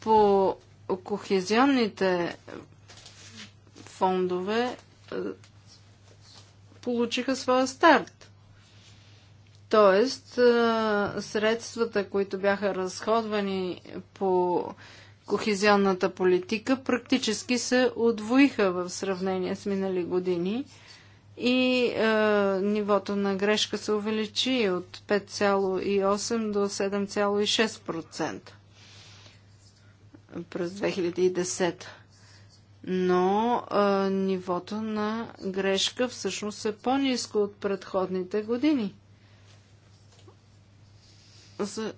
Speaker 2: по кохезионните фондове получиха своя старт. Тоест, средствата, които бяха разходвани по кохезионната политика, практически се отвоиха в сравнение с минали години и е, нивото на грешка се увеличи от 5,8 до 7,6% през 2010 но а, нивото на грешка всъщност е по-низко от предходните години. За...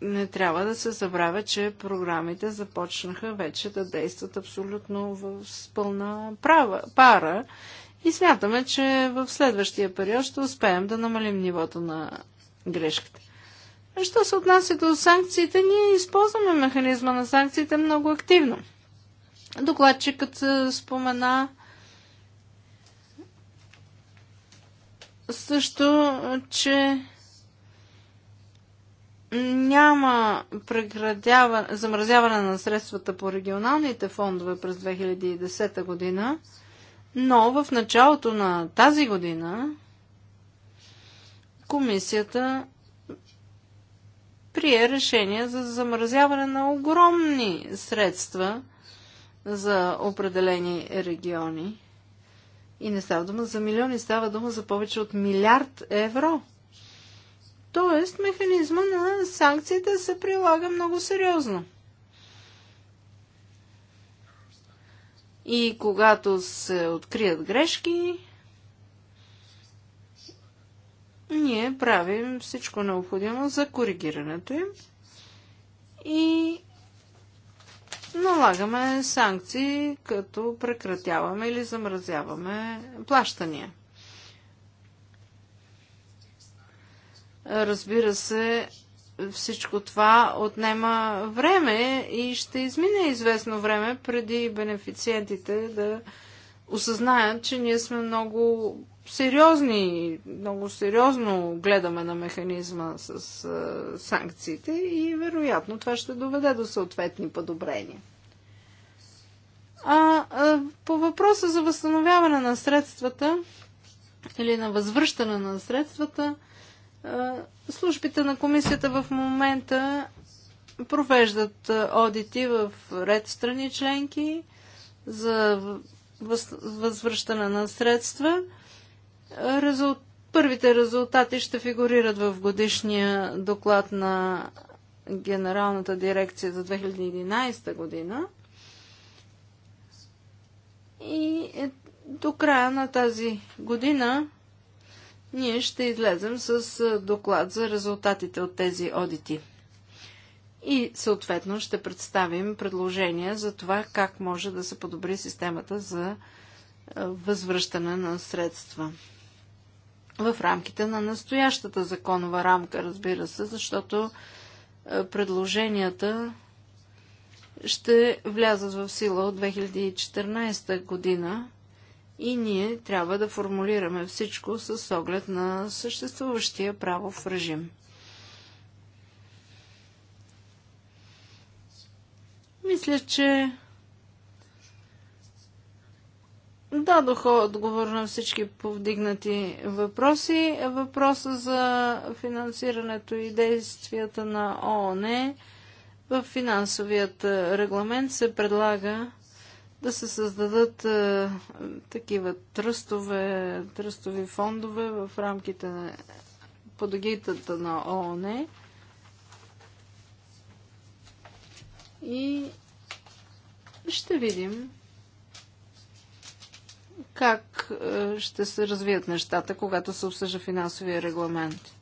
Speaker 2: Не трябва да се забравя, че програмите започнаха вече да действат абсолютно в пълна права, пара и смятаме, че в следващия период ще успеем да намалим нивото на грешката. Що се отнася до санкциите, ние използваме механизма на санкциите много активно. Докладчикът е, спомена също, че няма замразяване на средствата по регионалните фондове през 2010 година, но в началото на тази година комисията прие решение за замразяване на огромни средства – за определени региони. И не става дума за милиони, става дума за повече от милиард евро. Тоест, механизма на санкциите се прилага много сериозно. И когато се открият грешки, ние правим всичко необходимо за коригирането им и налагаме санкции, като прекратяваме или замразяваме плащания. Разбира се, всичко това отнема време и ще измине известно време преди бенефициентите да осъзнаят, че ние сме много сериозни, много сериозно гледаме на механизма с а, санкциите и вероятно това ще доведе до съответни подобрения. А, а по въпроса за възстановяване на средствата или на възвръщане на средствата, а, службите на комисията в момента провеждат одити в ред страни членки за възвръщане на средства Резул... Първите резултати ще фигурират в годишния доклад на Генералната дирекция за 2011 година. И е, до края на тази година ние ще излезем с е, доклад за резултатите от тези одити. И съответно ще представим предложения за това как може да се подобри системата за е, възвръщане на средства в рамките на настоящата законова рамка, разбира се, защото е, предложенията ще влязат в сила от 2014 година и ние трябва да формулираме всичко с оглед на съществуващия правов режим. Мисля, че Дадоха отговор на всички повдигнати въпроси. Въпроса за финансирането и действията на ООН в финансовият е, регламент се предлага да се създадат а, е, такива тръстове, тръстови фондове в рамките на подогитата на ООН. И ще видим как е, ще се развият нещата, когато се обсъжда финансовия регламент.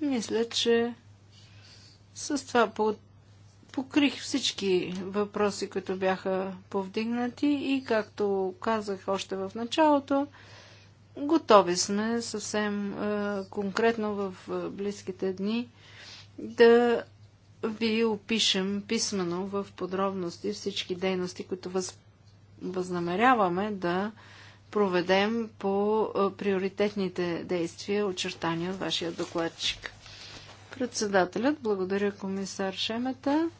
Speaker 2: Мисля, че с това покрих всички въпроси, които бяха повдигнати и, както казах още в началото, готови сме съвсем е, конкретно в е, близките дни да ви опишем писменно в подробности всички дейности, които възпочваме възнамеряваме да проведем по приоритетните действия, очертания от вашия докладчик. Председателят, благодаря комисар Шемета.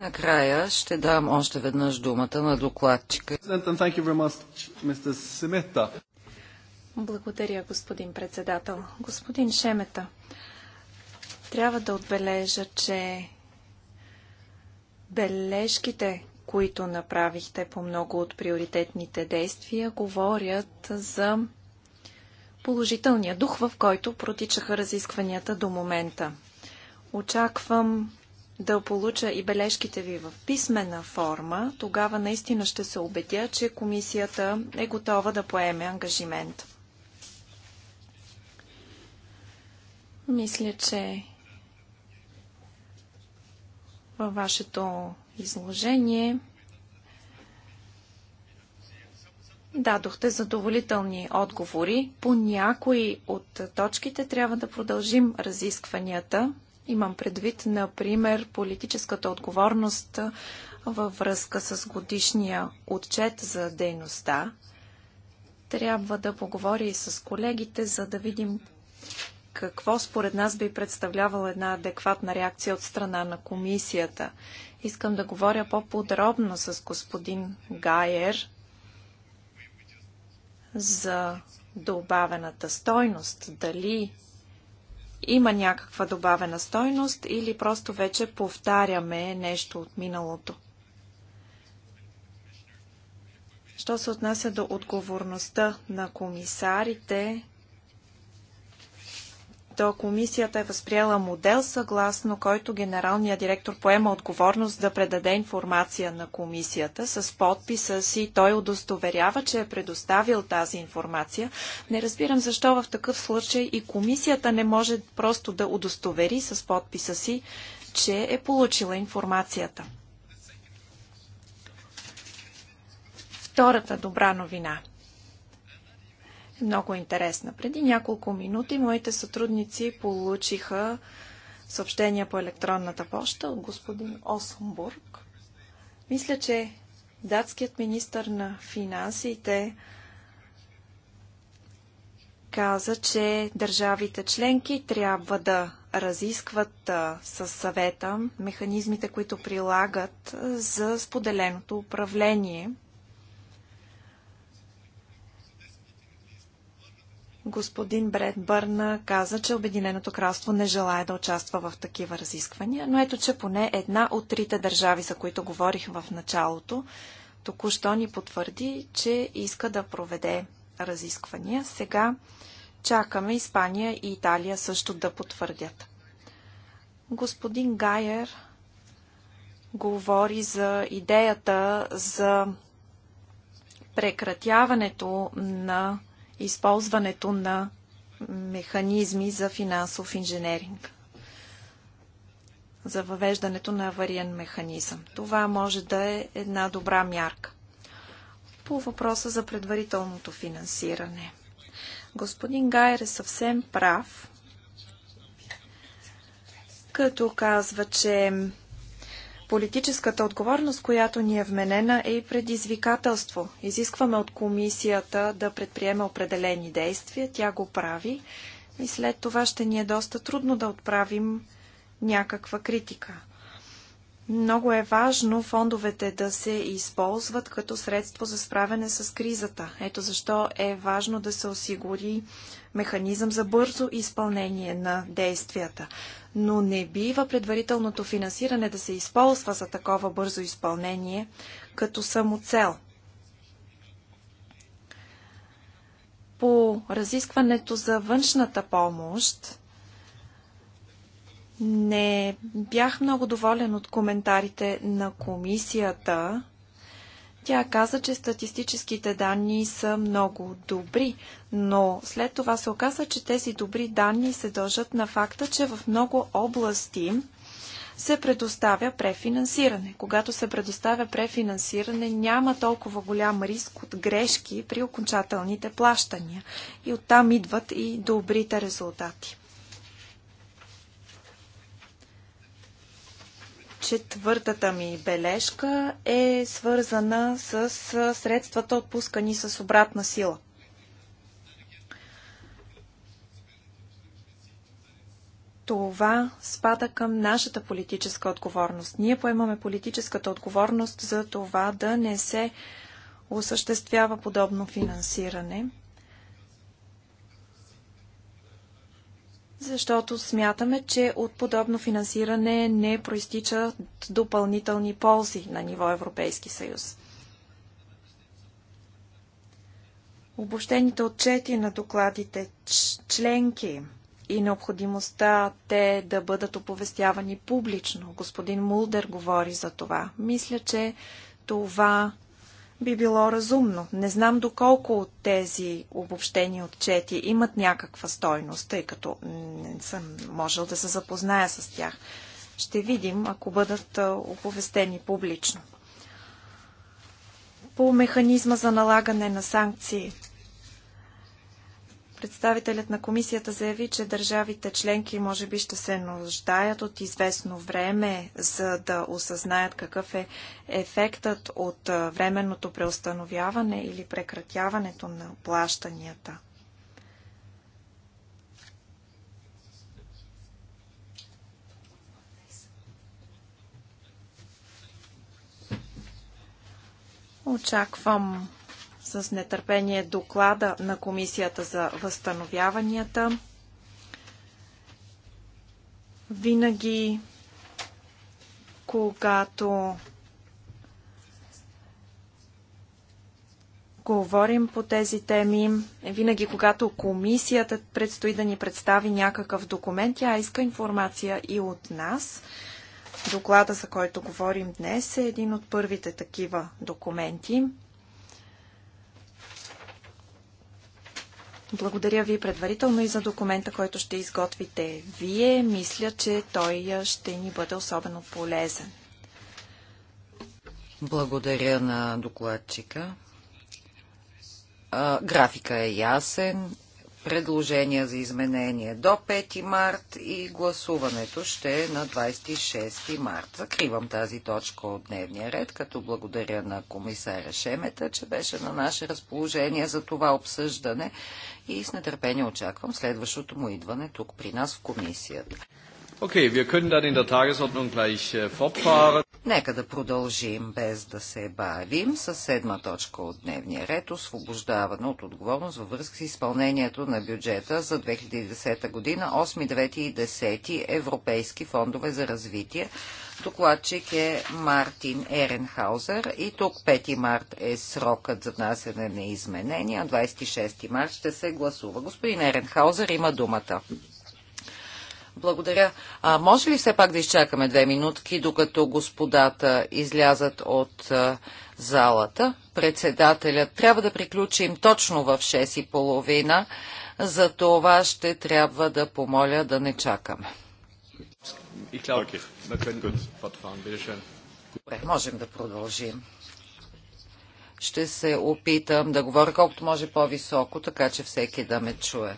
Speaker 2: Накрая
Speaker 1: ще дам още веднъж думата на докладчика.
Speaker 3: Благодаря, господин председател. Господин Шемета, трябва да отбележа, че бележките, които направихте по много от приоритетните действия, говорят за положителния дух, в който протичаха разискванията до момента. Очаквам да получа и бележките ви в писмена форма, тогава наистина ще се убедя, че комисията е готова да поеме ангажимент. Мисля, че във вашето изложение дадохте задоволителни отговори. По някои от точките трябва да продължим разискванията. Имам предвид, например, политическата отговорност във връзка с годишния отчет за дейността. Трябва да поговоря и с колегите, за да видим какво според нас би представлявала една адекватна реакция от страна на комисията. Искам да говоря по-подробно с господин Гайер за добавената стойност. Дали има някаква добавена стойност или просто вече повтаряме нещо от миналото. Що се отнася до отговорността на комисарите, то комисията е възприела модел, съгласно който генералният директор поема отговорност да предаде информация на комисията с подписа си. Той удостоверява, че е предоставил тази информация. Не разбирам защо в такъв случай и комисията не може просто да удостовери с подписа си, че е получила информацията. Втората добра новина е много интересна. Преди няколко минути моите сътрудници получиха съобщения по електронната поща от господин Осенбург. Мисля, че датският министр на финансите каза, че държавите членки трябва да разискват със съвета механизмите, които прилагат за споделеното управление – Господин Бред Бърна каза, че Обединеното кралство не желая да участва в такива разисквания, но ето, че поне една от трите държави, за които говорих в началото, току-що ни потвърди, че иска да проведе разисквания. Сега чакаме Испания и Италия също да потвърдят. Господин Гайер говори за идеята за прекратяването на използването на механизми за финансов инженеринг, за въвеждането на авариен механизъм. Това може да е една добра мярка. По въпроса за предварителното финансиране. Господин Гайер е съвсем прав, като казва, че Политическата отговорност, която ни е вменена, е и предизвикателство. Изискваме от комисията да предприеме определени действия, тя го прави и след това ще ни е доста трудно да отправим някаква критика. Много е важно фондовете да се използват като средство за справяне с кризата. Ето защо е важно да се осигури механизъм за бързо изпълнение на действията. Но не бива предварителното финансиране да се използва за такова бързо изпълнение като самоцел. По разискването за външната помощ, не бях много доволен от коментарите на комисията тя каза, че статистическите данни са много добри, но след това се оказа, че тези добри данни се дължат на факта, че в много области се предоставя префинансиране. Когато се предоставя префинансиране, няма толкова голям риск от грешки при окончателните плащания. И оттам идват и добрите резултати. Четвъртата ми бележка е свързана с средствата отпускани с обратна сила. това спада към нашата политическа отговорност. Ние поемаме политическата отговорност за това да не се осъществява подобно финансиране. защото смятаме, че от подобно финансиране не проистичат допълнителни ползи на ниво Европейски съюз. Обобщените отчети на докладите членки и необходимостта те да бъдат оповестявани публично. Господин Мулдер говори за това. Мисля, че това би било разумно. Не знам доколко от тези обобщени отчети имат някаква стойност, тъй като не съм можел да се запозная с тях. Ще видим, ако бъдат оповестени публично. По механизма за налагане на санкции – Представителят на комисията заяви, че държавите членки може би ще се нуждаят от известно време, за да осъзнаят какъв е ефектът от временното преустановяване или прекратяването на плащанията. Очаквам с нетърпение доклада на Комисията за възстановяванията. Винаги, когато говорим по тези теми, винаги когато комисията предстои да ни представи някакъв документ, тя иска информация и от нас. Доклада, за който говорим днес, е един от първите такива документи. Благодаря ви предварително и за документа, който ще изготвите вие. Мисля, че той ще ни бъде особено полезен.
Speaker 1: Благодаря на докладчика. А, графика е ясен. Предложения за изменение до 5 март и гласуването ще е на 26 март. Закривам тази точка от дневния ред, като благодаря на комисаря Шемета, че беше на наше разположение за това обсъждане и с нетърпение очаквам следващото му идване тук при нас в комисията. Okay,
Speaker 3: wir können dann in der Tagesordnung gleich äh, fortfahren.
Speaker 1: Нека да продължим без да се бавим с седма точка от дневния ред – освобождаване от отговорност във връзка с изпълнението на бюджета за 2010 година 8, 9 и 10 Европейски фондове за развитие. Докладчик е Мартин Еренхаузер и тук 5 март е срокът за внасяне на изменения, 26 март ще се гласува. Господин Еренхаузер има думата. Благодаря. А може ли все пак да изчакаме две минутки, докато господата излязат от а, залата? Председателят трябва да приключим точно в 6 и половина, за това ще трябва да помоля да не чакаме. Добре, можем да продължим. Ще се опитам да говоря колкото може по-високо, така че всеки да ме чуе.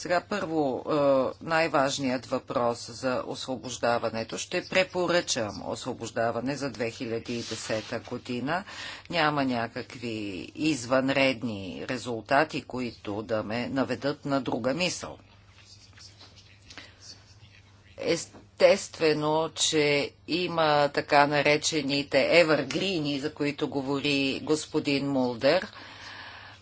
Speaker 1: Сега първо е, най-важният въпрос за освобождаването. Ще препоръчам освобождаване за 2010 година. Няма някакви извънредни резултати, които да ме наведат на друга мисъл. Естествено, че има така наречените Евергрини, за които говори господин Мулдер.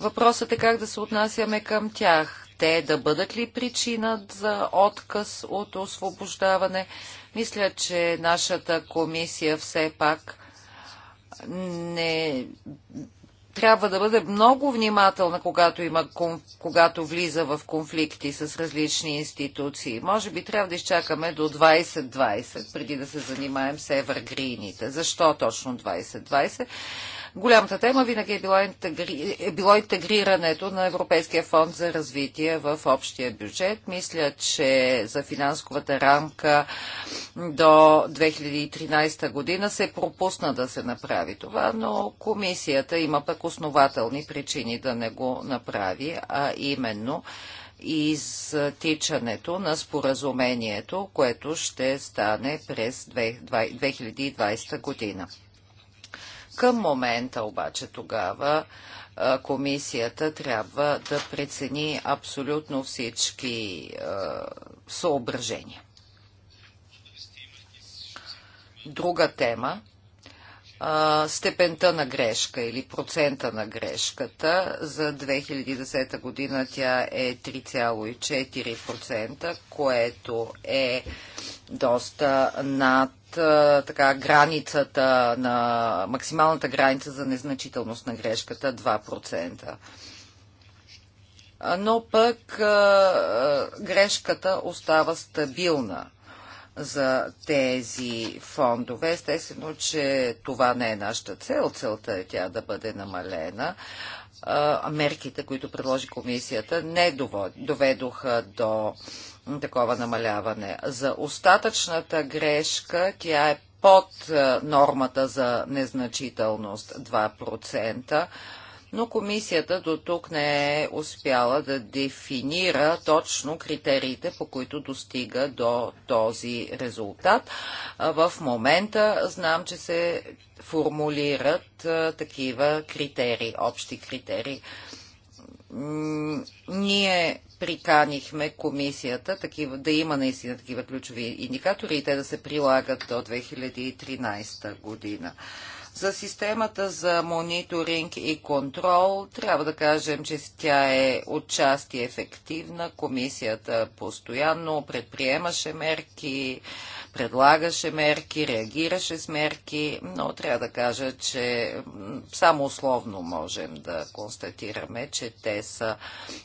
Speaker 1: Въпросът е как да се отнасяме към тях те да бъдат ли причина за отказ от освобождаване? Мисля, че нашата комисия все пак не трябва да бъде много внимателна, когато, има, когато влиза в конфликти с различни институции. Може би трябва да изчакаме до 2020, -20, преди да се занимаем с Евергрините. Защо точно 2020? Голямата тема винаги е било, интегри... е било интегрирането на Европейския фонд за развитие в общия бюджет. Мисля, че за финансовата рамка до 2013 година се пропусна да се направи това, но комисията има пък основателни причини да не го направи, а именно изтичането на споразумението, което ще стане през 2020 година. Към момента обаче тогава комисията трябва да прецени абсолютно всички съображения. Друга тема степента на грешка или процента на грешката. За 2010 година тя е 3,4%, което е доста над така, границата на максималната граница за незначителност на грешката 2%. Но пък а, грешката остава стабилна за тези фондове. Естествено, че това не е нашата цел. Целта е тя да бъде намалена. А, мерките, които предложи комисията, не доведоха до такова намаляване. За остатъчната грешка тя е под е, нормата за незначителност 2%, но комисията до тук не е успяла да дефинира точно критериите, по които достига до този резултат. В момента знам, че се формулират е, такива критерии, общи критерии ние приканихме комисията такива, да има наистина такива ключови индикатори и те да се прилагат до 2013 година. За системата за мониторинг и контрол трябва да кажем, че тя е отчасти ефективна. Комисията постоянно предприемаше мерки, предлагаше мерки, реагираше с мерки, но трябва да кажа, че само условно можем да констатираме, че те са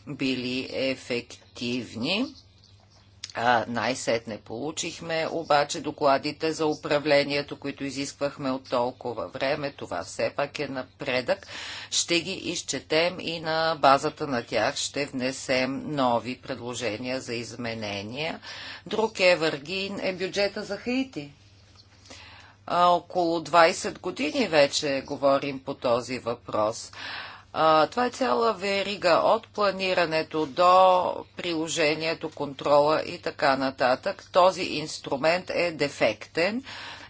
Speaker 1: били ефективни най-сетне получихме обаче докладите за управлението, които изисквахме от толкова време. Това все пак е напредък. Ще ги изчетем и на базата на тях ще внесем нови предложения за изменения. Друг евъргин е бюджета за Хаити. А, около 20 години вече говорим по този въпрос това е цяла верига от планирането до приложението, контрола и така нататък. Този инструмент е дефектен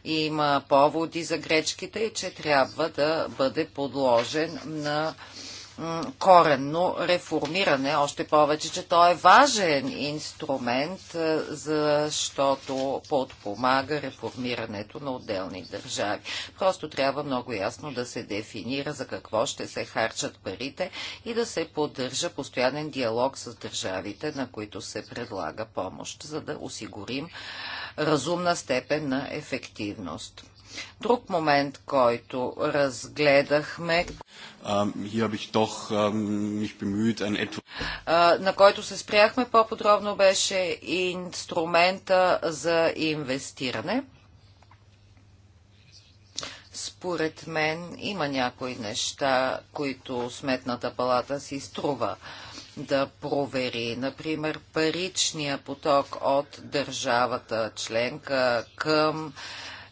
Speaker 1: и има поводи за гречките и че трябва да бъде подложен на а, коренно реформиране, още повече, че той е важен инструмент, е, защото подпомага реформирането на отделни държави. Просто трябва много ясно да се дефинира за какво ще се харчат парите и да се поддържа постоянен диалог с държавите, на които се предлага помощ, за да осигурим разумна степен на ефективност. Друг момент, който разгледахме, на който се спряхме по-подробно, беше инструмента за инвестиране. Според мен има някои неща, които Сметната палата си струва да провери, например, паричния поток от държавата членка към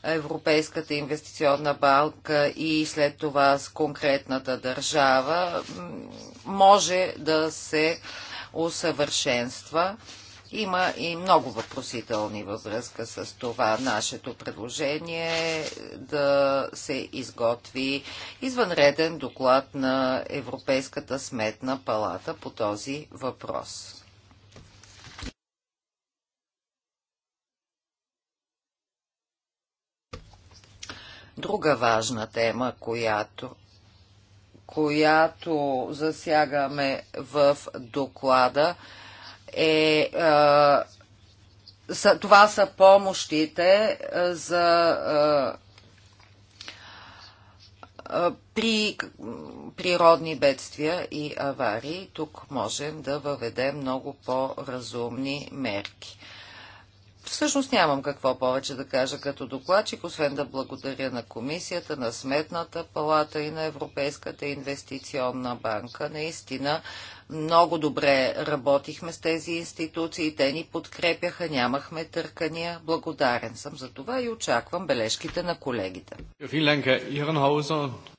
Speaker 1: Европейската инвестиционна банка и след това с конкретната държава може да се усъвършенства. Има и много въпросителни във връзка с това нашето предложение е да се изготви извънреден доклад на Европейската сметна палата по този въпрос. Друга важна тема, която, която засягаме в доклада, е, е са, това са помощите за е, при природни бедствия и аварии тук можем да въведем много по-разумни мерки. Всъщност нямам какво повече да кажа като докладчик, освен да благодаря на комисията, на Сметната палата и на Европейската инвестиционна банка. Наистина много добре работихме с тези институции, те ни подкрепяха, нямахме търкания. Благодарен съм за това и очаквам бележките на колегите.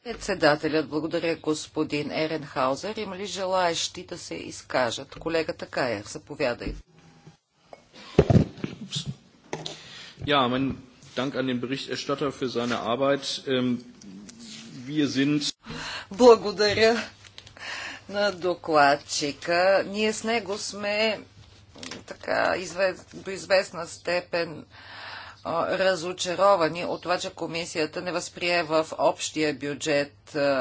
Speaker 1: Председателят, благодаря господин Еренхаузер. Има ли желаещи да се изкажат? Колегата Каер, заповядайте.
Speaker 2: Ja, mein Dank an den Berichterstatter für seine Arbeit. Ähm, wir sind.
Speaker 1: Благодаря на докладчика. Ние с него сме така до известна степен разочаровани от това, че комисията не възприе в общия бюджет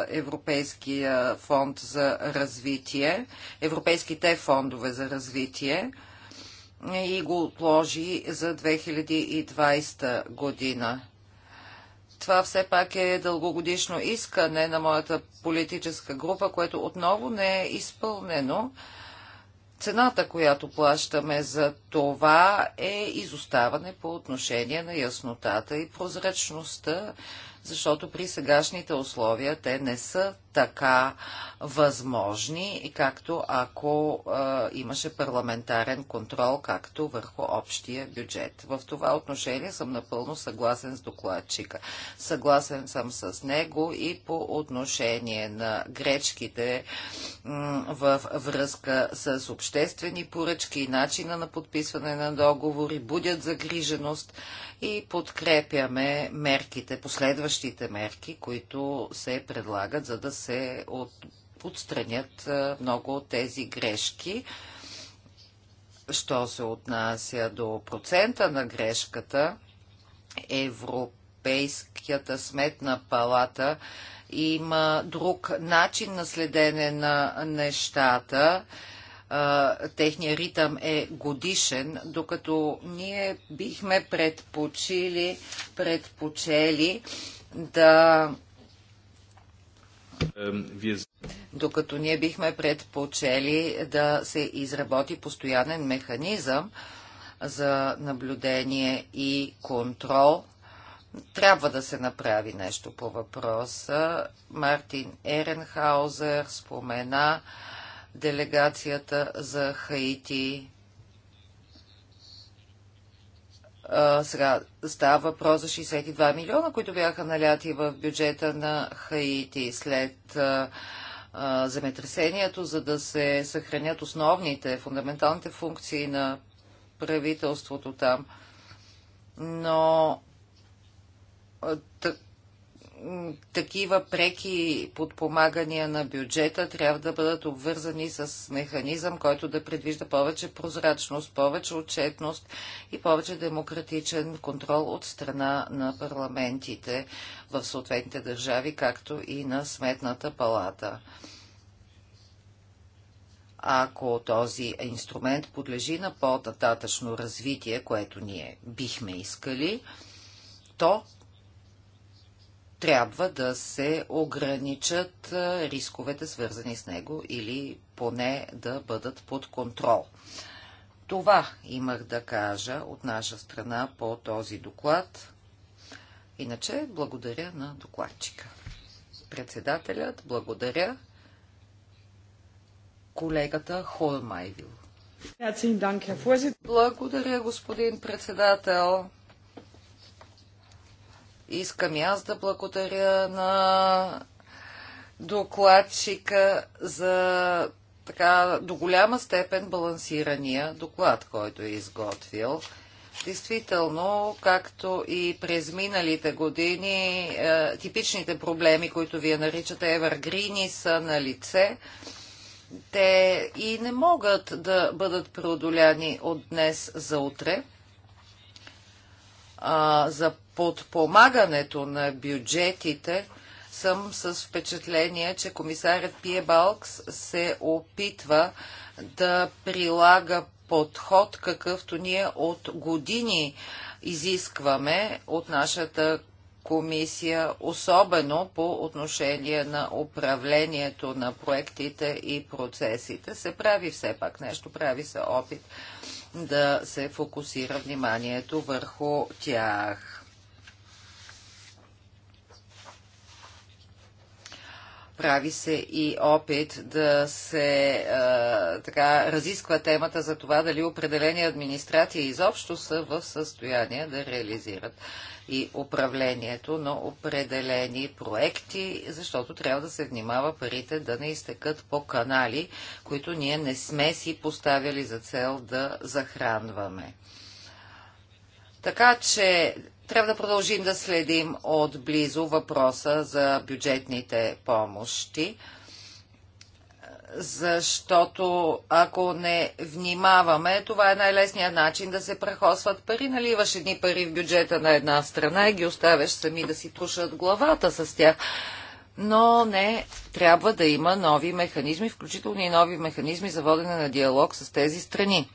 Speaker 1: Европейския фонд за развитие, европейските фондове за развитие и го отложи за 2020 година. Това все пак е дългогодишно искане на моята политическа група, което отново не е изпълнено. Цената, която плащаме за това е изоставане по отношение на яснотата и прозрачността, защото при сегашните условия те не са така възможни, както ако а, имаше парламентарен контрол, както върху общия бюджет. В това отношение съм напълно съгласен с докладчика. Съгласен съм с него и по отношение на гречките в връзка с обществени поръчки и начина на подписване на договори, будят загриженост и подкрепяме мерките, последващите мерки, които се предлагат, за да се от, отстранят много от тези грешки. Що се отнася до процента на грешката, Европейската сметна палата има друг начин на следене на нещата техният ритъм е годишен, докато ние бихме предпочили, предпочели да докато ние бихме предпочели да се изработи постоянен механизъм за наблюдение и контрол, трябва да се направи нещо по въпроса. Мартин Еренхаузер спомена делегацията за Хаити сега става въпрос за 62 милиона, които бяха наляти в бюджета на Хаити след земетресението, за да се съхранят основните, фундаменталните функции на правителството там. Но такива преки подпомагания на бюджета трябва да бъдат обвързани с механизъм, който да предвижда повече прозрачност, повече отчетност и повече демократичен контрол от страна на парламентите в съответните държави, както и на Сметната палата. Ако този инструмент подлежи на по-нататъчно развитие, което ние бихме искали, то трябва да се ограничат рисковете, свързани с него, или поне да бъдат под контрол. Това имах да кажа от наша страна по този доклад. Иначе благодаря на докладчика. Председателят, благодаря колегата Холмайвил. Благодаря, господин председател. Искам и аз да благодаря на докладчика за така до голяма степен балансирания доклад, който е изготвил. Действително, както и през миналите години, е, типичните проблеми, които вие наричате евергрини, са на лице. Те и не могат да бъдат преодоляни от днес за утре а, за подпомагането на бюджетите, съм с впечатление, че комисарят Пие Балкс се опитва да прилага подход, какъвто ние от години изискваме от нашата комисия, особено по отношение на управлението на проектите и процесите. Се прави все пак нещо, прави се опит да се фокусира вниманието върху тях. прави се и опит да се а, така, разисква темата за това дали определени администрации изобщо са в състояние да реализират и управлението на определени проекти, защото трябва да се внимава парите да не изтекат по канали, които ние не сме си поставили за цел да захранваме. Така че трябва да продължим да следим отблизо въпроса за бюджетните помощи защото ако не внимаваме, това е най-лесният начин да се прахосват пари. Наливаш едни пари в бюджета на една страна и ги оставяш сами да си трушат главата с тях. Но не, трябва да има нови механизми, включително и нови механизми за водене на диалог с тези страни,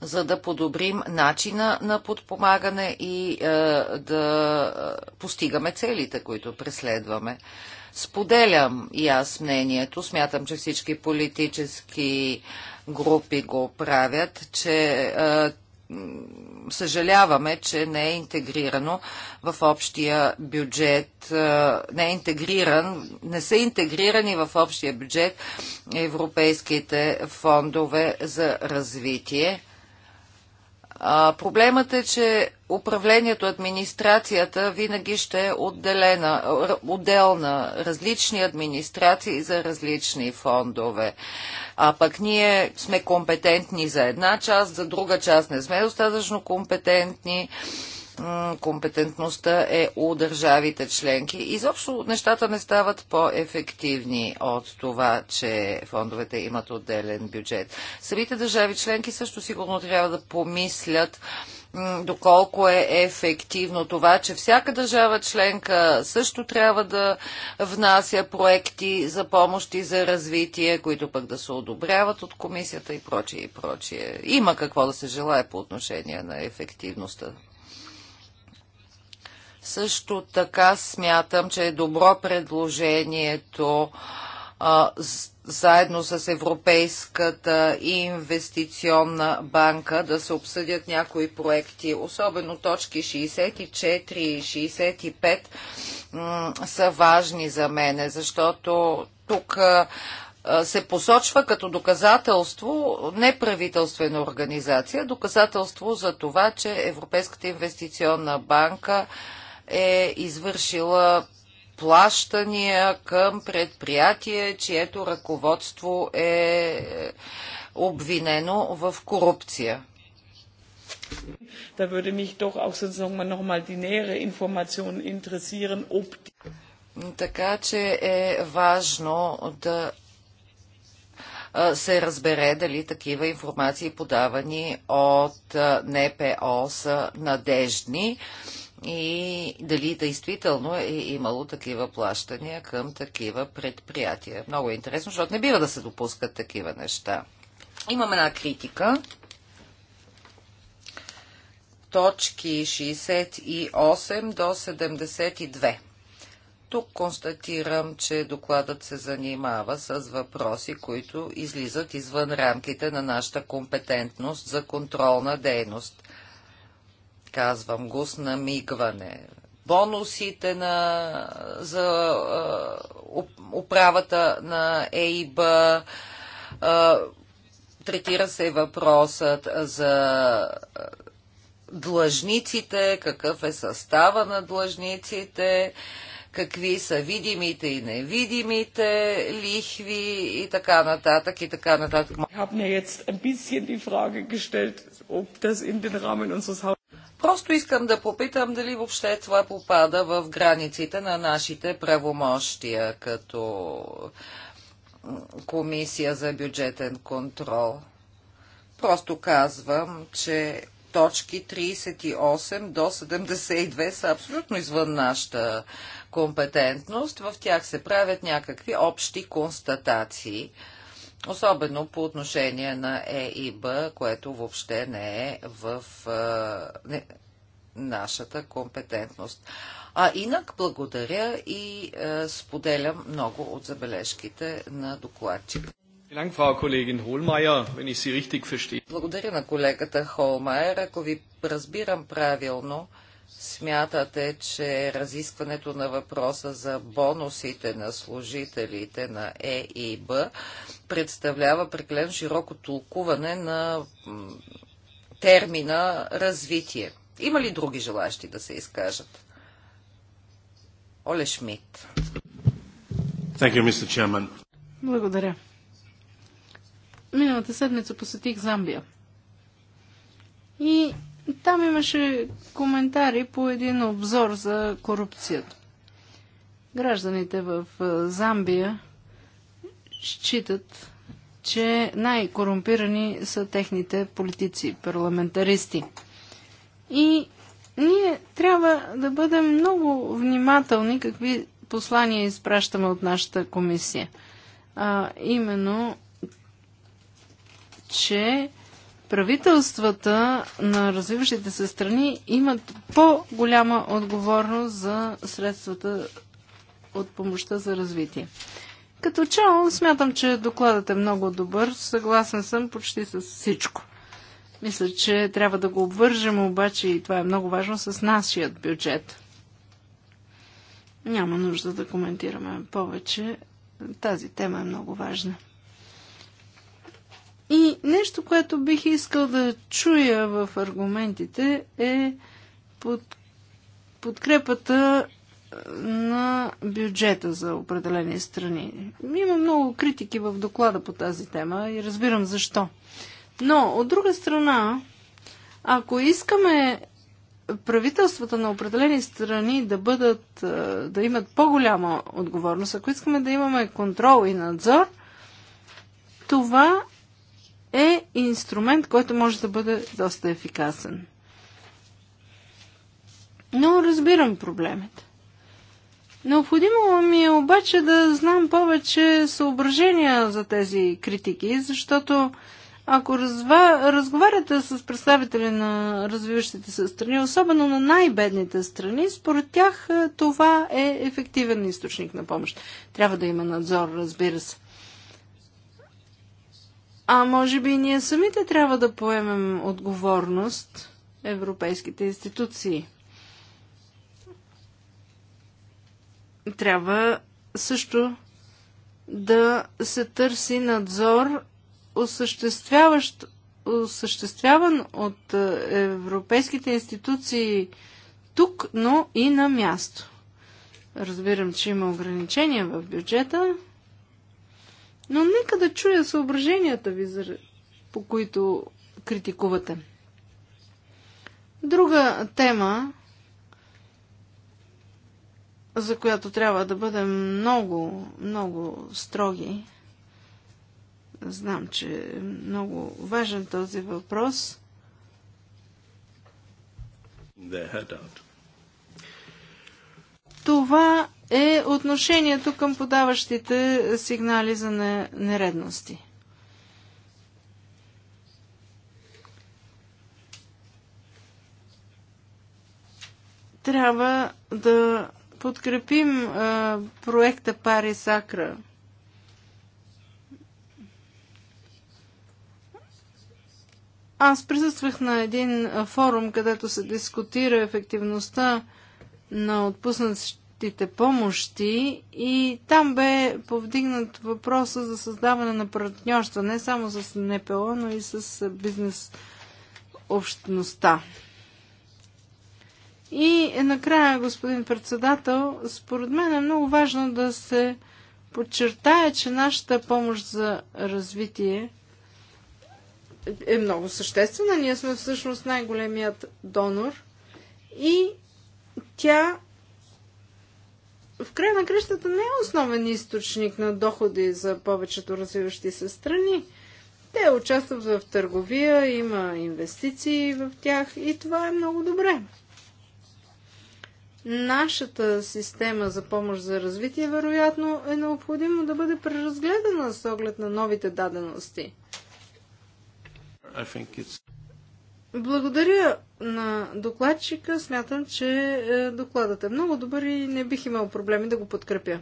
Speaker 1: за да подобрим начина на подпомагане и е, да е, постигаме целите, които преследваме. Споделям и аз мнението, смятам, че всички политически групи го правят, че съжаляваме, че не е интегрирано в общия бюджет, не е интегриран, не са интегрирани в общия бюджет европейските фондове за развитие проблемът е, че управлението, администрацията винаги ще е отделена, отделна, различни администрации за различни фондове. А пък ние сме компетентни за една част, за друга част не сме достатъчно компетентни компетентността е у държавите членки. Изобщо нещата не стават по-ефективни от това, че фондовете имат отделен бюджет. Самите държави членки също сигурно трябва да помислят доколко е ефективно това, че всяка държава членка също трябва да внася проекти за помощи за развитие, които пък да се одобряват от комисията и прочие и прочие. Има какво да се желая по отношение на ефективността също така смятам, че е добро предложението а, заедно с Европейската инвестиционна банка да се обсъдят някои проекти, особено точки 64 и 65 са важни за мене, защото тук а, се посочва като доказателство неправителствена организация, доказателство за това, че Европейската инвестиционна банка е извършила плащания към предприятие, чието ръководство е, е обвинено в корупция. Да бъде ми тох, ако се mal нормал динейра nähere Information interessieren, така че е важно да се разбере дали такива информации подавани от НПО са надеждни и дали действително е имало такива плащания към такива предприятия. Много е интересно, защото не бива да се допускат такива неща. Имам една критика. Точки 68 до 72. Тук констатирам, че докладът се занимава с въпроси, които излизат извън рамките на нашата компетентност за контролна дейност казвам го с намигване. Бонусите на, за управата на ЕИБ, третира се въпросът за длъжниците, какъв е състава на длъжниците, какви са видимите и невидимите лихви и така нататък и така нататък. Ich habe mir jetzt ein bisschen die Frage gestellt, ob das in den Rahmen unseres Просто искам да попитам дали въобще това попада в границите на нашите правомощия като комисия за бюджетен контрол. Просто казвам, че точки 38 до 72 са абсолютно извън нашата компетентност. В тях се правят някакви общи констатации – особено по отношение на ЕИБ, което въобще не е в не, нашата компетентност. А инак благодаря и а, споделям много от забележките на докладчика. Благодаря на колегата Холмайер. Ако ви разбирам правилно, смятате, че разискването на въпроса за бонусите на служителите на ЕИБ представлява прекалено широко толкуване на термина развитие. Има ли други желащи да се изкажат? Оле Шмидт.
Speaker 3: You,
Speaker 2: Благодаря. Миналата седмица посетих Замбия. И там имаше коментари по един обзор за корупцията. Гражданите в Замбия считат, че най-корумпирани са техните политици, парламентаристи. И ние трябва да бъдем много внимателни какви послания изпращаме от нашата комисия. А, именно, че правителствата на развиващите се страни имат по-голяма отговорност за средствата от помощта за развитие. Като чао, смятам, че докладът е много добър. Съгласен съм почти с всичко. Мисля, че трябва да го обвържем, обаче и това е много важно с нашият бюджет. Няма нужда да коментираме повече. Тази тема е много важна. И нещо, което бих искал да чуя в аргументите е под подкрепата на бюджета за определени страни. Има много критики в доклада по тази тема и разбирам защо. Но, от друга страна, ако искаме правителствата на определени страни да бъдат, да имат по-голяма отговорност, ако искаме да имаме контрол и надзор, това е инструмент, който може да бъде доста ефикасен. Но разбирам проблемите. Необходимо ми е обаче да знам повече съображения за тези критики, защото ако разва, разговаряте с представители на развиващите се страни, особено на най-бедните страни, според тях е, това е ефективен източник на помощ. Трябва да има надзор, разбира се. А може би ние самите трябва да поемем отговорност, европейските институции. Трябва също да се търси надзор, осъществяващ, осъществяван от е, европейските институции тук, но и на място. Разбирам, че има ограничения в бюджета, но нека да чуя съображенията ви, по които критикувате. Друга тема, за която трябва да бъдем много, много строги. Знам, че е много важен този въпрос. Това е отношението към подаващите сигнали за нередности. Трябва да подкрепим а, проекта Пари Сакра. Аз присъствах на един форум, където се дискутира ефективността на отпуснатите помощи и там бе повдигнат въпроса за създаване на партньорства не само с НПО, но и с бизнес общността. И накрая, господин председател, според мен е много важно да се подчертая, че нашата помощ за развитие е много съществена. Ние сме всъщност най-големият донор и тя в края на кръщата не е основен източник на доходи за повечето развиващи се страни. Те участват в търговия, има инвестиции в тях и това е много добре нашата система за помощ за развитие вероятно е необходимо да бъде преразгледана с оглед на новите дадености. Благодаря на докладчика. Смятам, че е, докладът е много добър и не бих имал проблеми да го подкрепя.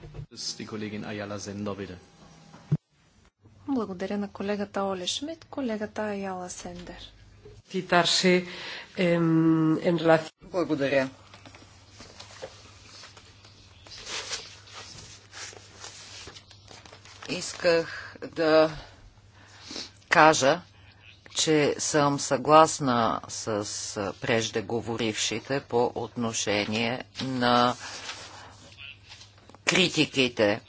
Speaker 3: Благодаря на колегата Оле Шмидт, колегата Аяла Сендер.
Speaker 1: Благодаря. Исках да кажа, че съм съгласна с преждеговорившите по отношение на критиките,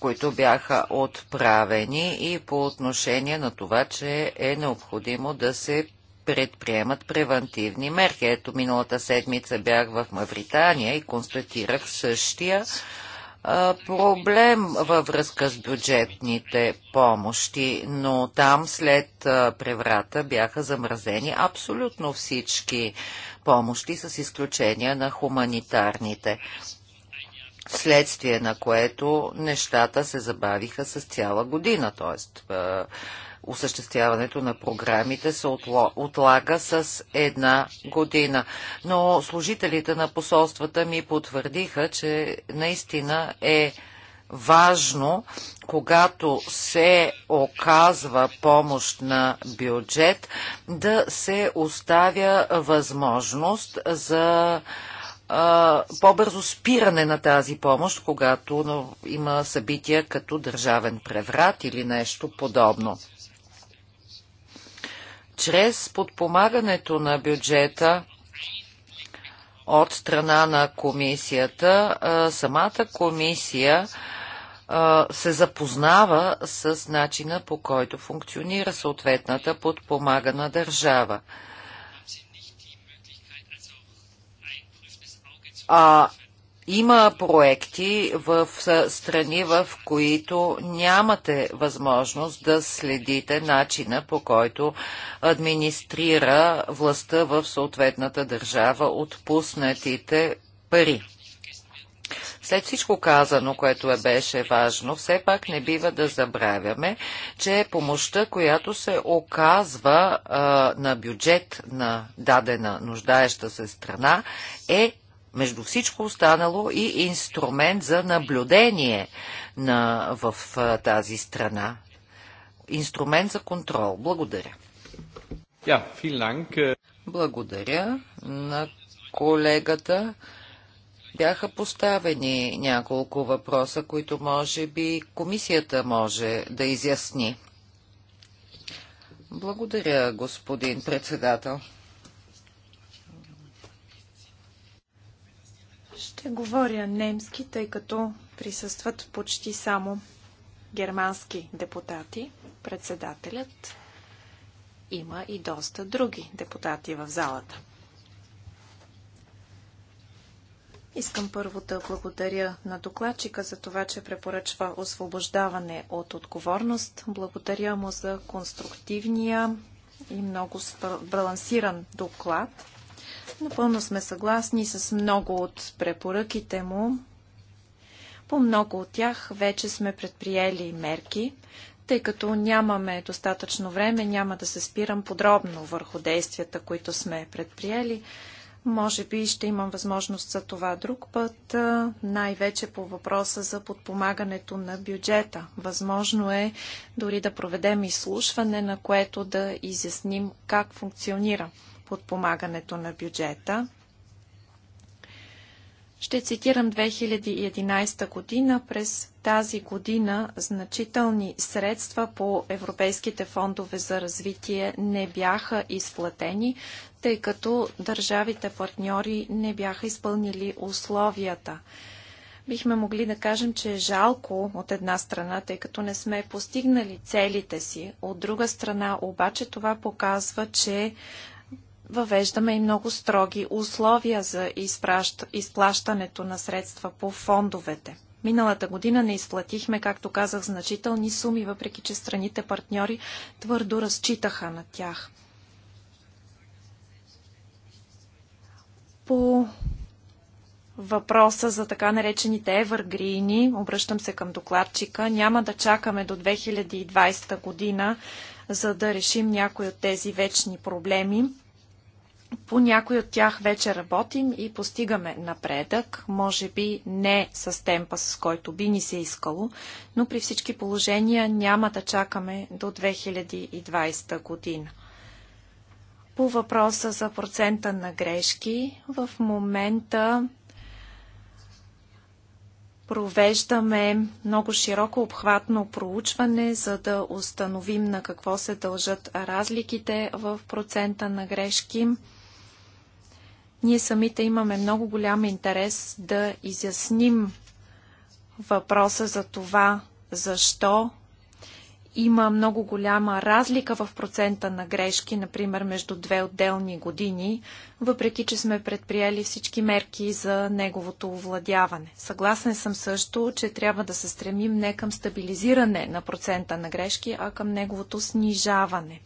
Speaker 1: които бяха отправени и по отношение на това, че е необходимо да се предприемат превентивни мерки. Ето, миналата седмица бях в Мавритания и констатирах същия проблем във връзка с бюджетните помощи, но там след преврата бяха замразени абсолютно всички помощи, с изключение на хуманитарните, вследствие на което нещата се забавиха с цяла година, т.е осъществяването на програмите се отлага с една година. Но служителите на посолствата ми потвърдиха, че наистина е важно, когато се оказва помощ на бюджет, да се оставя възможност за по-бързо спиране на тази помощ, когато има събития като държавен преврат или нещо подобно чрез подпомагането на бюджета от страна на комисията, самата комисия се запознава с начина по който функционира съответната подпомагана държава. А има проекти в страни, в които нямате възможност да следите начина по който администрира властта в съответната държава отпуснатите пари. След всичко казано, което е беше важно, все пак не бива да забравяме, че помощта, която се оказва а, на бюджет на дадена нуждаеща се страна, е между всичко останало и инструмент за наблюдение на, в тази страна. Инструмент за контрол. Благодаря.
Speaker 2: dank.
Speaker 1: Благодаря на колегата. Бяха поставени няколко въпроса, които може би комисията може да изясни.
Speaker 3: Благодаря,
Speaker 1: господин председател.
Speaker 3: Ще говоря немски, тъй като присъстват почти само германски депутати. Председателят има и доста други депутати в залата. Искам първо да благодаря на докладчика за това, че препоръчва освобождаване от отговорност. Благодаря му за конструктивния и много балансиран доклад. Напълно сме съгласни с много от препоръките му. По много от тях вече сме предприели мерки, тъй като нямаме достатъчно време, няма да се спирам подробно върху действията, които сме предприели. Може би ще имам възможност за това друг път, най-вече по въпроса за подпомагането на бюджета. Възможно е дори да проведем изслушване, на което да изясним как функционира подпомагането на бюджета. Ще цитирам 2011 година. През тази година значителни средства по европейските фондове за развитие не бяха изплатени, тъй като държавите партньори не бяха изпълнили условията. Бихме могли да кажем, че е жалко от една страна, тъй като не сме постигнали целите си. От друга страна обаче това показва, че Въвеждаме и много строги условия за изпращ... изплащането на средства по фондовете. Миналата година не изплатихме, както казах, значителни суми, въпреки че страните партньори твърдо разчитаха на тях. По въпроса за така наречените евергрини, обръщам се към докладчика, няма да чакаме до 2020 година, за да решим някои от тези вечни проблеми. По някои от тях вече работим и постигаме напредък, може би не с темпа, с който би ни се искало, но при всички положения няма да чакаме до 2020 година. По въпроса за процента на грешки, в момента провеждаме много широко обхватно проучване, за да установим на какво се дължат разликите в процента на грешки. Ние самите имаме много голям интерес да изясним въпроса за това, защо има много голяма разлика в процента на грешки, например между две отделни години, въпреки че сме предприели всички мерки за неговото овладяване. Съгласен съм също, че трябва да се стремим не към стабилизиране на процента на грешки, а към неговото снижаване.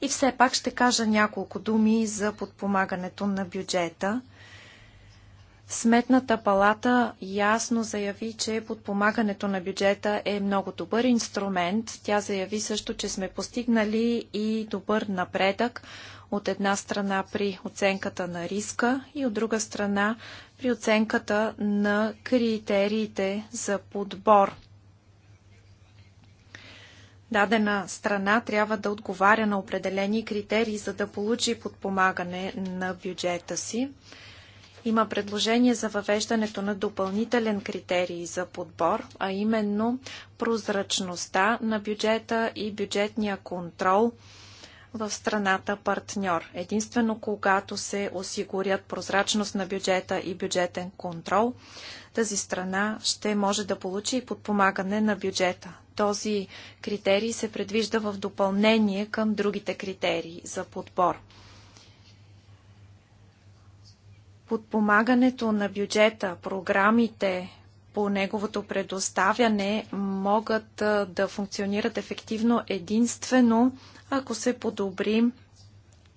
Speaker 3: И все пак ще кажа няколко думи за подпомагането на бюджета. Сметната палата ясно заяви, че подпомагането на бюджета е много добър инструмент. Тя заяви също, че сме постигнали и добър напредък от една страна при оценката на риска и от друга страна при оценката на критериите за подбор дадена страна трябва да отговаря на определени критерии, за да получи подпомагане на бюджета си. Има предложение за въвеждането на допълнителен критерий за подбор, а именно прозрачността на бюджета и бюджетния контрол – в страната партньор. Единствено когато се осигурят прозрачност на бюджета и бюджетен контрол, тази страна ще може да получи и подпомагане на бюджета. Този критерий се предвижда в допълнение към другите критерии за подбор. Подпомагането на бюджета, програмите, по неговото предоставяне могат да функционират ефективно единствено, ако се подобри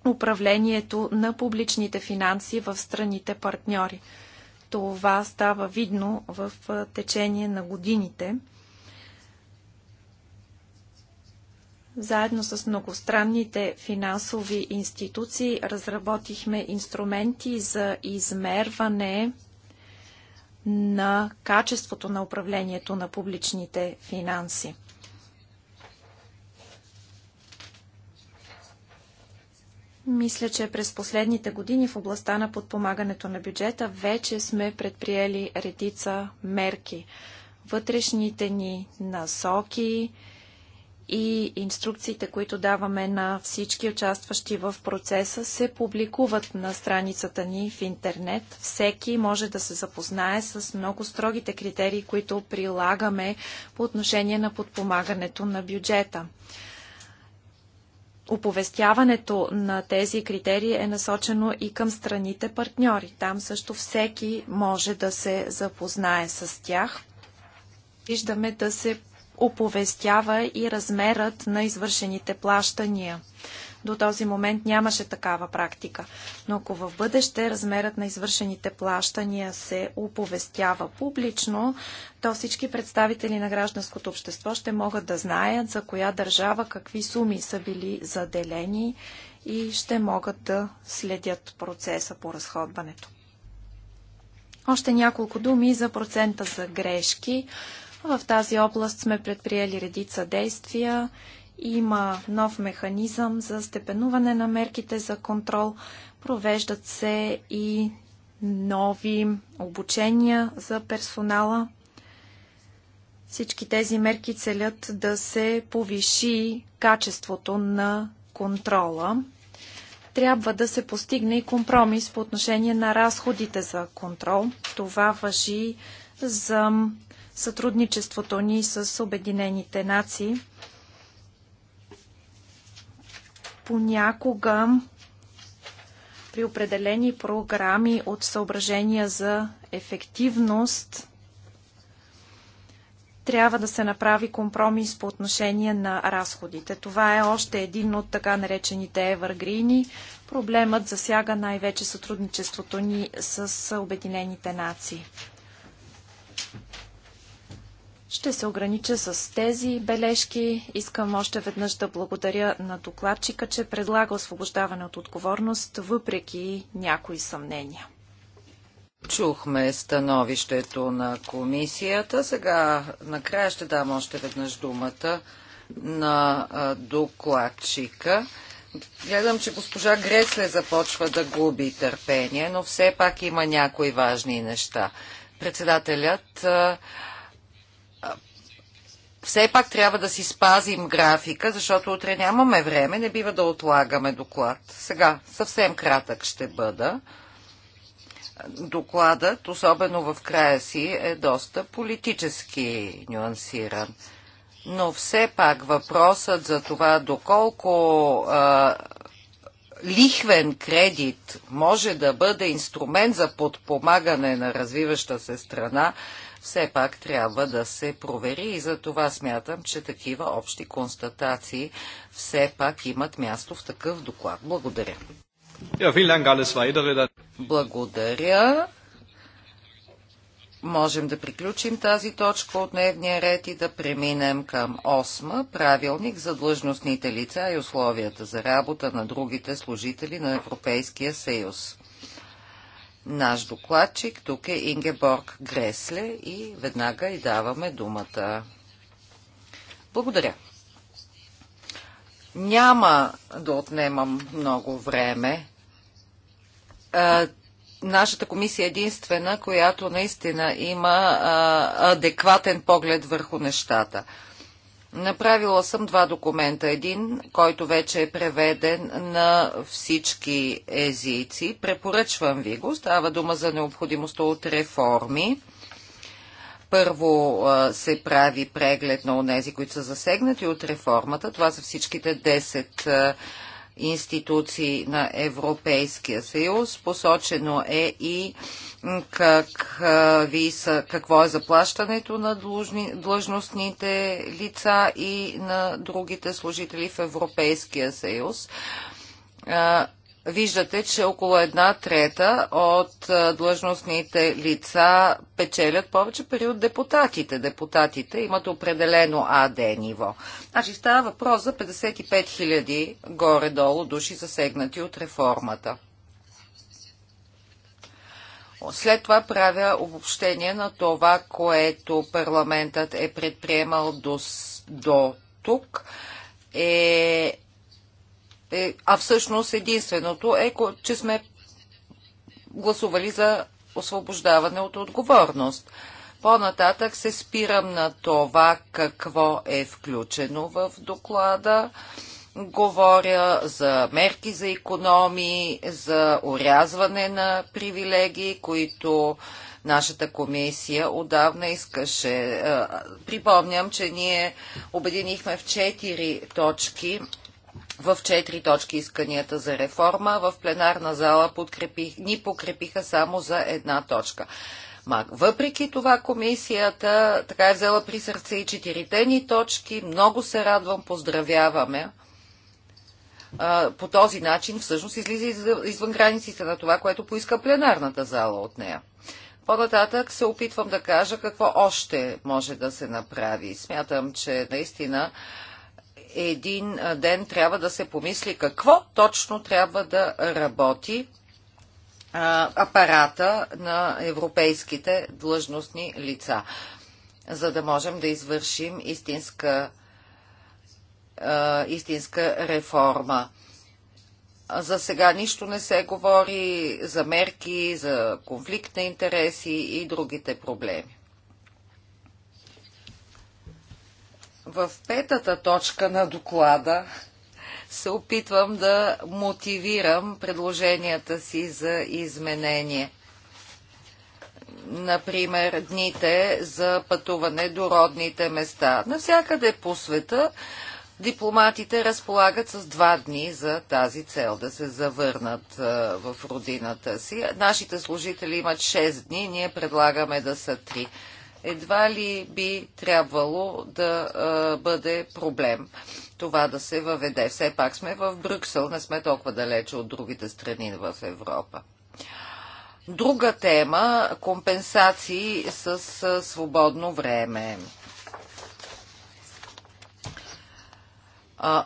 Speaker 3: управлението на публичните финанси в страните партньори. Това става видно в течение на годините. Заедно с многостранните финансови институции разработихме инструменти за измерване на качеството на управлението на публичните финанси. Мисля, че през последните години в областта на подпомагането на бюджета вече сме предприели редица мерки. Вътрешните ни насоки, и инструкциите, които даваме на всички участващи в процеса, се публикуват на страницата ни в интернет. Всеки може да се запознае с много строгите критерии, които прилагаме по отношение на подпомагането на бюджета. Оповестяването на тези критерии е насочено и към страните партньори. Там също всеки може да се запознае с тях. Виждаме да се оповестява и размерът на извършените плащания. До този момент нямаше такава практика. Но ако в бъдеще размерът на извършените плащания се оповестява публично, то всички представители на гражданското общество ще могат да знаят за коя държава какви суми са били заделени и ще могат да следят процеса по разходването. Още няколко думи за процента за грешки. В тази област сме предприели редица действия. Има нов механизъм за степенуване на мерките за контрол. Провеждат се и нови обучения за персонала. Всички тези мерки целят да се повиши качеството на контрола. Трябва да се постигне и компромис по отношение на разходите за контрол. Това въжи за сътрудничеството ни с Обединените нации. Понякога при определени програми от съображения за ефективност трябва да се направи компромис по отношение на разходите. Това е още един от така наречените евъргрини. Проблемът засяга най-вече сътрудничеството ни с Обединените нации. Ще се огранича с тези бележки. Искам още веднъж да благодаря на докладчика, че предлага освобождаване от отговорност, въпреки някои съмнения.
Speaker 1: Чухме становището на комисията. Сега накрая ще дам още веднъж думата на докладчика. Гледам, че госпожа Гресле започва да губи търпение, но все пак има някои важни неща. Председателят все пак трябва да си спазим графика, защото утре нямаме време, не бива да отлагаме доклад. Сега съвсем кратък ще бъда. Докладът, особено в края си, е доста политически нюансиран. Но все пак въпросът за това доколко а, лихвен кредит може да бъде инструмент за подпомагане на развиваща се страна все пак трябва да се провери и за това смятам, че такива общи констатации все пак имат място в такъв доклад. Благодаря. Благодаря. Можем да приключим тази точка от дневния ред и да преминем към осма правилник за длъжностните лица и условията за работа на другите служители на Европейския съюз. Наш докладчик тук е Ингеборг Гресле и веднага и даваме думата. Благодаря. Няма да отнемам много време. нашата комисия е единствена, която наистина има адекватен поглед върху нещата. Направила съм два документа. Един, който вече е преведен на всички езици. Препоръчвам ви го. Става дума за необходимостта от реформи. Първо се прави преглед на онези, които са засегнати от реформата. Това са всичките 10 институции на Европейския съюз. Посочено е и ви са, какво е заплащането на длъжни, длъжностните лица и на другите служители в Европейския съюз виждате, че около една трета от длъжностните лица печелят повече пари от депутатите. Депутатите имат определено АД ниво. Значи става въпрос за 55 000 горе-долу души засегнати от реформата. След това правя обобщение на това, което парламентът е предприемал до, до тук. Е е, а всъщност единственото е, че сме гласували за освобождаване от отговорност. По-нататък се спирам на това какво е включено в доклада. Говоря за мерки за економии, за урязване на привилегии, които нашата комисия отдавна искаше. Е, припомням, че ние обединихме в четири точки в четири точки исканията за реформа. В пленарна зала подкрепих, ни покрепиха само за една точка. въпреки това комисията така е взела при сърце и четирите ни точки. Много се радвам, поздравяваме. А, по този начин всъщност излиза извън границите на това, което поиска пленарната зала от нея. По-нататък се опитвам да кажа какво още може да се направи. Смятам, че наистина един ден трябва да се помисли какво точно трябва да работи апарата на европейските длъжностни лица, за да можем да извършим истинска, истинска реформа. За сега нищо не се говори за мерки, за конфликт на интереси и другите проблеми. В петата точка на доклада се опитвам да мотивирам предложенията си за изменение. Например, дните за пътуване до родните места. Навсякъде по света дипломатите разполагат с два дни за тази цел да се завърнат в родината си. Нашите служители имат 6 дни, ние предлагаме да са 3 едва ли би трябвало да а, бъде проблем това да се въведе. Все пак сме в Брюксел, не сме толкова далече от другите страни в Европа. Друга тема – компенсации с свободно време.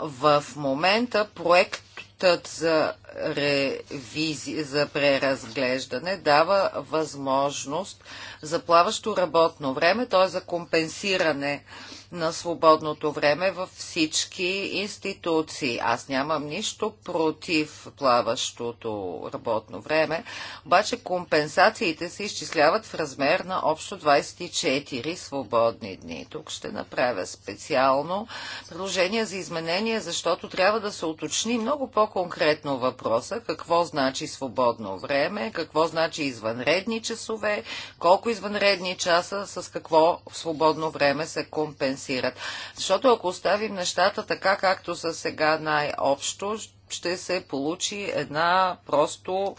Speaker 1: В момента проект Опитът за, ревизи, за преразглеждане дава възможност за плаващо работно време, т.е. за компенсиране на свободното време във всички институции. Аз нямам нищо против плаващото работно време, обаче компенсациите се изчисляват в размер на общо 24 свободни дни. Тук ще направя специално предложение за изменение, защото трябва да се уточни много по-конкретно въпроса какво значи свободно време, какво значи извънредни часове, колко извънредни часа с какво свободно време се компенсира компенсират. Защото ако оставим нещата така, както са сега най-общо, ще се получи една просто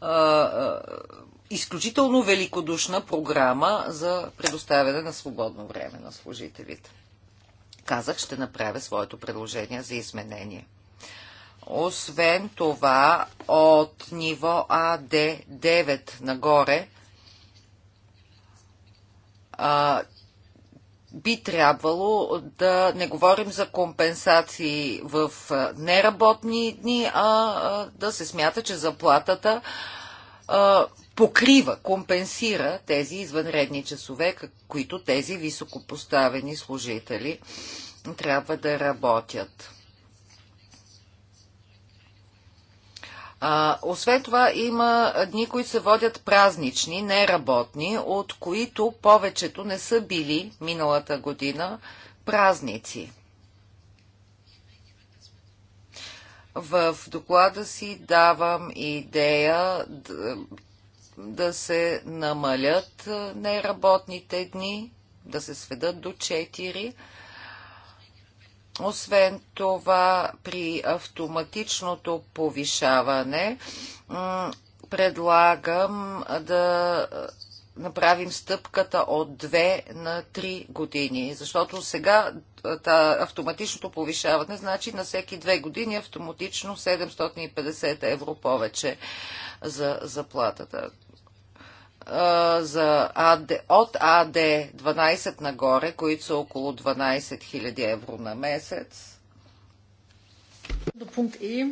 Speaker 1: а, а, изключително великодушна програма за предоставяне на свободно време на служителите. Казах, ще направя своето предложение за изменение. Освен това, от ниво АД9 нагоре, би трябвало да не говорим за компенсации в неработни дни, а да се смята, че заплатата покрива, компенсира тези извънредни часове, които тези високопоставени служители трябва да работят. А, освен това има дни, които се водят празнични, неработни, от които повечето не са били миналата година празници. В доклада си давам идея да, да се намалят неработните дни, да се сведат до 4 освен това, при автоматичното повишаване предлагам да направим стъпката от 2 на 3 години, защото сега та, автоматичното повишаване значи на всеки 2 години автоматично 750 евро повече за заплатата а, за АД, от АД 12 нагоре, които са около 12 000 евро на месец. Е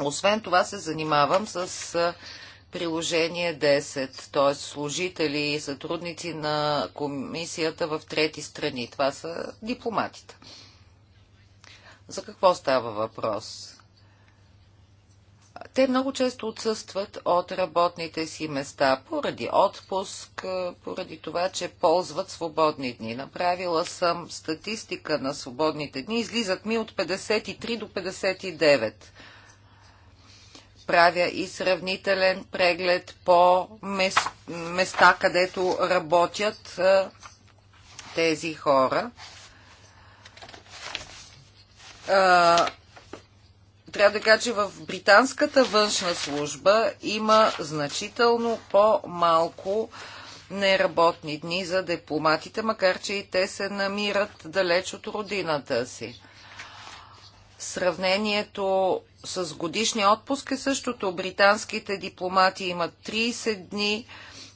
Speaker 1: Освен това се занимавам с приложение 10, т.е. служители и сътрудници на комисията в трети страни. Това са дипломатите. За какво става въпрос? те много често отсъстват от работните си места поради отпуск, поради това, че ползват свободни дни. Направила съм статистика на свободните дни. Излизат ми от 53 до 59. Правя и сравнителен преглед по места, където работят тези хора трябва да кажа, че в британската външна служба има значително по-малко неработни дни за дипломатите, макар че и те се намират далеч от родината си. Сравнението с годишния отпуск е същото. Британските дипломати имат 30 дни,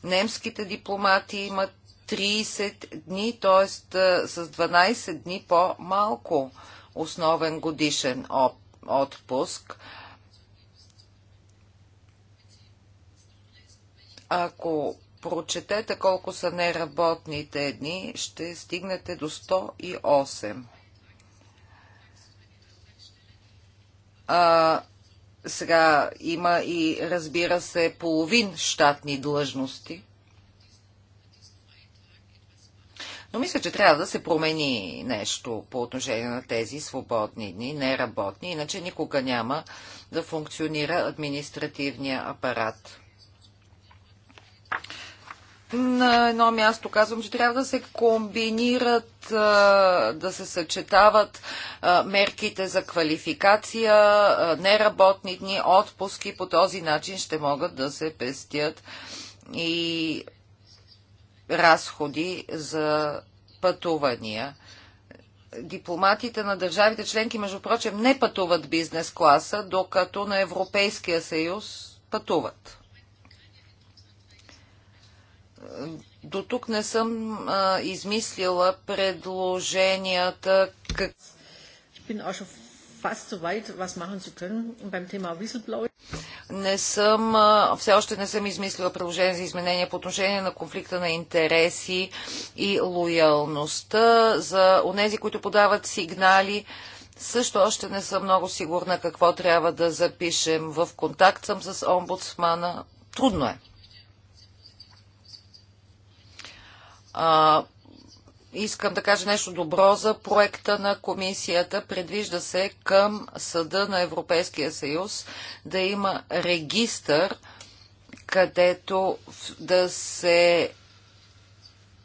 Speaker 1: немските дипломати имат 30 дни, т.е. с 12 дни по-малко основен годишен отпуск отпуск, ако прочетете колко са неработните дни, ще стигнете до 108. А, сега има и, разбира се, половин щатни длъжности – Но мисля, че трябва да се промени нещо по отношение на тези свободни дни, неработни, иначе никога няма да функционира административния апарат. На едно място казвам, че трябва да се комбинират, да се съчетават мерките за квалификация, неработни дни, отпуски. По този начин ще могат да се пестят и разходи за пътувания. Дипломатите на държавите членки, между прочим, не пътуват бизнес класа, докато на Европейския съюз пътуват. До тук не съм а, измислила предложенията. Как fast was machen können beim Thema Не съм, все още не съм измислила приложение за изменение по отношение на конфликта на интереси и лоялността за онези, които подават сигнали. Също още не съм много сигурна какво трябва да запишем. В контакт съм с омбудсмана. Трудно е искам да кажа нещо добро за проекта на комисията. Предвижда се към Съда на Европейския съюз да има регистър, където да се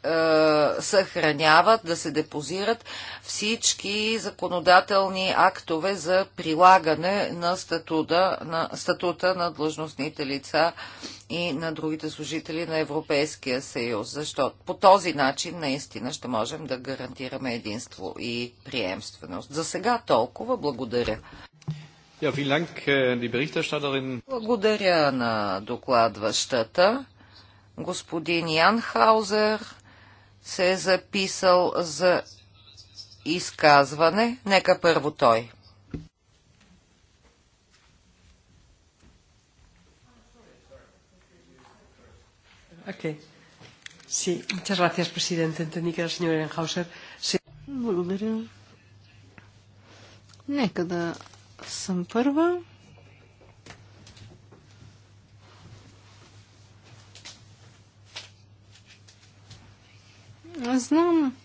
Speaker 1: е, съхраняват, да се депозират всички законодателни актове за прилагане на статута на, статута на длъжностните лица и на другите служители на Европейския съюз. Защото по този начин наистина ще можем да гарантираме единство и приемственост. За сега толкова благодаря.
Speaker 2: Äh,
Speaker 1: благодаря на докладващата господин Ян Хаузер се е записал за изказване. Нека първо той.
Speaker 2: Okay. Sí, muchas gracias, presidente. Entendí que era el señor Ehrenhauser. Sí. Благодаря. Нека да съм първа. Знам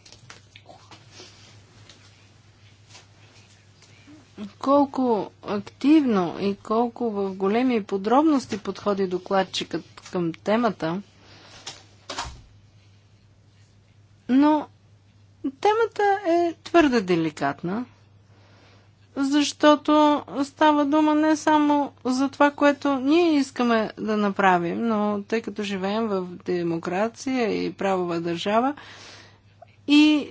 Speaker 2: колко активно и колко в големи подробности подходи докладчикът към темата. Но темата е твърде деликатна защото става дума не само за това, което ние искаме да направим, но тъй като живеем в демокрация и правова държава, и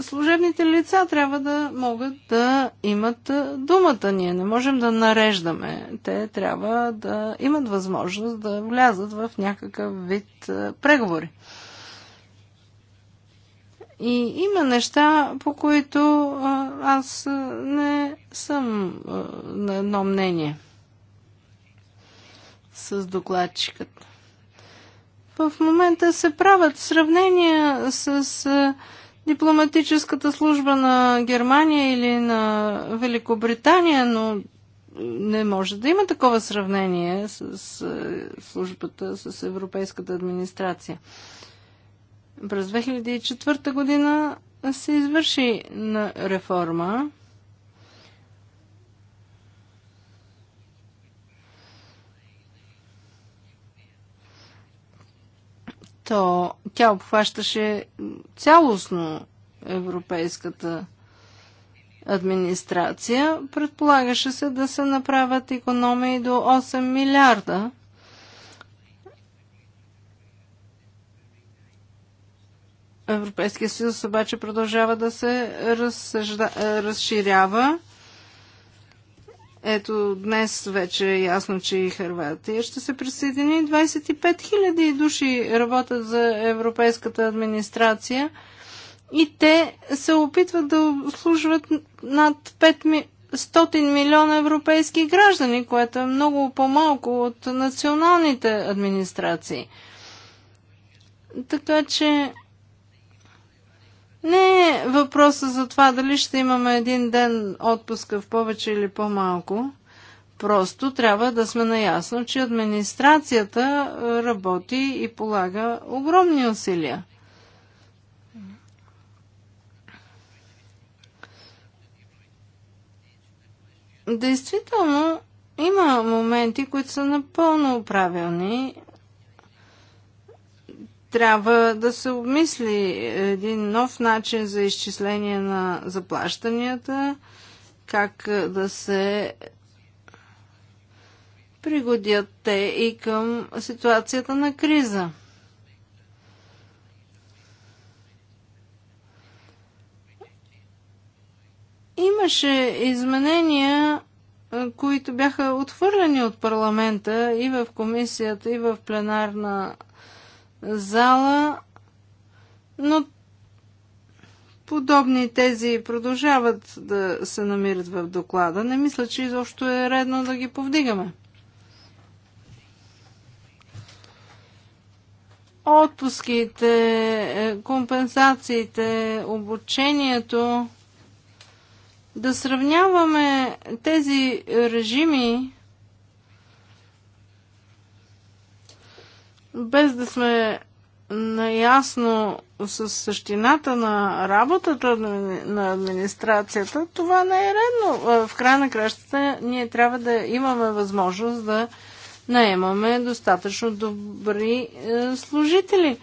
Speaker 2: служебните лица трябва да могат да имат думата. Ние не можем да нареждаме. Те трябва да имат възможност да влязат в някакъв вид преговори. И има неща, по които аз не съм на едно мнение с докладчикът. В момента се правят сравнения с дипломатическата служба на Германия или на Великобритания, но не може да има такова сравнение с службата, с европейската администрация. През 2004 година се извърши на реформа. То тя обхващаше цялостно европейската администрация. Предполагаше се да се направят економии до 8 милиарда Европейския съюз обаче продължава да се разсъжда, е, разширява. Ето днес вече е ясно, че и Харватия ще се присъедини. 25 000 души работят за европейската администрация и те се опитват да обслужват над 5 100 милиона европейски граждани, което е много по-малко от националните администрации. Така че не е въпроса за това дали ще имаме един ден отпуска в повече или по-малко. Просто трябва да сме наясно, че администрацията е, работи и полага огромни усилия. Действително, има моменти, които са напълно правилни трябва да се обмисли един нов начин за изчисление на заплащанията, как да се пригодят те и към ситуацията на криза. Имаше изменения, които бяха отхвърлени от парламента и в комисията, и в пленарна зала, но подобни тези продължават да се намират в доклада. Не мисля, че изобщо е редно да ги повдигаме. Отпуските, е, компенсациите, обучението, да сравняваме тези режими без да сме наясно с същината на работата на администрацията, това не е редно. В края на кращата ние трябва да имаме възможност да наемаме достатъчно добри е, служители.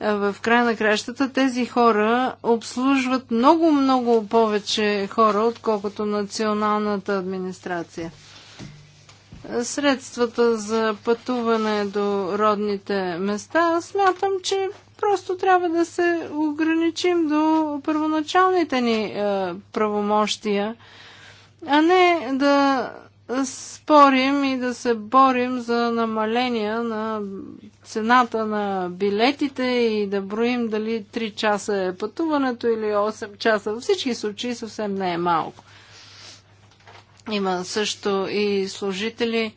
Speaker 2: В края на кращата тези хора обслужват много-много повече хора, отколкото националната администрация средствата за пътуване до родните места, смятам, че просто трябва да се ограничим до първоначалните ни е, правомощия, а не да спорим и да се борим за намаления на цената на билетите и да броим дали 3 часа е пътуването или 8 часа. Във всички случаи съвсем не е малко. Има също и служители,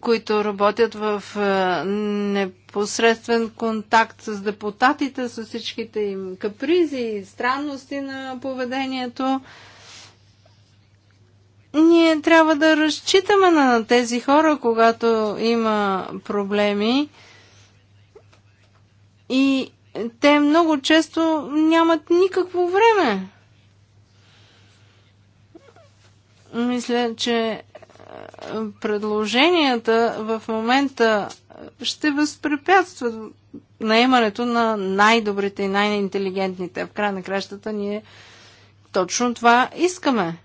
Speaker 2: които работят в е, непосредствен контакт с депутатите, с всичките им капризи и странности на поведението. Ние трябва да разчитаме на тези хора, когато има проблеми. И те много често нямат никакво време Мисля, че е, предложенията в момента ще възпрепятстват наемането на най-добрите и най-интелигентните. В края на кращата ние точно това искаме.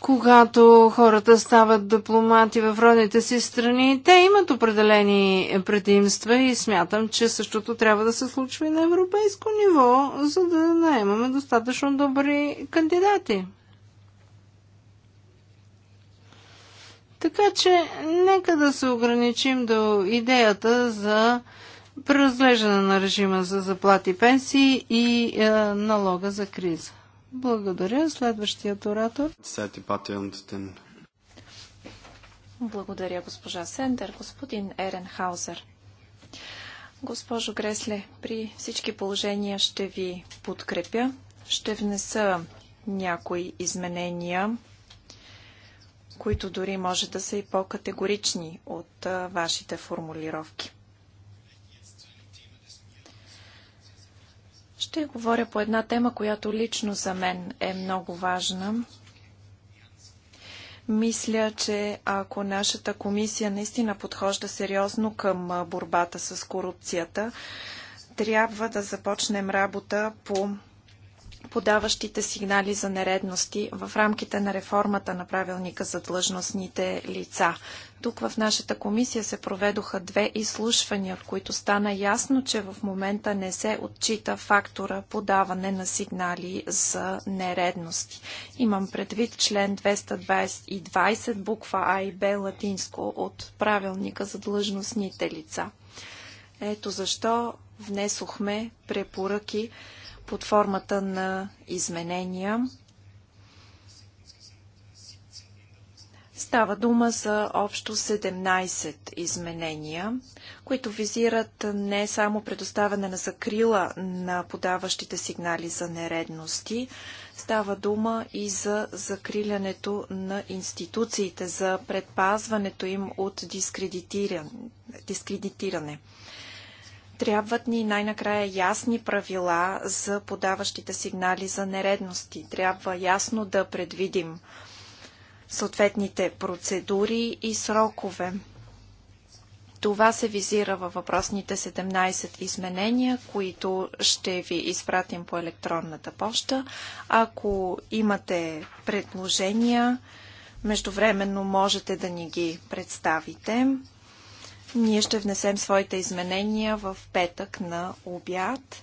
Speaker 2: Когато хората стават дипломати в родните си страни, те имат определени предимства и смятам, че същото трябва да се случва и на европейско ниво, за да наемаме достатъчно добри кандидати. Така че нека да се ограничим до идеята за преразглеждане на режима за заплати, пенсии и е, налога за криза. Благодаря. Следващият
Speaker 3: оратор. Благодаря, госпожа Сендер. Господин Еренхаузер. Госпожо Гресле, при всички положения ще ви подкрепя. Ще внеса някои изменения които дори може да са и по-категорични от вашите формулировки. Ще говоря по една тема, която лично за мен е много важна. Мисля, че ако нашата комисия наистина подхожда сериозно към борбата с корупцията, трябва да започнем работа по подаващите сигнали за нередности в рамките на реформата на правилника за длъжностните лица. Тук в нашата комисия се проведоха две изслушвания, от които стана ясно, че в момента не се отчита фактора подаване на сигнали за нередности. Имам предвид член 220 буква А и Б латинско от правилника за длъжностните лица. Ето защо внесохме препоръки под формата на изменения. Става дума за общо 17 изменения, които визират не само предоставяне на закрила на подаващите сигнали за нередности, става дума и за закрилянето на институциите, за предпазването им от дискредитиране. Трябват ни най-накрая ясни правила за подаващите сигнали за нередности. Трябва ясно да предвидим съответните процедури и срокове. Това се визира във въпросните 17 изменения, които ще ви изпратим по електронната поща. Ако имате предложения, междувременно можете да ни ги представите. Ние ще внесем своите изменения в петък на обяд.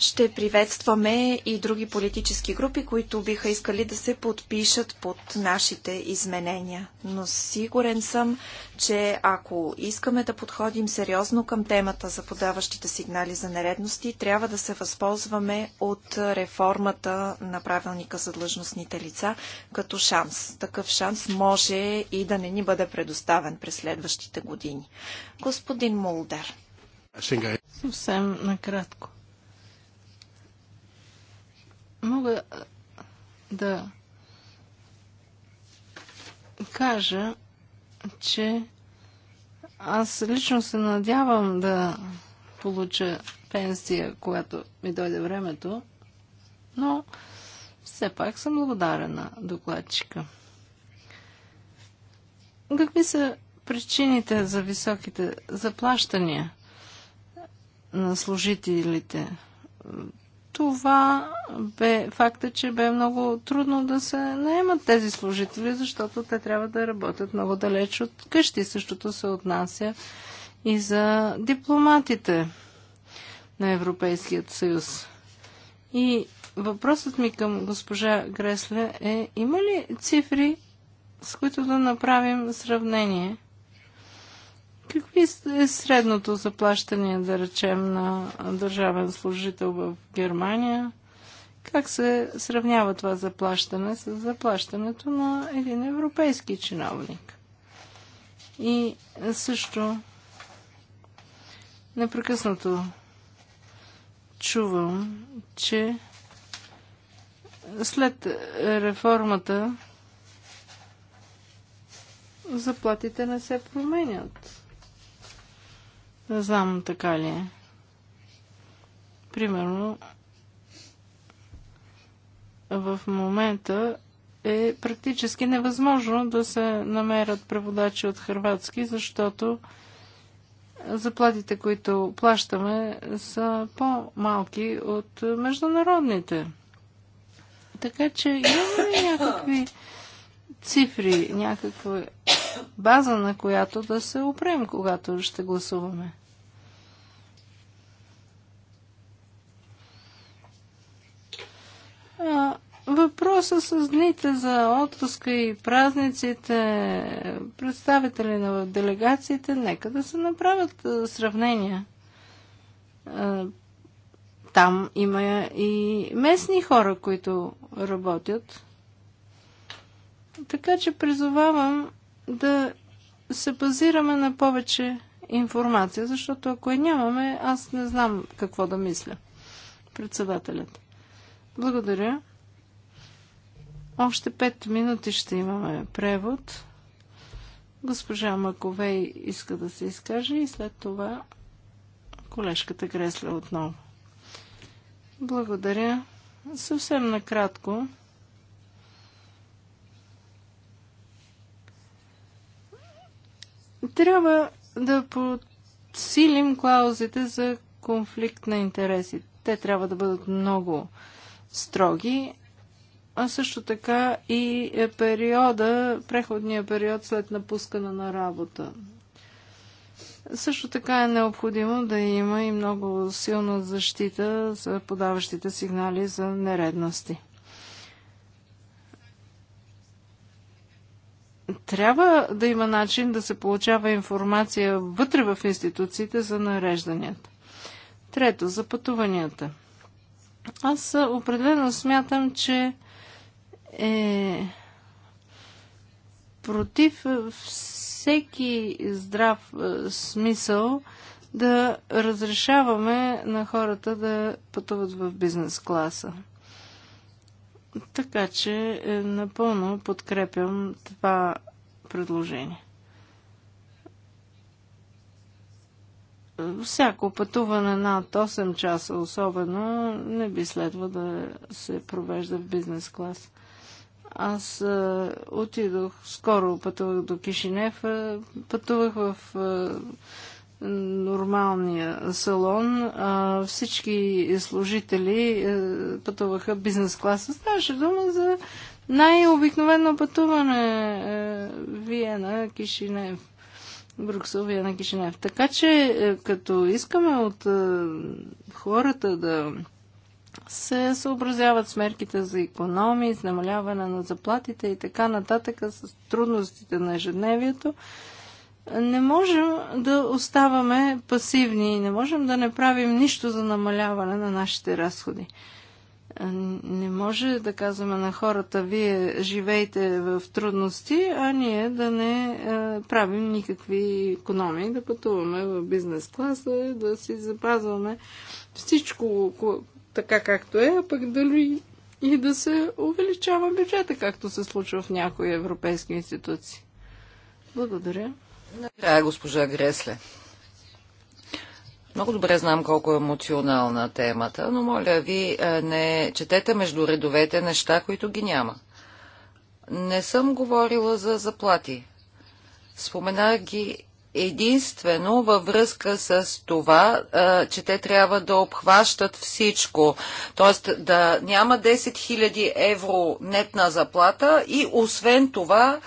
Speaker 3: Ще приветстваме и други политически групи, които биха искали да се подпишат под нашите изменения. Но сигурен съм, че ако искаме да подходим сериозно към темата за подаващите сигнали за нередности, трябва да се възползваме от реформата на правилника за длъжностните лица като шанс. Такъв шанс може и да не ни бъде предоставен през следващите години. Господин Мулдер. Съвсем накратко
Speaker 2: мога да кажа, че аз лично се надявам да получа пенсия, когато ми дойде времето, но все пак съм благодарен на докладчика. Какви са причините за високите заплащания на служителите? това бе факта, е, че бе много трудно да се наемат тези служители, защото те трябва да работят много далеч от къщи. Същото се отнася и за дипломатите на Европейският съюз. И въпросът ми към госпожа Гресле е, има ли цифри, с които да направим сравнение – Какви е средното заплащане, да речем, на държавен служител в Германия? Как се сравнява това заплащане с заплащането на един европейски чиновник? И също непрекъснато чувам, че след реформата заплатите не се променят. Не знам така ли е. Примерно, в момента е практически невъзможно да се намерят преводачи от хрватски, защото заплатите, които плащаме, са по-малки от международните. Така че има ли някакви цифри, някаква база, на която да се опрем, когато ще гласуваме? Въпроса с дните за отпуска и празниците, представители на делегациите, нека да се направят сравнения. Там има и местни хора, които работят. Така че призовавам да се базираме на повече информация, защото ако я нямаме, аз не знам какво да мисля. Председателят. Благодаря. Още пет минути ще имаме превод. Госпожа Маковей иска да се изкаже и след това колежката Гресля отново. Благодаря. Съвсем накратко. Трябва да подсилим клаузите за конфликт на интереси. Те трябва да бъдат много строги, а също така и е периода, преходния период след напускане на работа. Също така е необходимо да има и много силна защита за подаващите сигнали за нередности. Трябва да има начин да се получава информация вътре в институциите за нарежданията. Трето, за пътуванията – аз определено смятам, че е против всеки здрав е, смисъл да разрешаваме на хората да пътуват в бизнес класа. Така че е, напълно подкрепям това предложение. всяко пътуване над 8 часа особено не би следва да се провежда в бизнес клас. Аз а, е, отидох, скоро пътувах до Кишинев, а, е, пътувах в а, е, нормалния салон. А, всички служители а, пътуваха бизнес класа. Ставаше дума за най-обикновено пътуване а, Виена, Кишинев. Брюксел, Виена, Кишинев. Е. Така че, е, като искаме от е, хората да се съобразяват с мерките за економии, с намаляване на заплатите и така нататък, с трудностите на ежедневието, не можем да оставаме пасивни и не можем да не правим нищо за намаляване на нашите разходи. Не може да казваме на хората, вие живейте в трудности, а ние да не правим никакви економии, да пътуваме в бизнес класа, да си запазваме всичко така както е, а пък дали и да се увеличава бюджета, както се случва в някои европейски институции. Благодаря. Да, госпожа Гресле. Много
Speaker 1: добре знам колко е емоционална темата, но моля ви, е, не четете между редовете неща, които ги няма. Не съм говорила за заплати. Споменах ги единствено във връзка с това, е, че те трябва да обхващат всичко. Тоест да няма 10 000 евро нетна заплата и освен това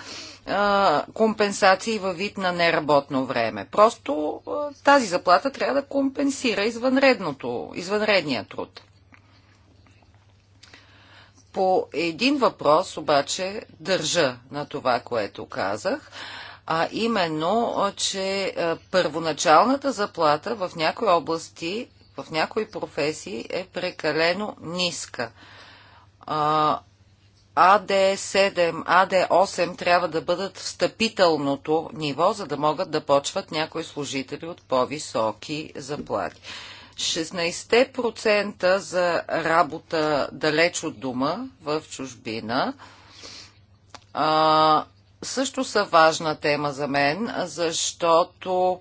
Speaker 1: компенсации във вид на неработно време. Просто тази заплата трябва да компенсира извънредното, извънредния труд. По един въпрос обаче държа на това, което казах, а именно, че първоначалната заплата в някои области, в някои професии е прекалено ниска. АД7, АД8 трябва да бъдат встъпителното ниво, за да могат да почват някои служители от по-високи заплати. 16% за работа далеч от дома в чужбина а, също са важна тема за мен, защото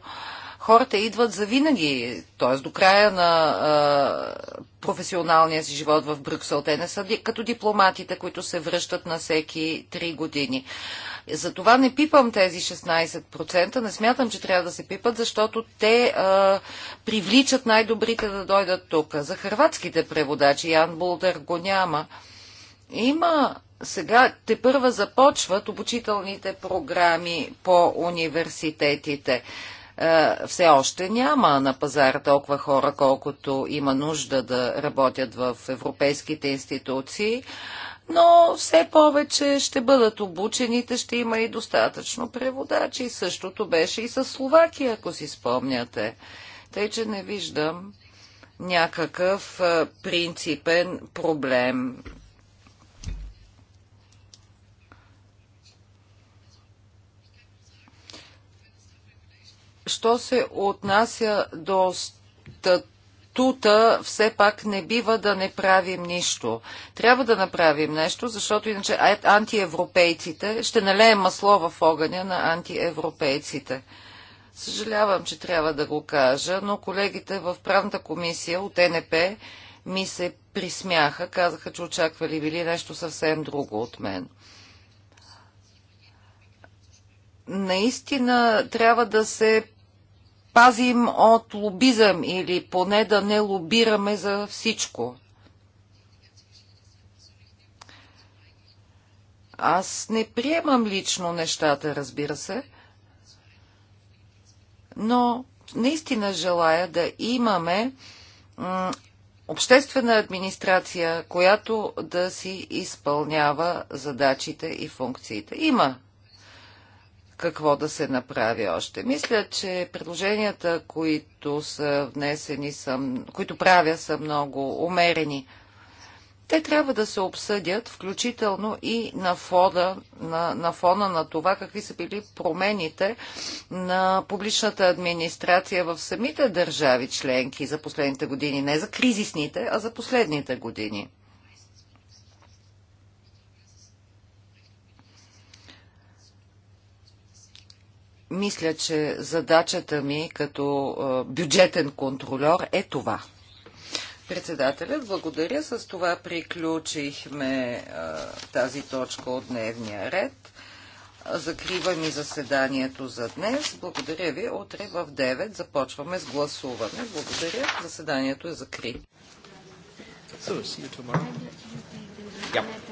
Speaker 1: хората идват за винаги, т.е. до края на а, професионалния си живот в Брюксел. Те не са като дипломатите, които се връщат на всеки 3 години. Затова не пипам тези 16%, не смятам, че трябва да се пипат, защото те а, привличат най-добрите да дойдат тук. За хрватските преводачи, Ян Булдър го няма. Има сега те първа започват обучителните програми по университетите. Е, все още няма на пазара толкова хора, колкото има нужда да работят в европейските институции, но все повече ще бъдат обучените, ще има и достатъчно преводачи. Същото беше и с Словакия, ако си спомняте. Тъй, че не виждам някакъв е, принципен проблем що се отнася до статута, все пак не бива да не правим нищо. Трябва да направим нещо, защото иначе антиевропейците, ще налеем масло в огъня на антиевропейците. Съжалявам, че трябва да го кажа, но колегите в правната комисия от НП ми се присмяха, казаха, че очаквали били нещо съвсем друго от мен наистина трябва да се пазим от лобизъм или поне да не лобираме за всичко. Аз не приемам лично нещата, разбира се, но наистина желая да имаме обществена администрация, която да си изпълнява задачите и функциите. Има какво да се направи още. Мисля, че предложенията, които са внесени, са, които правя, са много умерени. Те трябва да се обсъдят, включително и на фона на, на, фона на това какви са били промените на публичната администрация в самите държави членки за последните години. Не за кризисните, а за последните години. мисля, че задачата ми като бюджетен контролер е това. Председателят, благодаря. С това приключихме тази точка от дневния ред. Закривам и заседанието за днес. Благодаря ви. Утре в 9 започваме с гласуване. Благодаря. Заседанието е закрито. So, see you tomorrow. Yep.